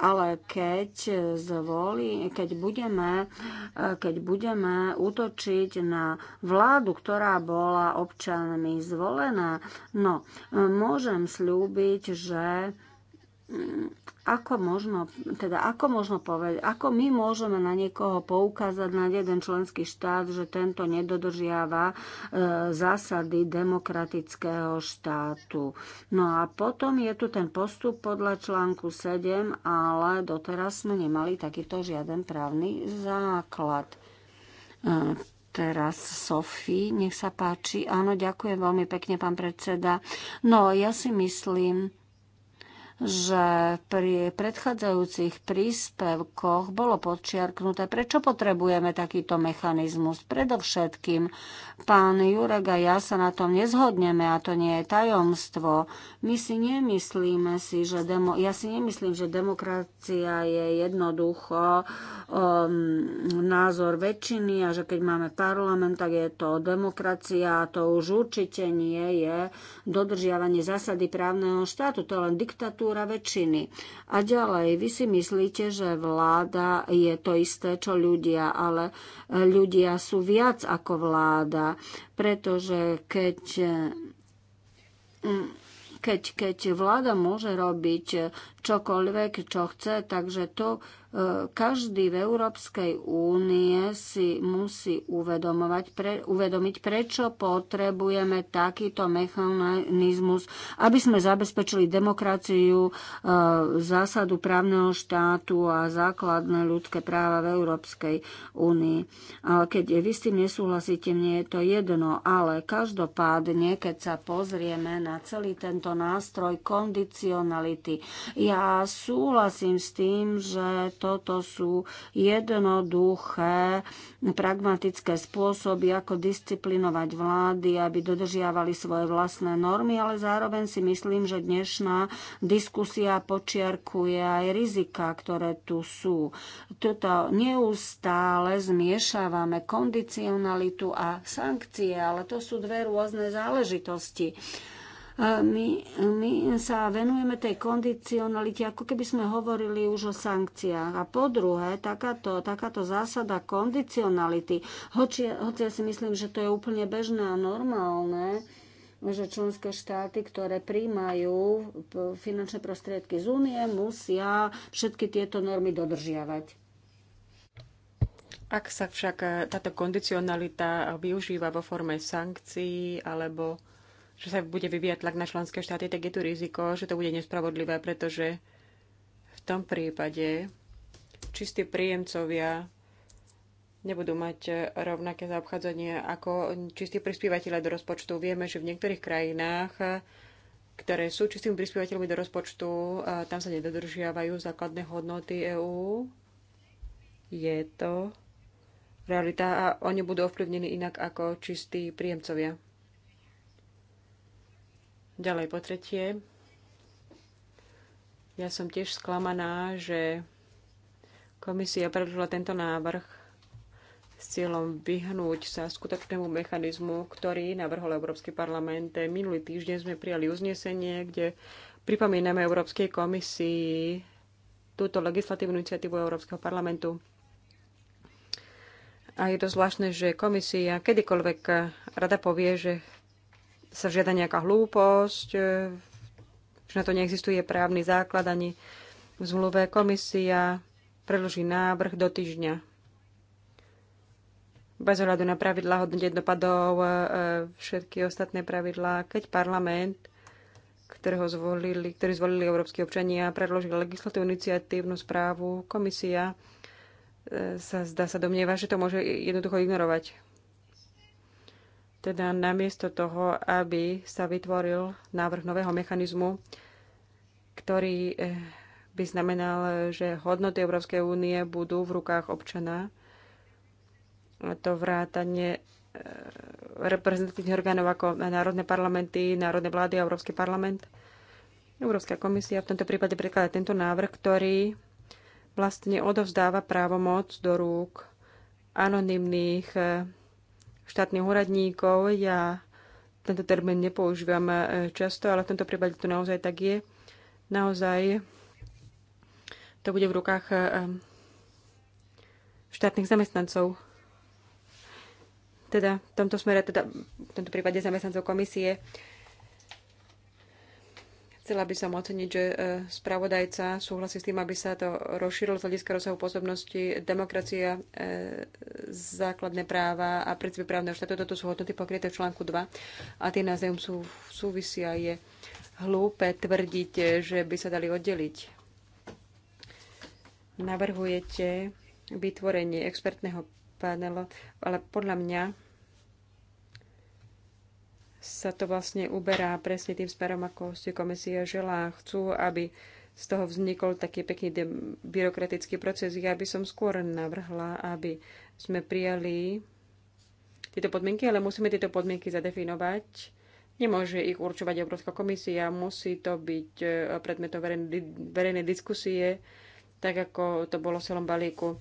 ale keď zvolí, keď budeme, eh, keď budeme útočiť na vládu, ktorá bola občanmi zvolená, no, eh, môžem slúbiť, že ako možno, teda ako možno povedať, ako my môžeme na niekoho poukázať na jeden členský štát, že tento nedodržiava e, zásady demokratického štátu. No a potom je tu ten postup podľa článku 7, ale doteraz sme nemali takýto žiaden právny základ. E, teraz Sofí, nech sa páči. Áno, ďakujem veľmi pekne, pán predseda. No, ja si myslím, že pri predchádzajúcich príspevkoch bolo podčiarknuté, prečo potrebujeme takýto mechanizmus. Predovšetkým pán Jurek a ja sa na tom nezhodneme a to nie je tajomstvo. My si nemyslíme si, že demo, ja si nemyslím, že demokracia je jednoducho um, názor väčšiny a že keď máme parlament, tak je to demokracia a to už určite nie je dodržiavanie zásady právneho štátu. To je len diktatúra diktatúra väčšiny. A ďalej, vy si myslíte, že vláda je to isté, čo ľudia, ale e, ľudia sú viac ako vláda, pretože keď e, mm, keď, keď vláda môže robiť e, čokoľvek, čo chce, takže to každý v Európskej únie si musí uvedomovať, pre, uvedomiť, prečo potrebujeme takýto mechanizmus, aby sme zabezpečili demokraciu, e, zásadu právneho štátu a základné ľudské práva v Európskej únii. keď vy s tým nesúhlasíte, mne je to jedno, ale každopádne, keď sa pozrieme na celý tento nástroj kondicionality, ja súhlasím s tým, že toto sú jednoduché, pragmatické spôsoby, ako disciplinovať vlády, aby dodržiavali svoje vlastné normy, ale zároveň si myslím, že dnešná diskusia počiarkuje aj rizika, ktoré tu sú. Tuto neustále zmiešávame kondicionalitu a sankcie, ale to sú dve rôzne záležitosti my, my sa venujeme tej kondicionalite, ako keby sme hovorili už o sankciách. A po druhé, takáto, takáto zásada kondicionality, hoci, hoci ja si myslím, že to je úplne bežné a normálne, že členské štáty, ktoré príjmajú finančné prostriedky z únie, musia všetky tieto normy dodržiavať. Ak sa však eh, táto kondicionalita využíva vo forme sankcií alebo že sa bude vyvíjať tlak na členské štáty, tak je tu riziko, že to bude nespravodlivé, pretože v tom prípade čistí príjemcovia nebudú mať rovnaké zaobchádzanie ako čistí prispievateľe do rozpočtu. Vieme, že v niektorých krajinách, ktoré sú čistými prispievateľmi do rozpočtu, tam sa nedodržiavajú základné hodnoty EÚ. Je to realita a oni budú ovplyvnení inak ako čistí príjemcovia. Ďalej po tretie, ja som tiež sklamaná, že komisia predložila tento návrh s cieľom vyhnúť sa skutočnému mechanizmu, ktorý navrhol Európsky parlament. Minulý týždeň sme prijali uznesenie, kde pripomíname Európskej komisii túto legislatívnu iniciatívu Európskeho parlamentu. A je to zvláštne, že komisia kedykoľvek rada povie, že sa žiada nejaká hlúposť, e, že na to neexistuje právny základ ani v zmluve. Komisia predloží návrh do týždňa. Bez ohľadu na pravidlá hodnotenie dopadov e, všetky ostatné pravidlá, keď parlament ktorého zvolili, ktorý zvolili európsky občania, predloží legislatívnu iniciatívnu správu. Komisia e, sa zdá sa domnieva, že to môže jednoducho ignorovať. Teda namiesto toho, aby sa vytvoril návrh nového mechanizmu, ktorý eh, by znamenal, že hodnoty Európskej únie budú v rukách občana, to vrátanie eh, reprezentatívnych orgánov ako národné parlamenty, národné vlády a Európsky parlament. Európska komisia v tomto prípade prekladá tento návrh, ktorý vlastne odovzdáva právomoc do rúk anonymných eh, štátnych úradníkov. Ja tento termín nepoužívam eh, často, ale v tomto prípade to naozaj tak je. Naozaj to bude v rukách eh, štátnych zamestnancov. Teda v tomto smere, teda v tomto prípade zamestnancov komisie, Chcela by som oceniť, že e, spravodajca súhlasí s tým, aby sa to rozšírilo z hľadiska rozsahu pôsobnosti demokracia, e, základné práva a princípy právneho štátu. Toto sú hodnoty pokryté v článku 2 a tie názvom sú, súvisia. Je hlúpe tvrdiť, že by sa dali oddeliť. Navrhujete vytvorenie expertného panelu, ale podľa mňa sa to vlastne uberá presne tým smerom, ako si komisia želá. Chcú, aby z toho vznikol taký pekný byrokratický proces. Ja by som skôr navrhla, aby sme prijali tieto podmienky, ale musíme tieto podmienky zadefinovať. Nemôže ich určovať Európska komisia, musí to byť e, predmetom verejnej, verejne diskusie, tak ako to bolo v celom balíku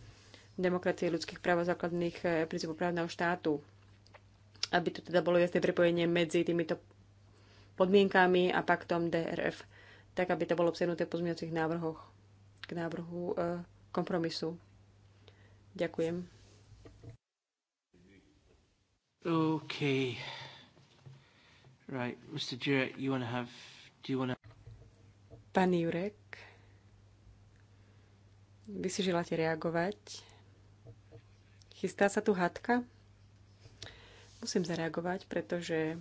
demokracie ľudských práv a základných e, princípov právneho štátu aby tu teda bolo jasné prepojenie medzi týmito podmienkami a paktom DRF, tak aby to bolo obsiahnuté v pozmeňujúcich návrhoch k návrhu e, kompromisu. Ďakujem. OK. Right, Mr. Jurek, you want to have... Do you want to... Pán Jurek, vy si želáte reagovať? Chystá sa tu hadka? Musím zareagovať, pretože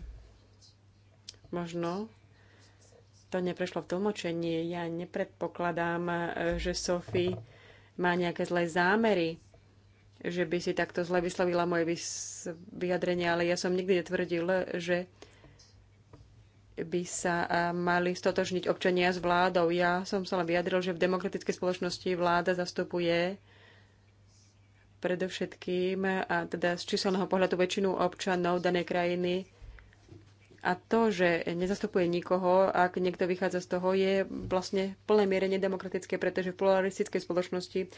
možno to neprešlo v tlmočení. Ja nepredpokladám, že Sophie má nejaké zlé zámery, že by si takto zle vyslovila moje vyjadrenie, ale ja som nikdy netvrdil, že by sa mali stotožniť občania s vládou. Ja som sa len vyjadril, že v demokratickej spoločnosti vláda zastupuje predovšetkým, a teda z číselného pohľadu väčšinu občanov danej krajiny. A to, že nezastupuje nikoho, ak niekto vychádza z toho, je vlastne plné miere nedemokratické, pretože v pluralistickej spoločnosti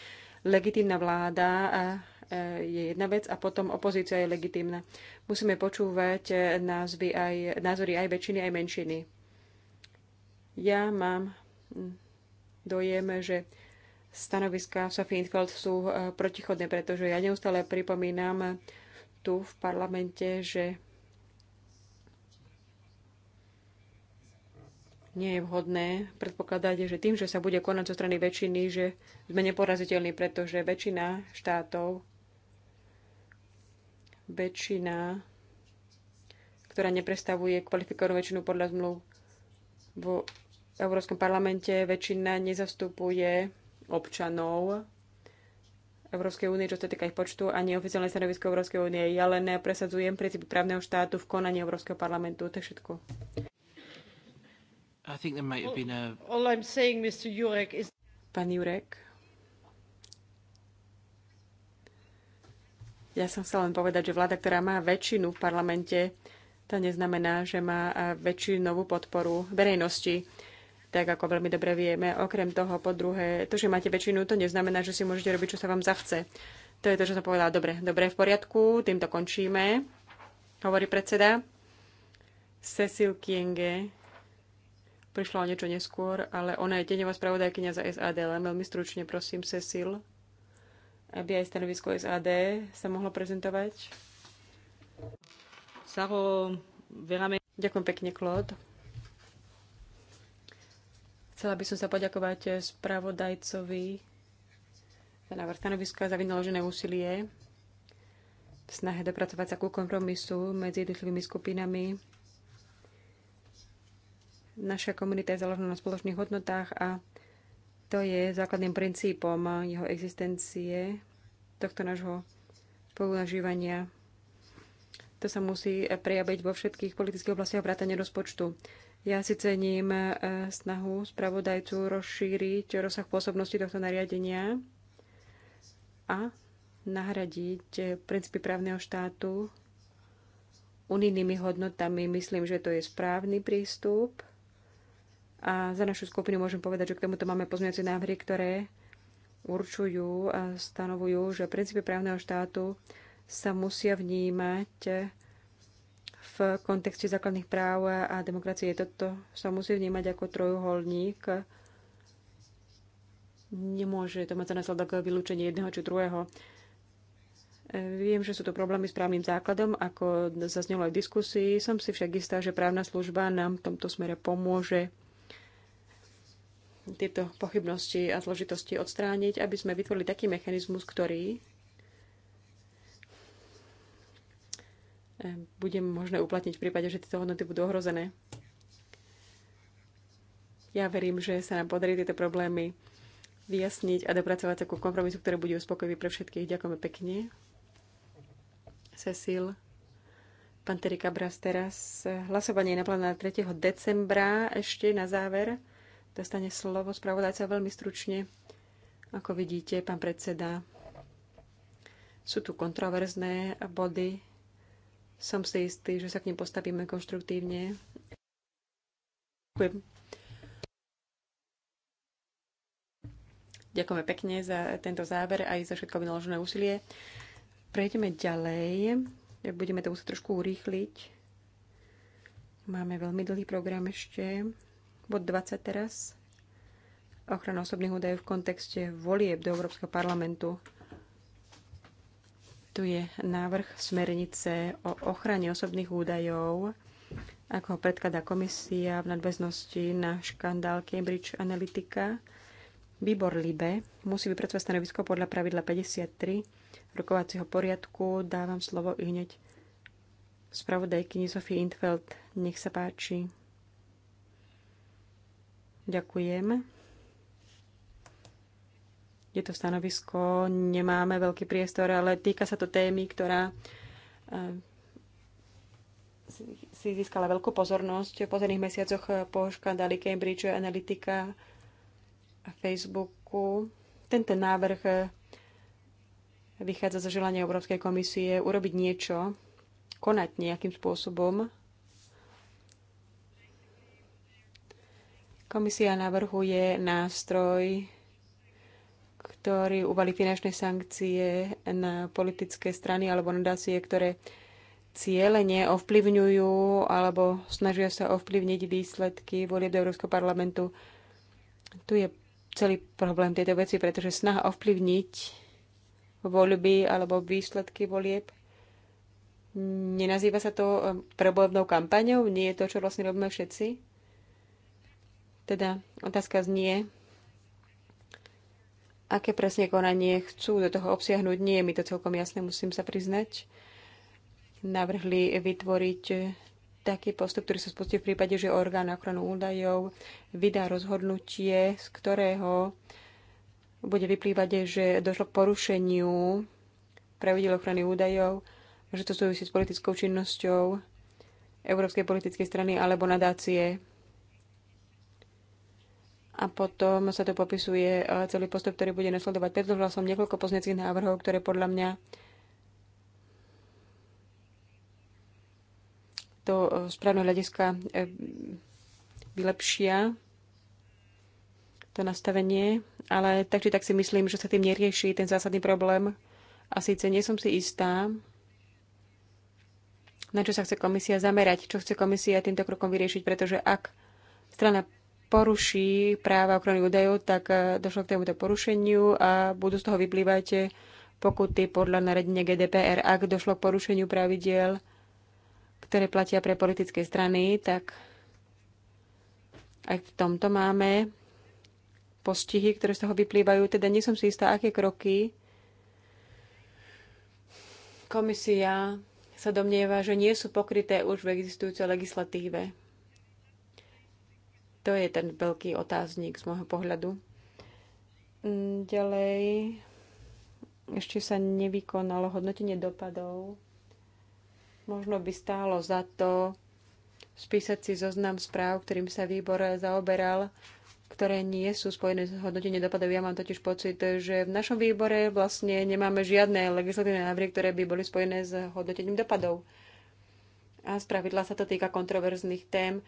legitímna vláda a e, je jedna vec a potom opozícia je legitímna. Musíme počúvať názvy aj, názory aj väčšiny, aj menšiny. Ja mám hm, dojem, že stanoviska Sophie Infeld sú e, protichodné, pretože ja neustále pripomínam tu v parlamente, že nie je vhodné predpokladať, že tým, že sa bude konať zo strany väčšiny, že sme neporaziteľní, pretože väčšina štátov, väčšina, ktorá neprestavuje kvalifikovanú väčšinu podľa zmluv v Európskom parlamente, väčšina nezastupuje občanov Európskej únie, čo sa týka ich počtu a neoficiálne stanovisko Európskej únie. Ja len presadzujem princípy právneho štátu v konaní Európskeho parlamentu. To je všetko. I think there might have been a... All I'm saying, Mr. Jurek, is... Pán Jurek. Ja som chcel len povedať, že vláda, ktorá má väčšinu v parlamente, to neznamená, že má eh, väčšinovú podporu verejnosti tak ako veľmi dobre vieme. Okrem toho, po druhé, to, že máte väčšinu, to neznamená, že si môžete robiť, čo sa vám zachce. To je to, čo som povedala. Dobre, dobre, v poriadku, týmto končíme, hovorí predseda. Cecil Kienge prišla o niečo neskôr, ale ona je teňová spravodajkynia za SAD, len veľmi stručne, prosím, Cecil, aby aj stanovisko SAD sa mohlo prezentovať. Saro, veľa Ďakujem pekne, Claude. Chcela by som sa poďakovať spravodajcovi za návrh stanoviska, za vynaložené úsilie v snahe dopracovať sa ku kompromisu medzi jednotlivými skupinami. Naša komunita je založená na spoločných hodnotách a to je základným princípom jeho existencie, tohto nášho spolunažívania. To sa musí prejaviť vo všetkých politických oblastiach vrátane rozpočtu. Ja si cením e, snahu spravodajcu rozšíriť rozsah pôsobnosti tohto nariadenia a nahradiť princípy právneho štátu unijnými hodnotami. Myslím, že to je správny prístup. A za našu skupinu môžem povedať, že k tomuto máme pozmeňujúce návrhy, ktoré určujú a stanovujú, že princípy právneho štátu sa musia vnímať v kontexte základných práv a demokracie. Toto sa musí vnímať ako trojuholník. Nemôže to mať za následok vylúčenie jedného či druhého. Viem, že sú to problémy s právnym základom, ako zaznelo aj v diskusii. Som si však istá, že právna služba nám v tomto smere pomôže tieto pochybnosti a zložitosti odstrániť, aby sme vytvorili taký mechanizmus, ktorý E, bude možné uplatniť v prípade, že tieto hodnoty budú ohrozené. Ja verím, že sa nám podarí tieto problémy vyjasniť a dopracovať sa ku kompromisu, ktorý bude uspokojivý pre všetkých. Ďakujeme pekne. Cecil. Pán Terika Bras teraz. Hlasovanie je naplánované 3. decembra. Ešte na záver dostane slovo spravodajca veľmi stručne. Ako vidíte, pán predseda, sú tu kontroverzné body som si istý, že sa k nim postavíme konštruktívne. Ďakujem. Ďakujeme pekne za tento záver aj za všetko vynaložené úsilie. Prejdeme ďalej. Budeme to musieť trošku urýchliť. Máme veľmi dlhý program ešte. Bod 20 teraz. Ochrana osobných údajov v kontexte volieb do Európskeho parlamentu. Tu je návrh smernice o ochrane osobných údajov, ako ho predkladá komisia v nadväznosti na škandál Cambridge Analytica. Výbor LIBE musí vypracovať stanovisko podľa pravidla 53 rokovacieho poriadku. Dávam slovo i hneď spravodajkyni Sofie Intfeld. Nech sa páči. Ďakujem. Je to stanovisko, nemáme veľký priestor, ale týka sa to témy, ktorá eh, si získala veľkú pozornosť v posledných mesiacoch po škandáli Cambridge Analytica a Facebooku. Tento návrh eh, vychádza zo želania Európskej komisie urobiť niečo, konať nejakým spôsobom. Komisia navrhuje nástroj ktorí uvali finančné sankcie na politické strany alebo nadácie, ktoré cieľene ovplyvňujú alebo snažia sa ovplyvniť výsledky volieb do Európskeho parlamentu. Tu je celý problém tejto veci, pretože snaha ovplyvniť voľby alebo výsledky volieb nenazýva sa to um, prebojovnou kampaňou, nie je to, čo vlastne robíme všetci. Teda otázka znie, aké presne konanie chcú do toho obsiahnuť. Nie je mi to celkom jasné, musím sa priznať. Navrhli vytvoriť taký postup, ktorý sa spustí v prípade, že orgán na ochranu údajov vydá rozhodnutie, z ktorého bude vyplývať, že došlo k porušeniu pravidel ochrany údajov, že to súvisí s politickou činnosťou Európskej politickej strany alebo nadácie a potom sa to popisuje e, celý postup, ktorý bude nasledovať. Predložila som niekoľko poznecích návrhov, ktoré podľa mňa to správne e, hľadiska e, vylepšia to nastavenie, ale tak či tak si myslím, že sa tým nerieši ten zásadný problém. A síce nie som si istá, na čo sa chce komisia zamerať, čo chce komisia týmto krokom vyriešiť, pretože ak strana poruší práva ochrany údajov, tak eh, došlo k tomuto porušeniu a budú z toho vyplývať eh, pokuty podľa naredenia GDPR. Ak došlo k porušeniu pravidiel, ktoré platia pre politické strany, tak aj v tomto máme postihy, ktoré z toho vyplývajú. Teda nie som si istá, aké kroky komisia sa domnieva, že nie sú pokryté už v existujúcej legislatíve. To je ten veľký otáznik z môjho pohľadu. Mm, ďalej ešte sa nevykonalo hodnotenie dopadov. Možno by stálo za to spísať si zoznam správ, ktorým sa výbor zaoberal, ktoré nie sú spojené s hodnotením dopadov. Ja mám totiž pocit, že v našom výbore vlastne nemáme žiadne legislatívne návrhy, ktoré by boli spojené s hodnotením dopadov. A spravidla sa to týka kontroverzných tém,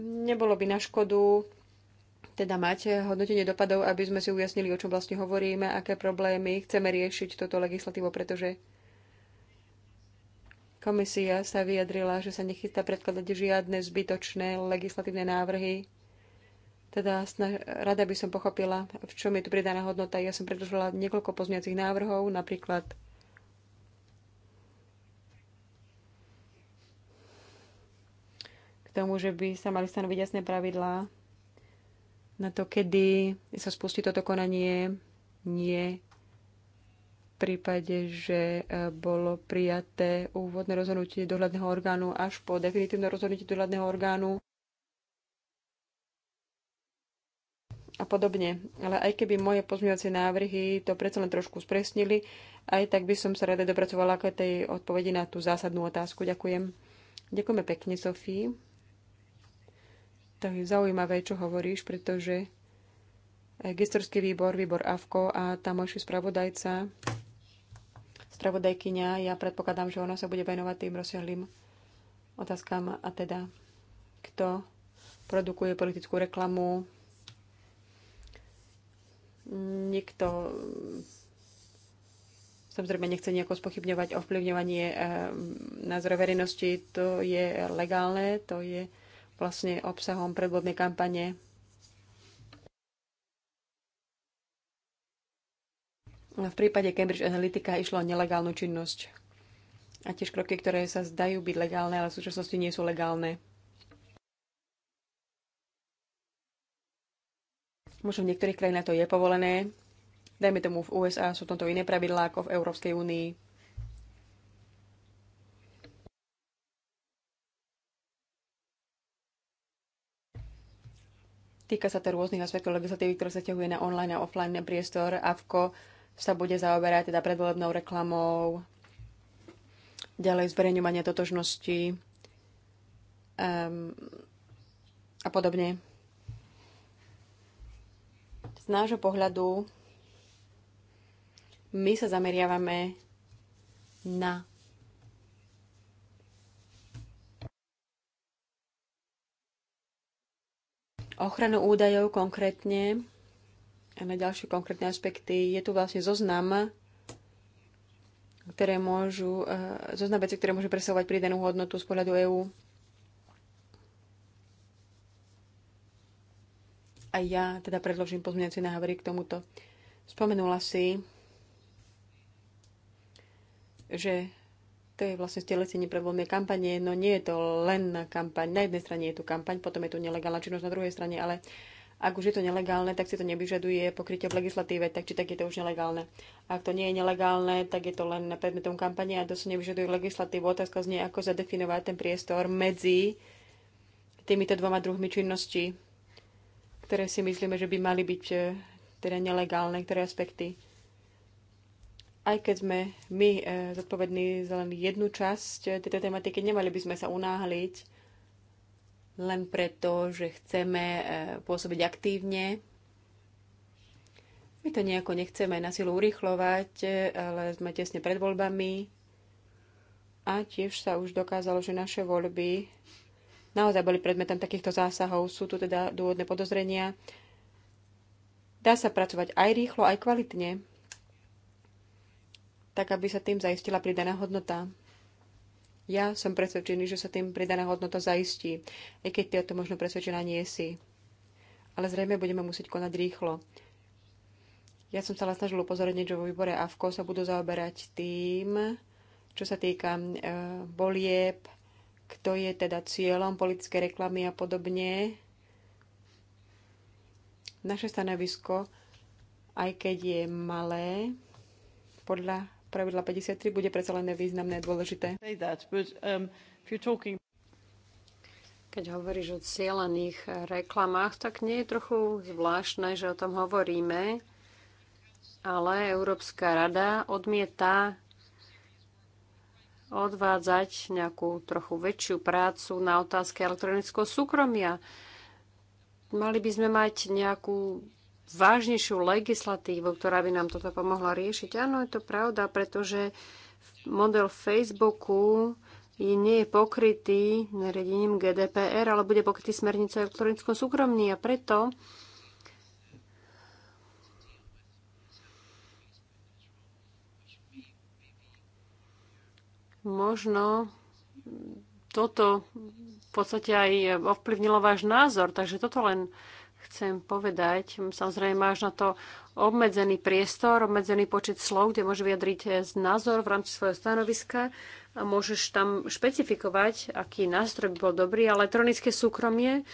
nebolo by na škodu teda máte hodnotenie dopadov, aby sme si ujasnili, o čom vlastne hovoríme, aké problémy chceme riešiť toto legislatívo, pretože komisia sa vyjadrila, že sa nechystá predkladať žiadne zbytočné legislatívne návrhy. Teda rada by som pochopila, v čom je tu pridaná hodnota. Ja som predložila niekoľko pozmiacich návrhov, napríklad tomu, že by sa mali stanoviť jasné pravidlá na to, kedy sa spustí toto konanie. Nie v prípade, že e, bolo prijaté úvodné rozhodnutie dohľadného orgánu až po definitívne rozhodnutie dohľadného orgánu a podobne. Ale aj keby moje pozmeňovacie návrhy to predsa len trošku spresnili, aj tak by som sa rada dopracovala k tej odpovedi na tú zásadnú otázku. Ďakujem. Ďakujeme pekne, Sofii. To je zaujímavé, čo hovoríš, pretože gestorský výbor, výbor AVKO a tamojší spravodajca, spravodajkyňa, ja predpokladám, že ona sa bude venovať tým rozsiahlým otázkam a teda kto produkuje politickú reklamu. Nikto samozrejme nechce nejako spochybňovať ovplyvňovanie eh, názorov verejnosti. To je legálne, to je vlastne obsahom predvodnej kampane. V prípade Cambridge Analytica išlo o nelegálnu činnosť a tiež kroky, ktoré sa zdajú byť legálne, ale v súčasnosti nie sú legálne. Možno v niektorých krajinách to je povolené. Dajme tomu v USA sú toto iné pravidlá ako v Európskej únii. Týka sa to rôznych aspektov legislatívy, ktoré sa ťahuje na online a offline priestor. AVKO sa bude zaoberať teda predvolebnou reklamou, ďalej zverejňovanie totožnosti um, a podobne. Z nášho pohľadu my sa zameriavame na ochranu údajov konkrétne a na ďalšie konkrétne aspekty. Je tu vlastne zoznam, ktoré môžu, eh, zoznam veci, ktoré môžu presahovať pridanú hodnotu z pohľadu EÚ. A ja teda predložím pozmeňujúci návrhy k tomuto. Spomenula si, že to je vlastne stelesenie voľné kampane, no nie je to len kampaň. Na jednej strane je tu kampaň, potom je tu nelegálna činnosť na druhej strane, ale ak už je to nelegálne, tak si to nevyžaduje pokrytie v legislatíve, tak či tak je to už nelegálne. Ak to nie je nelegálne, tak je to len predmetom kampanie a to si nevyžaduje legislatívu. Otázka znie, ako zadefinovať ten priestor medzi týmito dvoma druhmi činností, ktoré si myslíme, že by mali byť eh, teda nelegálne, ktoré aspekty aj keď sme my e, zodpovední za len jednu časť e, tejto tematiky, nemali by sme sa unáhliť len preto, že chceme e, pôsobiť aktívne. My to nejako nechceme na silu urychlovať, ale sme tesne pred voľbami a tiež sa už dokázalo, že naše voľby naozaj boli predmetom takýchto zásahov. Sú tu teda dôvodné podozrenia. Dá sa pracovať aj rýchlo, aj kvalitne tak aby sa tým zaistila pridaná hodnota. Ja som presvedčený, že sa tým pridaná hodnota zaistí, aj keď ty o to možno presvedčená nie si. Ale zrejme budeme musieť konať rýchlo. Ja som sa snažil upozorniť, že vo výbore AFKO sa budú zaoberať tým, čo sa týka e, bolieb, kto je teda cieľom politické reklamy a podobne. Naše stanovisko, aj keď je malé, podľa pravidla 53 bude predsa len významné a dôležité. Um, Keď hovoríš o cieľaných reklamách, tak nie je trochu zvláštne, že o tom hovoríme, ale Európska rada odmieta odvádzať nejakú trochu väčšiu prácu na otázke elektronického súkromia. Mali by sme mať nejakú vážnejšiu legislatívu, ktorá by nám toto pomohla riešiť. Áno, je to pravda, pretože model Facebooku je nie je pokrytý nariadením GDPR, ale bude pokrytý smernicou o elektronickom súkromní a preto možno toto v podstate aj ovplyvnilo váš názor, takže toto len chcem povedať. Samozrejme, máš na to obmedzený priestor, obmedzený počet slov, kde môžeš vyjadriť názor v rámci svojho stanoviska a môžeš tam špecifikovať, aký nástroj by bol dobrý, ale elektronické súkromie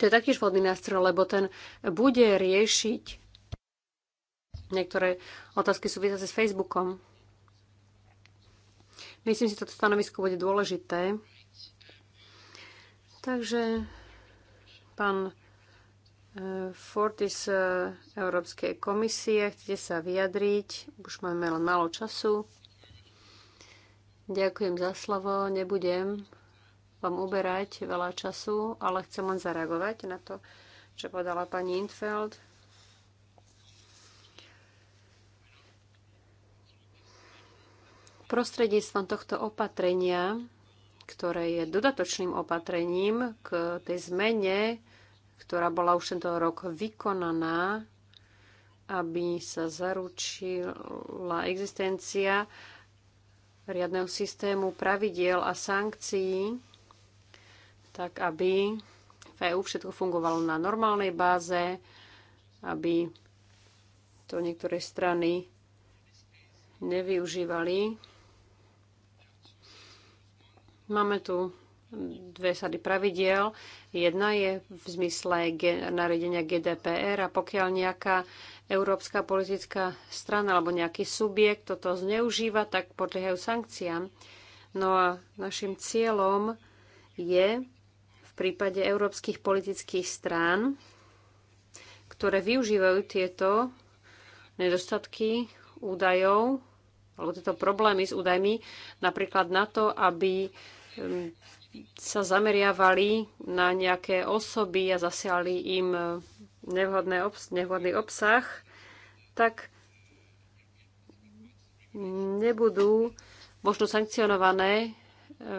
to je taktiež vhodný nástroj, lebo ten bude riešiť niektoré otázky súvisiace s Facebookom. Myslím si, že toto stanovisko bude dôležité. Takže Pán e, Fortis e, Európskej komisie, chcete sa vyjadriť? Už máme len málo času. Ďakujem za slovo. Nebudem vám uberať veľa času, ale chcem len zareagovať na to, čo podala pani Infeld. Prostredníctvom tohto opatrenia, ktoré je dodatočným opatrením k tej zmene ktorá bola už tento rok vykonaná, aby sa zaručila existencia riadneho systému pravidiel a sankcií, tak aby v EU všetko fungovalo na normálnej báze, aby to niektoré strany nevyužívali. Máme tu dve sady pravidiel. Jedna je v zmysle nariadenia GDPR a pokiaľ nejaká európska politická strana alebo nejaký subjekt toto zneužíva, tak podliehajú sankciám. No a našim cieľom je v prípade európskych politických strán, ktoré využívajú tieto nedostatky údajov alebo tieto problémy s údajmi napríklad na to, aby hm, sa zameriavali na nejaké osoby a zasiali im nevhodné obs- nevhodný obsah, tak nebudú možno sankcionované e,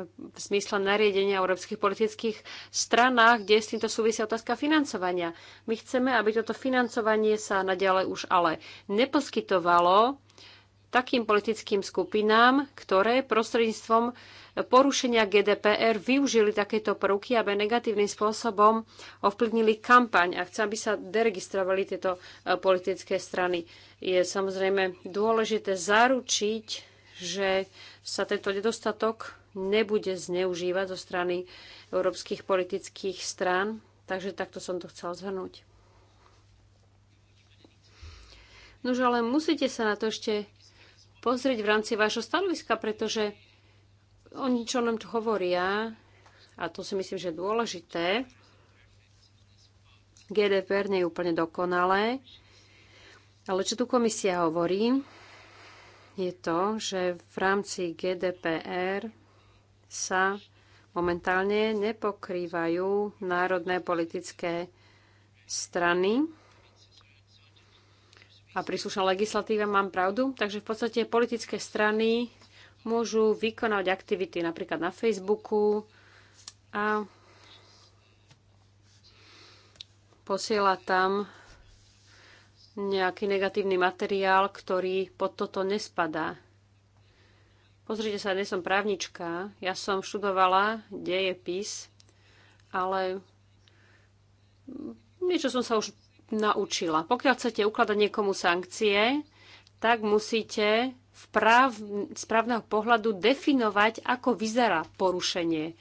v zmysle nariadenia o európskych politických stranách, kde s týmto súvisia otázka financovania. My chceme, aby toto financovanie sa naďalej už ale neposkytovalo takým politickým skupinám, ktoré prostredníctvom porušenia GDPR využili takéto prvky, aby negatívnym spôsobom ovplyvnili kampaň a chcem, aby sa deregistrovali tieto e, politické strany. Je samozrejme dôležité zaručiť, že sa tento nedostatok nebude zneužívať zo strany európskych politických strán. Takže takto som to chcela zhrnúť. Nož ale musíte sa na to ešte pozrieť v rámci vášho stanoviska, pretože oni čo nám tu hovoria, a to si myslím, že je dôležité, GDPR nie je úplne dokonalé, ale čo tu komisia hovorí, je to, že v rámci GDPR sa momentálne nepokrývajú národné politické strany a príslušná legislatíva, mám pravdu. Takže v podstate politické strany môžu vykonať aktivity napríklad na Facebooku a posiela tam nejaký negatívny materiál, ktorý pod toto nespadá. Pozrite sa, dnes som právnička, ja som študovala dejepis, ale niečo som sa už naučila. Pokiaľ chcete ukladať niekomu sankcie, tak musíte v práv, z právneho pohľadu definovať, ako vyzerá porušenie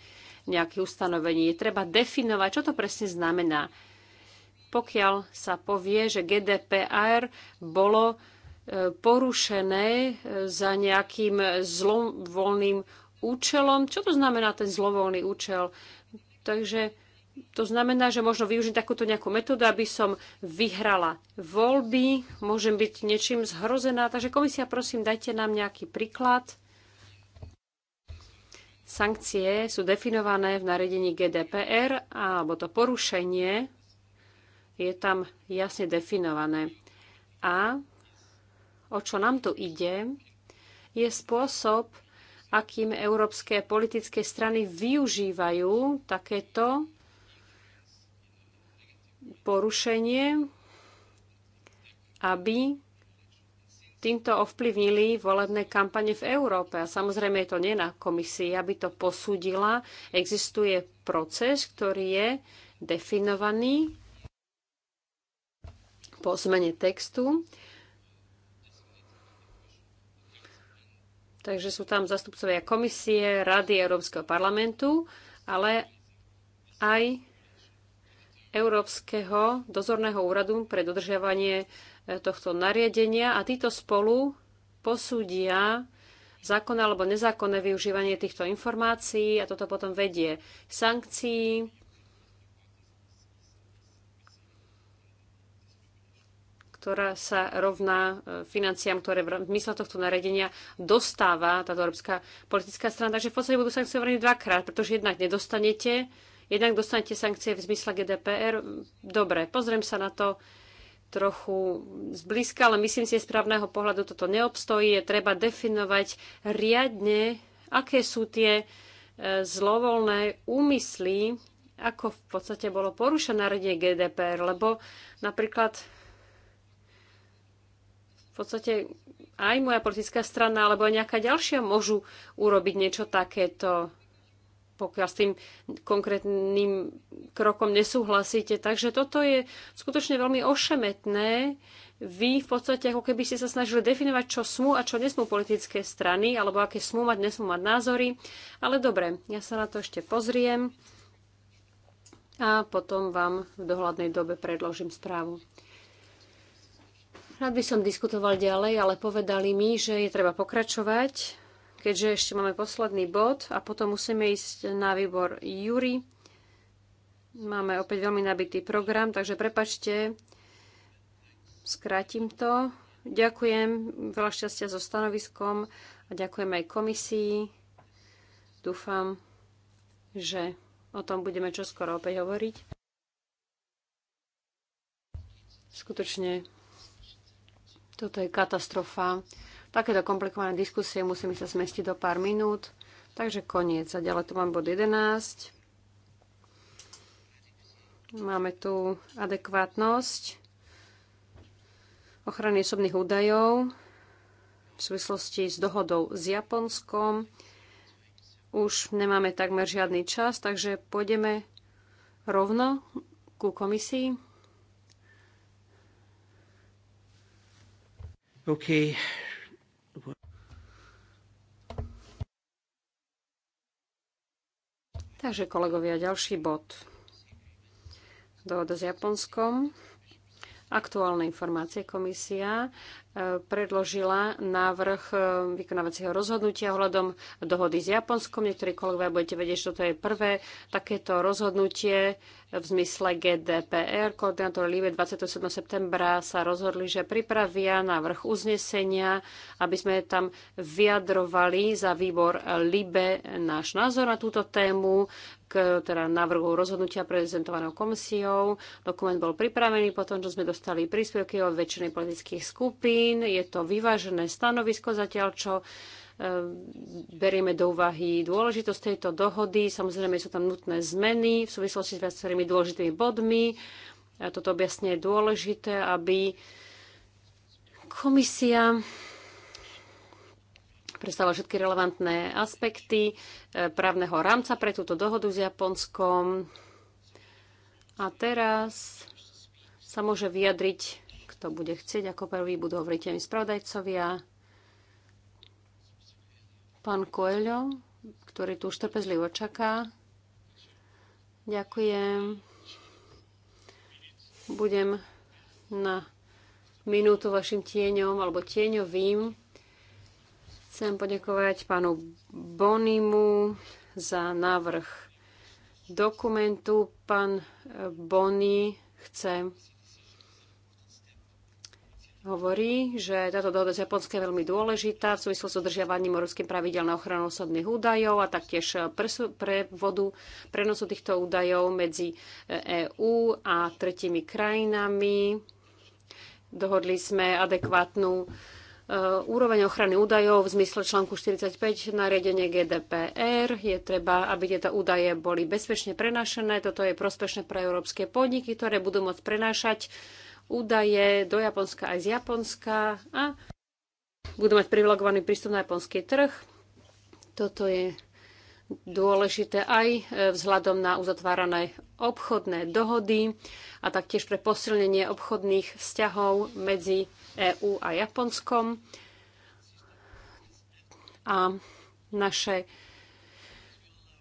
nejakých ustanovení. Je treba definovať, čo to presne znamená. Pokiaľ sa povie, že GDPR bolo e, porušené e, za nejakým zlovoľným účelom. Čo to znamená ten zlovoľný účel? Takže to znamená, že možno využiť takúto nejakú metódu, aby som vyhrala voľby, môžem byť niečím zhrozená. Takže komisia, prosím, dajte nám nejaký príklad. Sankcie sú definované v nariadení GDPR, alebo to porušenie je tam jasne definované. A o čo nám tu ide, je spôsob, akým európske politické strany využívajú takéto porušenie, aby týmto ovplyvnili volebné kampane v Európe. A samozrejme je to nie na komisii, aby to posúdila. Existuje proces, ktorý je definovaný po zmene textu. Takže sú tam zastupcovia komisie, Rady Európskeho parlamentu, ale aj Európskeho dozorného úradu pre dodržiavanie e, tohto nariadenia a títo spolu posúdia zákonné alebo nezákonné využívanie týchto informácií a toto potom vedie sankcií. ktorá sa rovná e, financiám, ktoré v mysle tohto nariadenia dostáva táto európska politická strana. Takže v podstate budú sankcionovaní dvakrát, pretože jednak nedostanete jednak dostanete sankcie v zmysle GDPR. Dobre, pozriem sa na to trochu zblízka, ale myslím si, že z právneho pohľadu toto neobstojí. Je treba definovať riadne, aké sú tie e, zlovoľné úmysly, ako v podstate bolo porušené radie GDPR, lebo napríklad v podstate aj moja politická strana alebo aj nejaká ďalšia môžu urobiť niečo takéto pokiaľ s tým konkrétnym krokom nesúhlasíte. Takže toto je skutočne veľmi ošemetné. Vy v podstate ako keby ste sa snažili definovať, čo smú a čo nesmú politické strany, alebo aké smú mať, nesmú mať názory. Ale dobre, ja sa na to ešte pozriem a potom vám v dohľadnej dobe predložím správu. Rád by som diskutoval ďalej, ale povedali mi, že je treba pokračovať keďže ešte máme posledný bod a potom musíme ísť na výbor Júri. Máme opäť veľmi nabitý program, takže prepačte, skrátim to. Ďakujem, veľa šťastia so stanoviskom a ďakujem aj komisii. Dúfam, že o tom budeme čoskoro opäť hovoriť. Skutočne, toto je katastrofa. Takéto komplikované diskusie musíme sa zmestiť do pár minút. Takže koniec. A ďalej tu mám bod 11. Máme tu adekvátnosť ochrany osobných údajov v súvislosti s dohodou s Japonskom. Už nemáme takmer žiadny čas, takže pôjdeme rovno ku komisii. Okay, Takže kolegovia, ďalší bod. Dohoda s Japonskom. Aktuálne informácie komisia predložila návrh eh, vykonávacieho rozhodnutia ohľadom dohody s Japonskom. Niektorí kolegovia budete vedieť, že toto je prvé takéto rozhodnutie v zmysle GDPR. Koordinátor Líbe 27. septembra sa rozhodli, že pripravia návrh uznesenia, aby sme tam vyjadrovali za výbor Libe náš názor na túto tému k teda návrhu rozhodnutia prezentovaného komisiou. Dokument bol pripravený potom, čo sme dostali príspevky od väčšiny politických skupín potravín. Je to vyvážené stanovisko zatiaľ, čo e, berieme do úvahy dôležitosť tejto dohody. Samozrejme sú tam nutné zmeny v súvislosti s viacerými dôležitými bodmi. A toto objasne je dôležité, aby komisia predstavila všetky relevantné aspekty e, právneho rámca pre túto dohodu s Japonskom. A teraz sa môže vyjadriť kto bude chcieť. Ako prvý budú hovoriť aj spravodajcovia. Pán Coelho, ktorý tu už trpezlivo čaká. Ďakujem. Budem na minútu vašim tieňom alebo tieňovým. Chcem poďakovať pánu Bonimu za návrh dokumentu. Pán Bony chce hovorí, že táto dohoda z Japonska je veľmi dôležitá v súvislosti s udržiavaním morským pravidel na ochranu osobných údajov a taktiež prevodu, prenosu týchto údajov medzi EÚ e a tretími krajinami. Dohodli sme adekvátnu e, úroveň ochrany údajov v zmysle článku 45 nariadenie GDPR. Je treba, aby tieto údaje boli bezpečne prenašené, Toto je prospešné pre európske podniky, ktoré budú môcť prenášať údaje do Japonska aj z Japonska a budú mať privilegovaný prístup na japonský trh. Toto je dôležité aj e, vzhľadom na uzatvárané obchodné dohody a taktiež pre posilnenie obchodných vzťahov medzi EÚ a Japonskom. A naše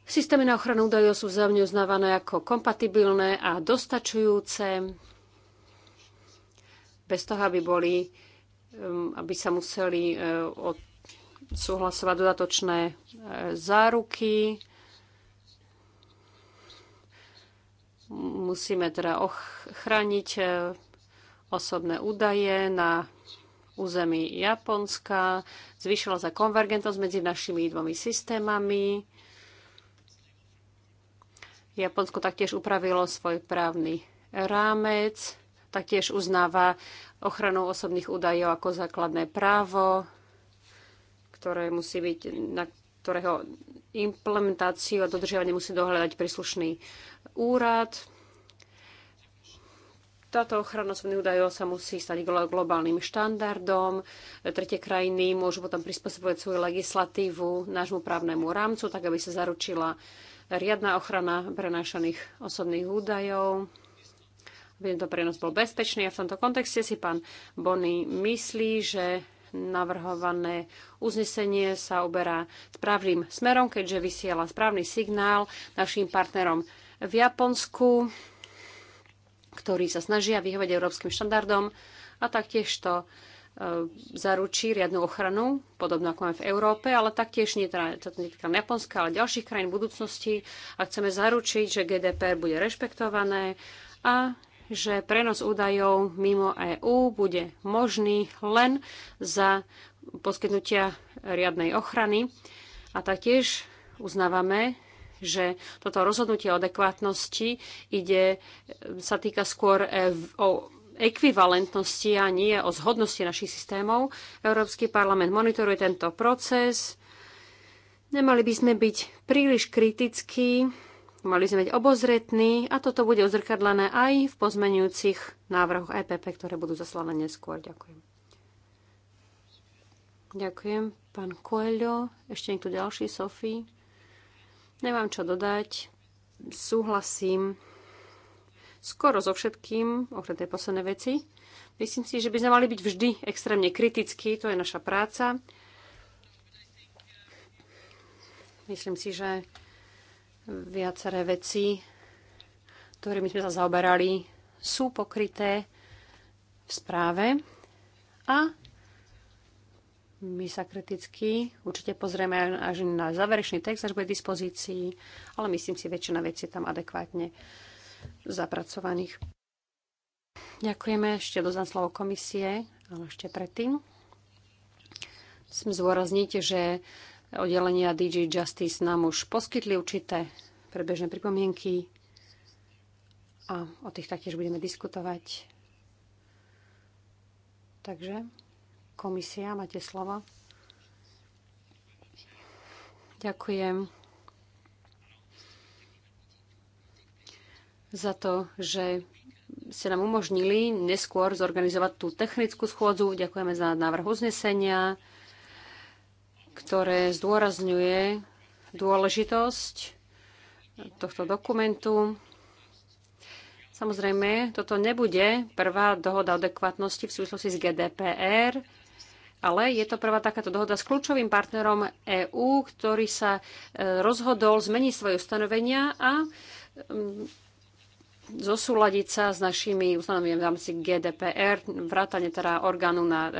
systémy na ochranu údajov sú vzájomne uznávané ako kompatibilné a dostačujúce bez toho, aby boli, um, aby sa museli uh, súhlasovať dodatočné uh, záruky. Musíme teda ochrániť uh, osobné údaje na území Japonska. Zvyšila sa konvergentnosť medzi našimi dvomi systémami. Japonsko taktiež upravilo svoj právny rámec taktiež uznáva ochranu osobných údajov ako základné právo, ktoré musí byť, na ktorého implementáciu a dodržiavanie musí dohľadať príslušný úrad. Táto ochrana osobných údajov sa musí stať globálnym štandardom. Tretie krajiny môžu potom prispôsobovať svoju legislatívu nášmu právnemu rámcu, tak aby sa zaručila riadna ochrana prenášaných osobných údajov tento prenos bol bezpečný a v tomto kontexte si pán Bony myslí, že navrhované uznesenie sa uberá správnym smerom, keďže vysiela správny signál našim partnerom v Japonsku, ktorí sa snažia vyhovať európskym štandardom a taktiež to e, zaručí riadnu ochranu, podobno ako máme v Európe, ale taktiež nie teda, teda Japonska, ale ďalších krajín v budúcnosti a chceme zaručiť, že GDPR bude rešpektované a že prenos údajov mimo EÚ bude možný len za poskytnutia riadnej ochrany. A taktiež uznávame, že toto rozhodnutie o adekvátnosti ide, sa týka skôr e, o ekvivalentnosti a nie o zhodnosti našich systémov. Európsky parlament monitoruje tento proces. Nemali by sme byť príliš kritickí Mali sme byť obozretní a toto bude uzrkadlené aj v pozmenujúcich návrhoch EPP, ktoré budú zaslané neskôr. Ďakujem. Ďakujem. Pán Coelho, ešte niekto ďalší, Sofie? Nemám čo dodať. Súhlasím skoro so všetkým, okrem tej poslednej veci. Myslím si, že by sme mali byť vždy extrémne kritickí, to je naša práca. Myslím si, že Viaceré veci, ktorými sme sa zaoberali, sú pokryté v správe a my sa kriticky určite pozrieme až na záverečný text, až bude v dispozícii, ale myslím si, väčšina vecí je tam adekvátne zapracovaných. Ďakujeme. Ešte do slovo komisie, ale ešte predtým. Chcem zdôrazniť, že oddelenia DJ Justice nám už poskytli určité prebežné pripomienky a o tých taktiež budeme diskutovať. Takže, komisia, máte slovo. Ďakujem za to, že ste nám umožnili neskôr zorganizovať tú technickú schôdzu. Ďakujeme za návrh uznesenia ktoré zdôrazňuje dôležitosť tohto dokumentu. Samozrejme, toto nebude prvá dohoda adekvátnosti v súvislosti s GDPR, ale je to prvá takáto dohoda s kľúčovým partnerom EÚ, ktorý sa e, rozhodol zmeniť svoje ustanovenia a zosúľadiť sa s našimi ustanoveniami v rámci GDPR, vrátane teda orgánu na e,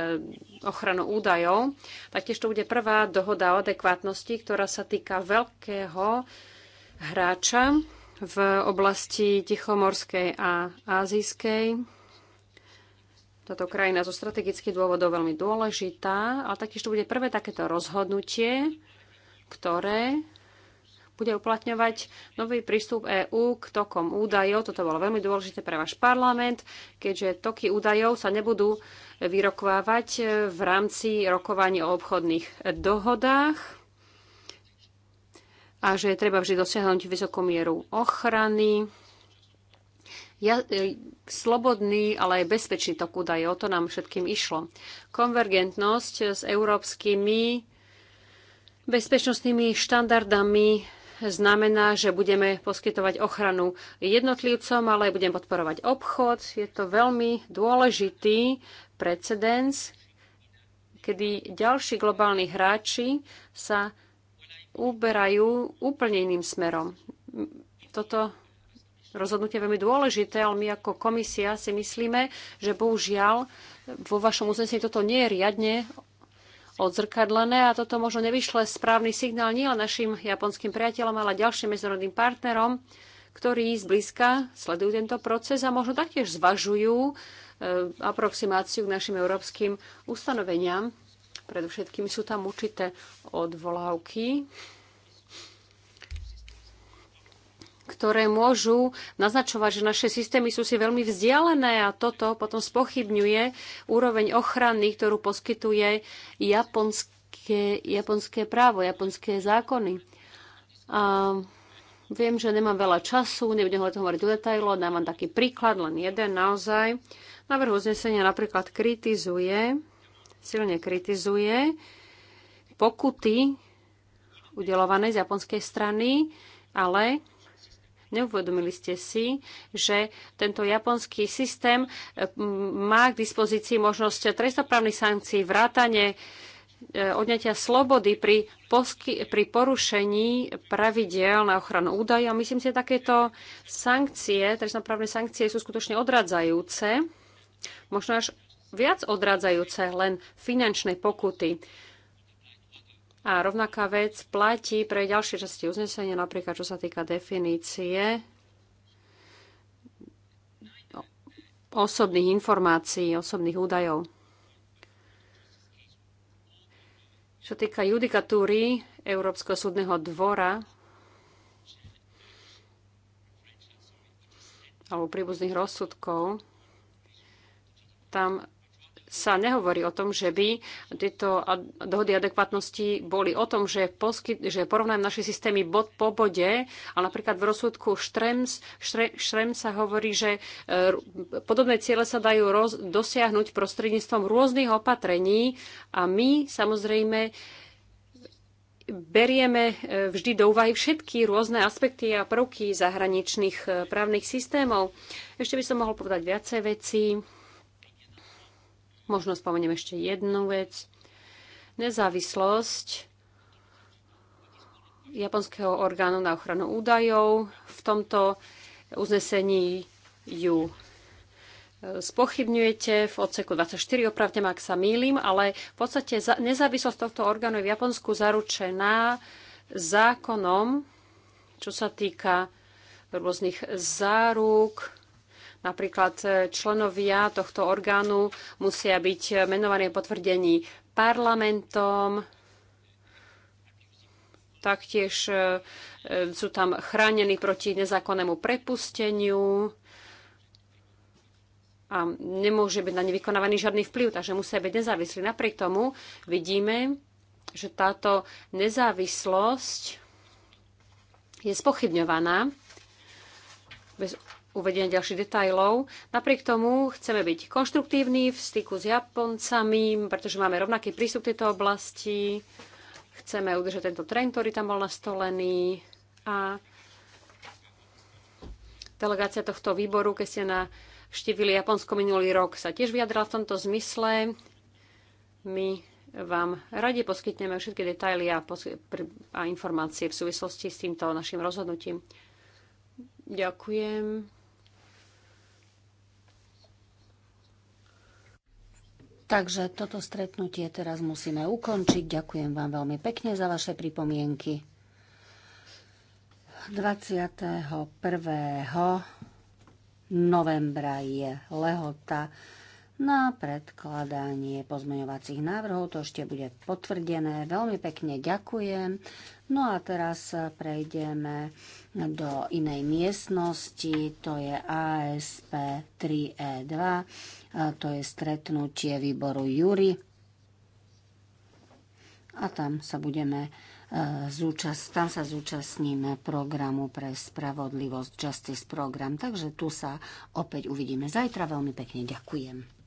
ochranu údajov. Taktiež to bude prvá dohoda o adekvátnosti, ktorá sa týka veľkého hráča v oblasti Tichomorskej a Ázijskej. Táto krajina zo strategických dôvodov veľmi dôležitá, ale taktiež to bude prvé takéto rozhodnutie, ktoré bude uplatňovať nový prístup EÚ k tokom údajov. Toto bolo veľmi dôležité pre váš parlament, keďže toky údajov sa nebudú vyrokovávať v rámci rokovaní o obchodných dohodách a že je treba vždy dosiahnuť vysokú mieru ochrany. Ja, e, slobodný, ale aj bezpečný tok údajov, to nám všetkým išlo. Konvergentnosť s európskymi bezpečnostnými štandardami znamená, že budeme poskytovať ochranu jednotlivcom, ale budeme podporovať obchod. Je to veľmi dôležitý precedens, kedy ďalší globálni hráči sa uberajú úplne iným smerom. Toto rozhodnutie je veľmi dôležité, ale my ako komisia si myslíme, že bohužiaľ vo vašom uznesení toto nie je riadne odzrkadlené a toto možno nevyšle správny signál nielen našim japonským priateľom, ale ďalším medzinárodným partnerom, ktorí zblízka sledujú tento proces a možno taktiež zvažujú e, aproximáciu k našim európskym ustanoveniam. Predovšetkým sú tam určité odvolávky ktoré môžu naznačovať, že naše systémy sú si veľmi vzdialené a toto potom spochybňuje úroveň ochrany, ktorú poskytuje japonské, japonské právo, japonské zákony. A viem, že nemám veľa času, nebudem o tom hovoriť o detailoch, dám vám taký príklad, len jeden naozaj. Návrh uznesenia napríklad kritizuje, silne kritizuje pokuty udelované z japonskej strany, ale Neuvedomili ste si, že tento japonský systém e, má k dispozícii možnosť trestoprávnych sankcií, vrátane e, odňatia slobody pri, posky, pri porušení pravidel na ochranu údajov. Myslím si, že takéto sankcie, trestnoprávne sankcie sú skutočne odradzajúce, možno až viac odradzajúce len finančné pokuty. A rovnaká vec platí pre ďalšie časti uznesenia, napríklad čo sa týka definície osobných informácií, osobných údajov. Čo týka judikatúry Európskeho súdneho dvora alebo príbuzných rozsudkov, tam sa nehovorí o tom, že by tieto dohody adekvátnosti boli o tom, že, posky, že porovnajú naše systémy bod po bode, ale napríklad v rozsudku Štrems, štre, Štrem sa hovorí, že e, podobné ciele sa dajú roz, dosiahnuť prostredníctvom rôznych opatrení a my samozrejme berieme e, vždy do úvahy všetky rôzne aspekty a prvky zahraničných e, právnych systémov. Ešte by som mohol povedať viacej vecí. Možno spomeniem ešte jednu vec. Nezávislosť japonského orgánu na ochranu údajov. V tomto uznesení ju e, spochybňujete v odseku 24, opravdem, ak sa mýlim, ale v podstate nezávislosť tohto orgánu je v Japonsku zaručená zákonom, čo sa týka rôznych záruk, Napríklad e, členovia tohto orgánu musia byť e, menovaní potvrdení parlamentom, taktiež e, sú tam chránení proti nezákonnému prepusteniu a nemôže byť na ne vykonávaný žiadny vplyv, takže musia byť nezávislí. Napriek tomu vidíme, že táto nezávislosť je spochybňovaná bez uvedenia ďalších detajlov. Napriek tomu chceme byť konštruktívni v styku s Japoncami, pretože máme rovnaký prístup k tejto oblasti. Chceme udržať tento trend, ktorý tam bol nastolený. A delegácia tohto výboru, keď ste naštívili Japonsko minulý rok, sa tiež vyjadrala v tomto zmysle. My vám radi poskytneme všetky detaily a, a informácie v súvislosti s týmto našim rozhodnutím. Ďakujem. Takže toto stretnutie teraz musíme ukončiť. Ďakujem vám veľmi pekne za vaše pripomienky. 21. novembra je lehota na predkladanie pozmeňovacích návrhov. To ešte bude potvrdené. Veľmi pekne ďakujem. No a teraz prejdeme do inej miestnosti. To je ASP 3E2 a to je stretnutie výboru Júri. A tam sa budeme e, zúčast, tam sa zúčastníme programu pre spravodlivosť Justice Program. Takže tu sa opäť uvidíme zajtra. Veľmi pekne ďakujem.